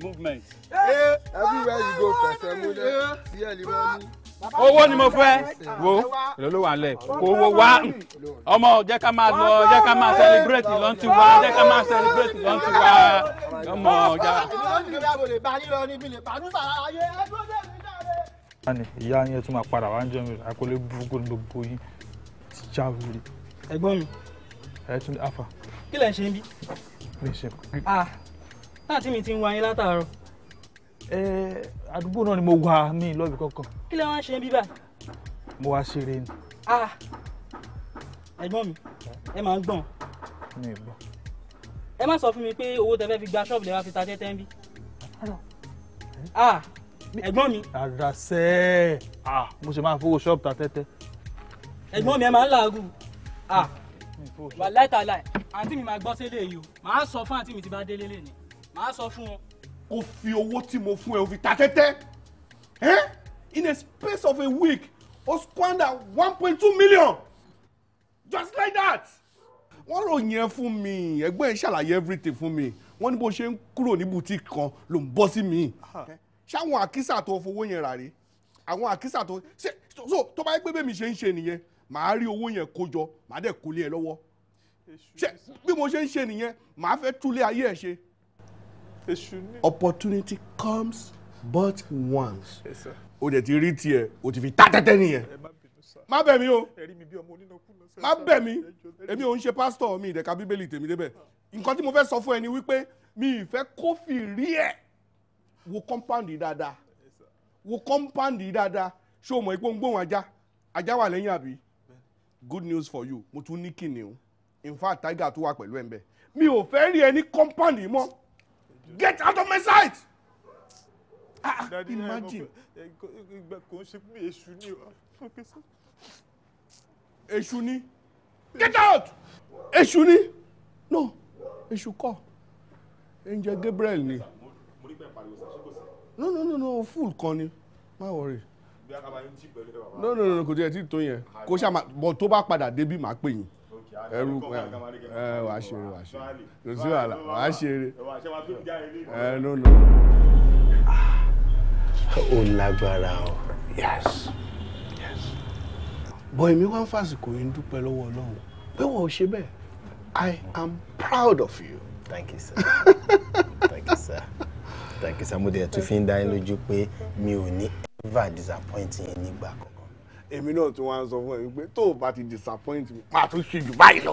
movement. Eh, eh, everywhere you go fẹsẹ̀ múlẹ̀ sí ẹ̀ lè mọ́ ní. Eh, owó ni mo fẹ́ wo èlò ló wà lẹ̀ kó owó wá ọmọ jẹ́ ká máa lọ jẹ́ ká máa celebrate lọ́n ti wá jẹ́ ká máa celebrate lọ́n ti wá ọmọ ọjà. ìyá yẹn tún máa padà wá ń jẹun rẹ akọlẹ burúkú ní gbogbo yín ti já wuli. ẹ̀gbọ́n mi. ẹ tún afa. kí lẹ ń ṣe ń bí. mi ṣe. ah láti mi ti ń wá yín látàárọ̀. ẹ eh, àdúgbò náà ni mo wà mí lọ́ọ̀bì kankan. kí ló wá ń ṣe bíbá. mo wá ṣeré ni. Ah, ẹ̀gbọ́n mi ẹ máa ń gbọ̀n. mi ò gbọ́. ẹ má sọ fún mi pé owó tẹ fẹ́ fi gba ṣọ́ọ̀bù lẹ́wà fi ta tẹ́tẹ́ ń bí. Ah, ẹ̀gbọ́n mi. àdàsẹ́ ah, mo ṣe máa fowó ṣọ́ọ̀bù ta tẹ́tẹ́. ẹ̀gbọ́n mi ẹ máa ń làágùn wà láìtàláì àǹtí mi máa gbọ́ sílé yìí o màá sọ fún àǹtí mi ti bá délé lé ni màá sọ fún wọn o fi owó tí mo fún ẹ o fi ta tẹ́tẹ́ eh? in a space of a week o squander one point two million just like that. wọ́n ròyìn ẹ fún mi ẹgbẹ́ ẹ ṣàlàyé everything fún mi wọ́n ní bó ṣe ń kúrò ní boutique kan ló ń bọ́ sí mi. ṣáwọn àkísà tó fowó yẹn rà rí àwọn àkísà tó ṣe so tó bá yẹ pé bẹ́ẹ̀ mi ṣe ń ṣe nìyẹn màá rí owó yẹn kó jọ màá dẹ̀ kólé ẹ lọ́wọ́ ṣe bí mo ṣe ń ṣe nìyẹn màá fẹ́ túlé ayé ẹ̀ ṣe opportunity comes but once. o dẹ̀ ti rí tiẹ̀ o ti fi ta tẹ́tẹ́ nìyẹn. má bẹ̀ mi o má bẹ̀ mi? èmi ò ń ṣe pásítọ̀ mi ìdẹ̀ka bíbélì tèmi débẹ̀ nǹkan tí mo fẹ́ sọ fún ẹ ni wípé mi ìfẹ́ kófì rí ẹ̀ wo compound yìí dáadáa wo compound yìí dáadáa ṣé o mọ̀ ipò ń gbóhùn ajá ajá wà lẹ́yìn àbí good news for you mo tún ní kìnìún in fact tiger tó wà pẹ̀lú ẹ̀ ń bẹ̀ mi ò fẹ́ rí ẹ ní compound yìí mọ́. Get out of my sight! Ah, ah, imagine. Ìgbà kò ń ni Get out! Èṣù ni. No, èṣù kọ́. Angel Gabriel ni. No, no, no, no, fool kan ni. Má worry no no no kò tí ẹ ti tó yẹn kó ṣáà bọ tó bá padà débí màá pè yín ẹrú ẹ wàá ṣeré wàá ṣeré kò sí wàhálà wàá ṣeré ẹ no no. lágbára o yes yes. bọ̀ èmi wá ń fàsìkò yìí ń dúpẹ́ lọ́wọ́ ọlọ́run pé wọ́n ò ṣe bẹ́ẹ̀ I am proud of you. thank you sir thank you sir thank you sir mo dẹ̀ tún fi ń dá yín lójú pé mi ò ní ever disappoint yín nígbà kan èmi náà tún wá ń sọ fún ẹ wípé tó o bá ti disappoint mi máa tún ṣe jù báyìí lọ.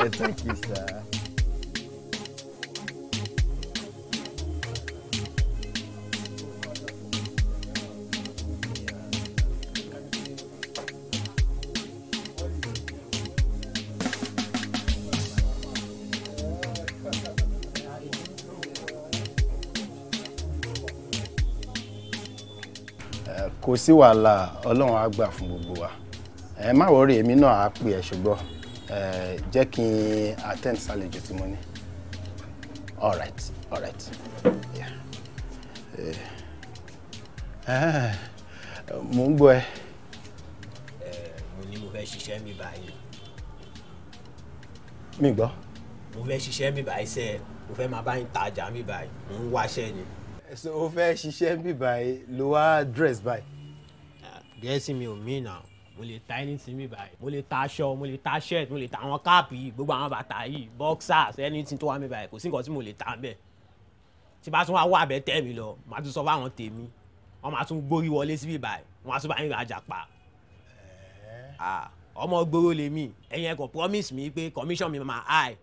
[laughs] ẹ thank you sir. kò sí wàhálà ọlọ́run á gbà fún gbogbo wa ẹ má wọrí èmi náà á pè ẹ ṣùgbọ́n ẹ jẹ́ kí n attend sálejò tí mo ní all right all right yeah. eh, eh mo ń gbọ́ ẹ. mo ní mo fẹ́ ṣiṣẹ́ mi báyìí. mi gbọ́. mo fẹ́ ṣiṣẹ́ mi báyìí sẹ́ẹ̀ mo fẹ́ máa bá yín tajà mi báyìí mo ń wáṣẹ́ ni. so o fẹ́ ṣiṣẹ́ mi báyìí ló wá dress báyìí gẹ̀ẹ́sì mi ò mí nà mo lè ta anything mi báyìí mo lè ta aṣọ mo lè ta shirt mo lè ta àwọn káàpù gbogbo àwọn bàtà yìí boxers anything tó wà mí báyìí kò sí nǹkan tí mo lè ta bẹ́ẹ̀ tí bá tún wá wà bẹ́ẹ̀ tẹ́ mi lọ màá tún sọ fáwọn tèmi wọ́n máa tún gbórí wọlé síbí báyìí wọ́n á tún bá yín rajà pa ah, ọmọ gbòòrò lèmi ẹ̀yin ẹ̀kọ́ promise mi pé commission mi máa high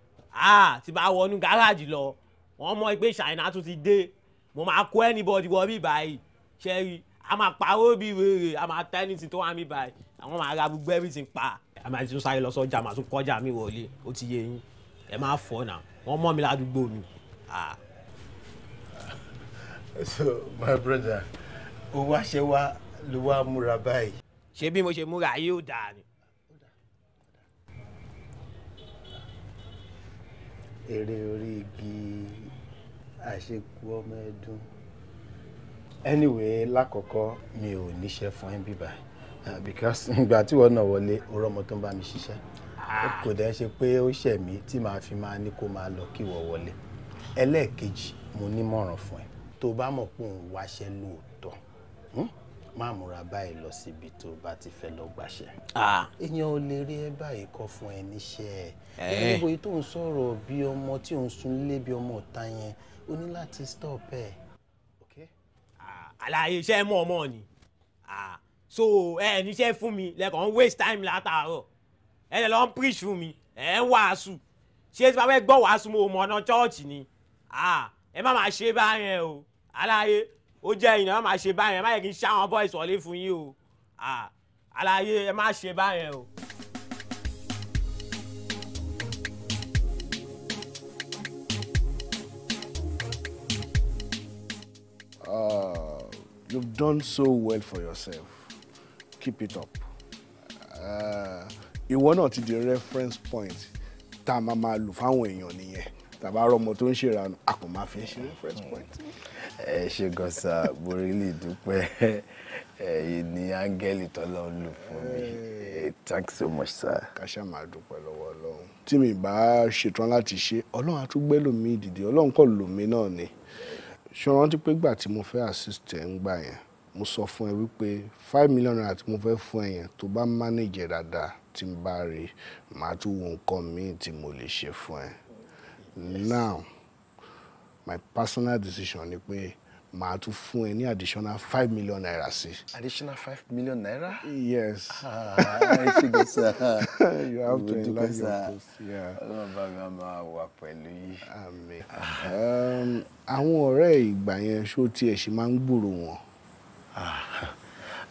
ah tí bá wọnú garage lọ wọ́n mọ̀ pé ṣàìnà tún ti dé mo máa kó anybody wọ bí báyìí ṣẹ́rí a máa pawó bí wèrè a máa tẹ́ anything tó wà mí báyìí àwọn máa ra gbogbo everything pa a máa tún sáré lọ sọ́jà máa tún kọjá mi wọlé ó ti yé yín ẹ máa fọ́ náà wọ́n mọ̀ mi ládùúgbò mi. so my brother owó aṣẹ́wá ló wá múra báyìí. ṣé bí mo ṣe múra yìí ò dáa ni. èrè orí igi àṣekú ọmọ ẹdún anyway lákọ̀ọ́kọ́ mi ò níṣẹ́ fún ẹ́ bíbá ah, because [laughs] ìgbà tí wọ́n náà wọlé oró ọmọ tó ń bá mi ṣiṣẹ́ ah. kò dẹ́ ṣe pé ó ṣẹ̀ mí tí màá fi máa ní kó máa lọ kí wọ́n wọlé ẹlẹ́ẹ̀kejì mo nímọ̀ràn fún ẹ tó bá mọ̀ pé òun wáṣẹ́ lóòótọ́ hmm, má múra báyìí lọ síbi tó bá ti fẹ́ lọ gbàṣẹ́. Ah. èèyàn ò lè rí ẹ báyìí kọ fún ẹ níṣẹ́ ẹ eh. níbo yìí tó ń sọ̀rọ̀ bí ọmọ tí òun sunlé bí ọmọ ọ̀tá yẹn o ní láti stop ẹ àlàyé iṣẹ́ mọ̀ ọmọ ni so ẹ níṣẹ́ fún mi lẹ́kọ̀ọ́ ń waste time látàárọ̀ ẹ lè lọ́ọ́ ń preach fún mi ẹ ń wàásù ṣé tí bàbá ẹ gbọ́ wàásù mo mọ̀ ọ̀nà chọ́ọ̀chì ni ẹ má máa ṣe báyẹn o àlàyé ó jẹ́ ìyẹn má máa ṣe báyẹn má yẹ kí n ṣáwọn boys wọlé fún yín o àlàyé ẹ má ṣe báyẹn o. Uh... You've done so well for yourself. Keep it up. Uh, ìwọ náà ti di reference point tá a máa máa lò fáwọn èèyàn nìyẹn tàbá rọmọ tó ń ṣèrànù a fi ń ṣe reference point. Ẹ ṣe gọ́sà mo really dúpẹ́ ẹ̀yin ni áńgẹ́lì tọ́lọ́ ń lò fún mi. Thanks so much sir. Kàṣà máa dúpẹ́ lọ́wọ́ Ọlọ́run. Tí mi bá ṣetán láti ṣe, Ọlọ́run á tún gbẹ́lòmíì Ọlọ́run kọ́ lòmí náà ni ṣé o rántí pé gbà tí mo fẹ́ assist ẹ̀ ń gbà yẹn mo sọ fún ẹ wípé five million naira tí mo fẹ́ fún ẹ yẹn tó bá manage dáadáa tí n bá rí màá tún wo nǹkan míì tí mo lè ṣe fún ẹ now my personal decision ni pé màá tún fún ẹ ní additional five million naira sí. additional five million naira. yes. ẹ ṣe gbé sá. you have to enlarge your post. ọlọ́run bá mi máa wà pẹ̀lú yìí. àmín. Um, àwọn ọ̀rẹ́ ìgbà yẹn ṣó tiẹ̀ ṣe máa ń gbòòrò wọn. Ah,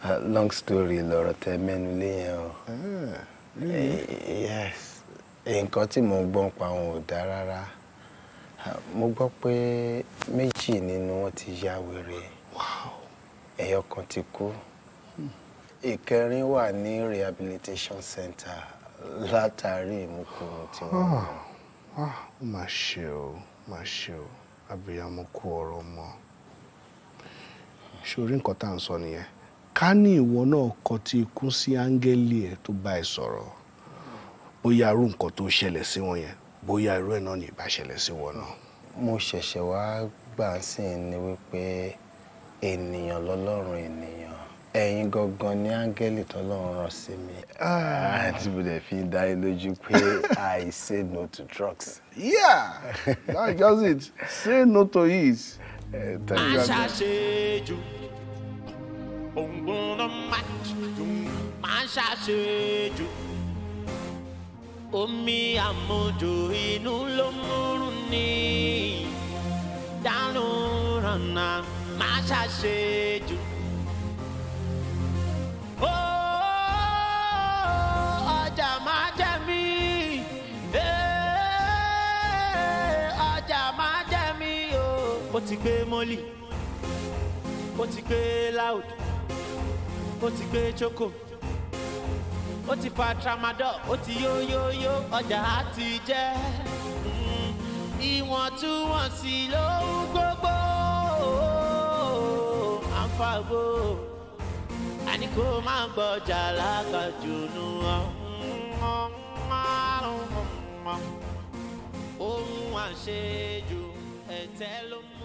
uh, long story lọ̀rọ̀ tẹ mẹ́nu lé o. Ah, eh, yes nǹkan tí mò gbọ́n pa wọn ò dáa rárá mo gbọ́ pé méjì nínú wọn ti ya wèrè ẹyọ kan ti kú hmm. ìkẹrin wà ní rehabilitation center látàrí ìmúkúrò tí wọ́n ah, mú. Ah, má ṣe o má ṣe o abiyamọ kú ọ̀rọ̀ mọ ṣorí nǹkan tá à ń sọ nìyẹn ká ní ìwọ náà kọ tí ikú sí áńgẹ́lì ẹ̀ tó bá ẹ sọ̀rọ̀ bóyá irú nǹkan tó ṣẹlẹ̀ sí wọn yẹn bóyá irú ẹ̀ náà ní ìbáṣẹlẹ̀ sí wọn náà. mo ṣẹ̀ṣẹ̀ wá gbà ń sìn ni wípé ènìyàn lọ́lọ́run ènìyàn ẹ̀yin gangan ni áńgẹ́lì tọ́lọ́run rán sí mi ah, tí mo dẹ̀ fi ń dá yín lójú pé I say no to drugs. yeah that's just it say no to it. aṣàṣejù òǹgbọ́n náà máa ń ṣàṣejù omi àmujù inú ló múrun ní dánú rànà má ṣàṣe jù. Oh, ọjà má jẹ mí eh, ọjà má jẹ mí o. ó ti gbé mọ́lì ó ti gbé loud ó ti gbé choco ó ti fa tramadol ó ti yóyóyó ọjà á ti jẹ́ ìwọ̀ntúnwọ̀nsì ló ń gbogbo à ń fagbó àní kó má gbọ́jà lágbàjò nù ọ́ ohun àṣejù ẹ̀tẹ́ ló mú.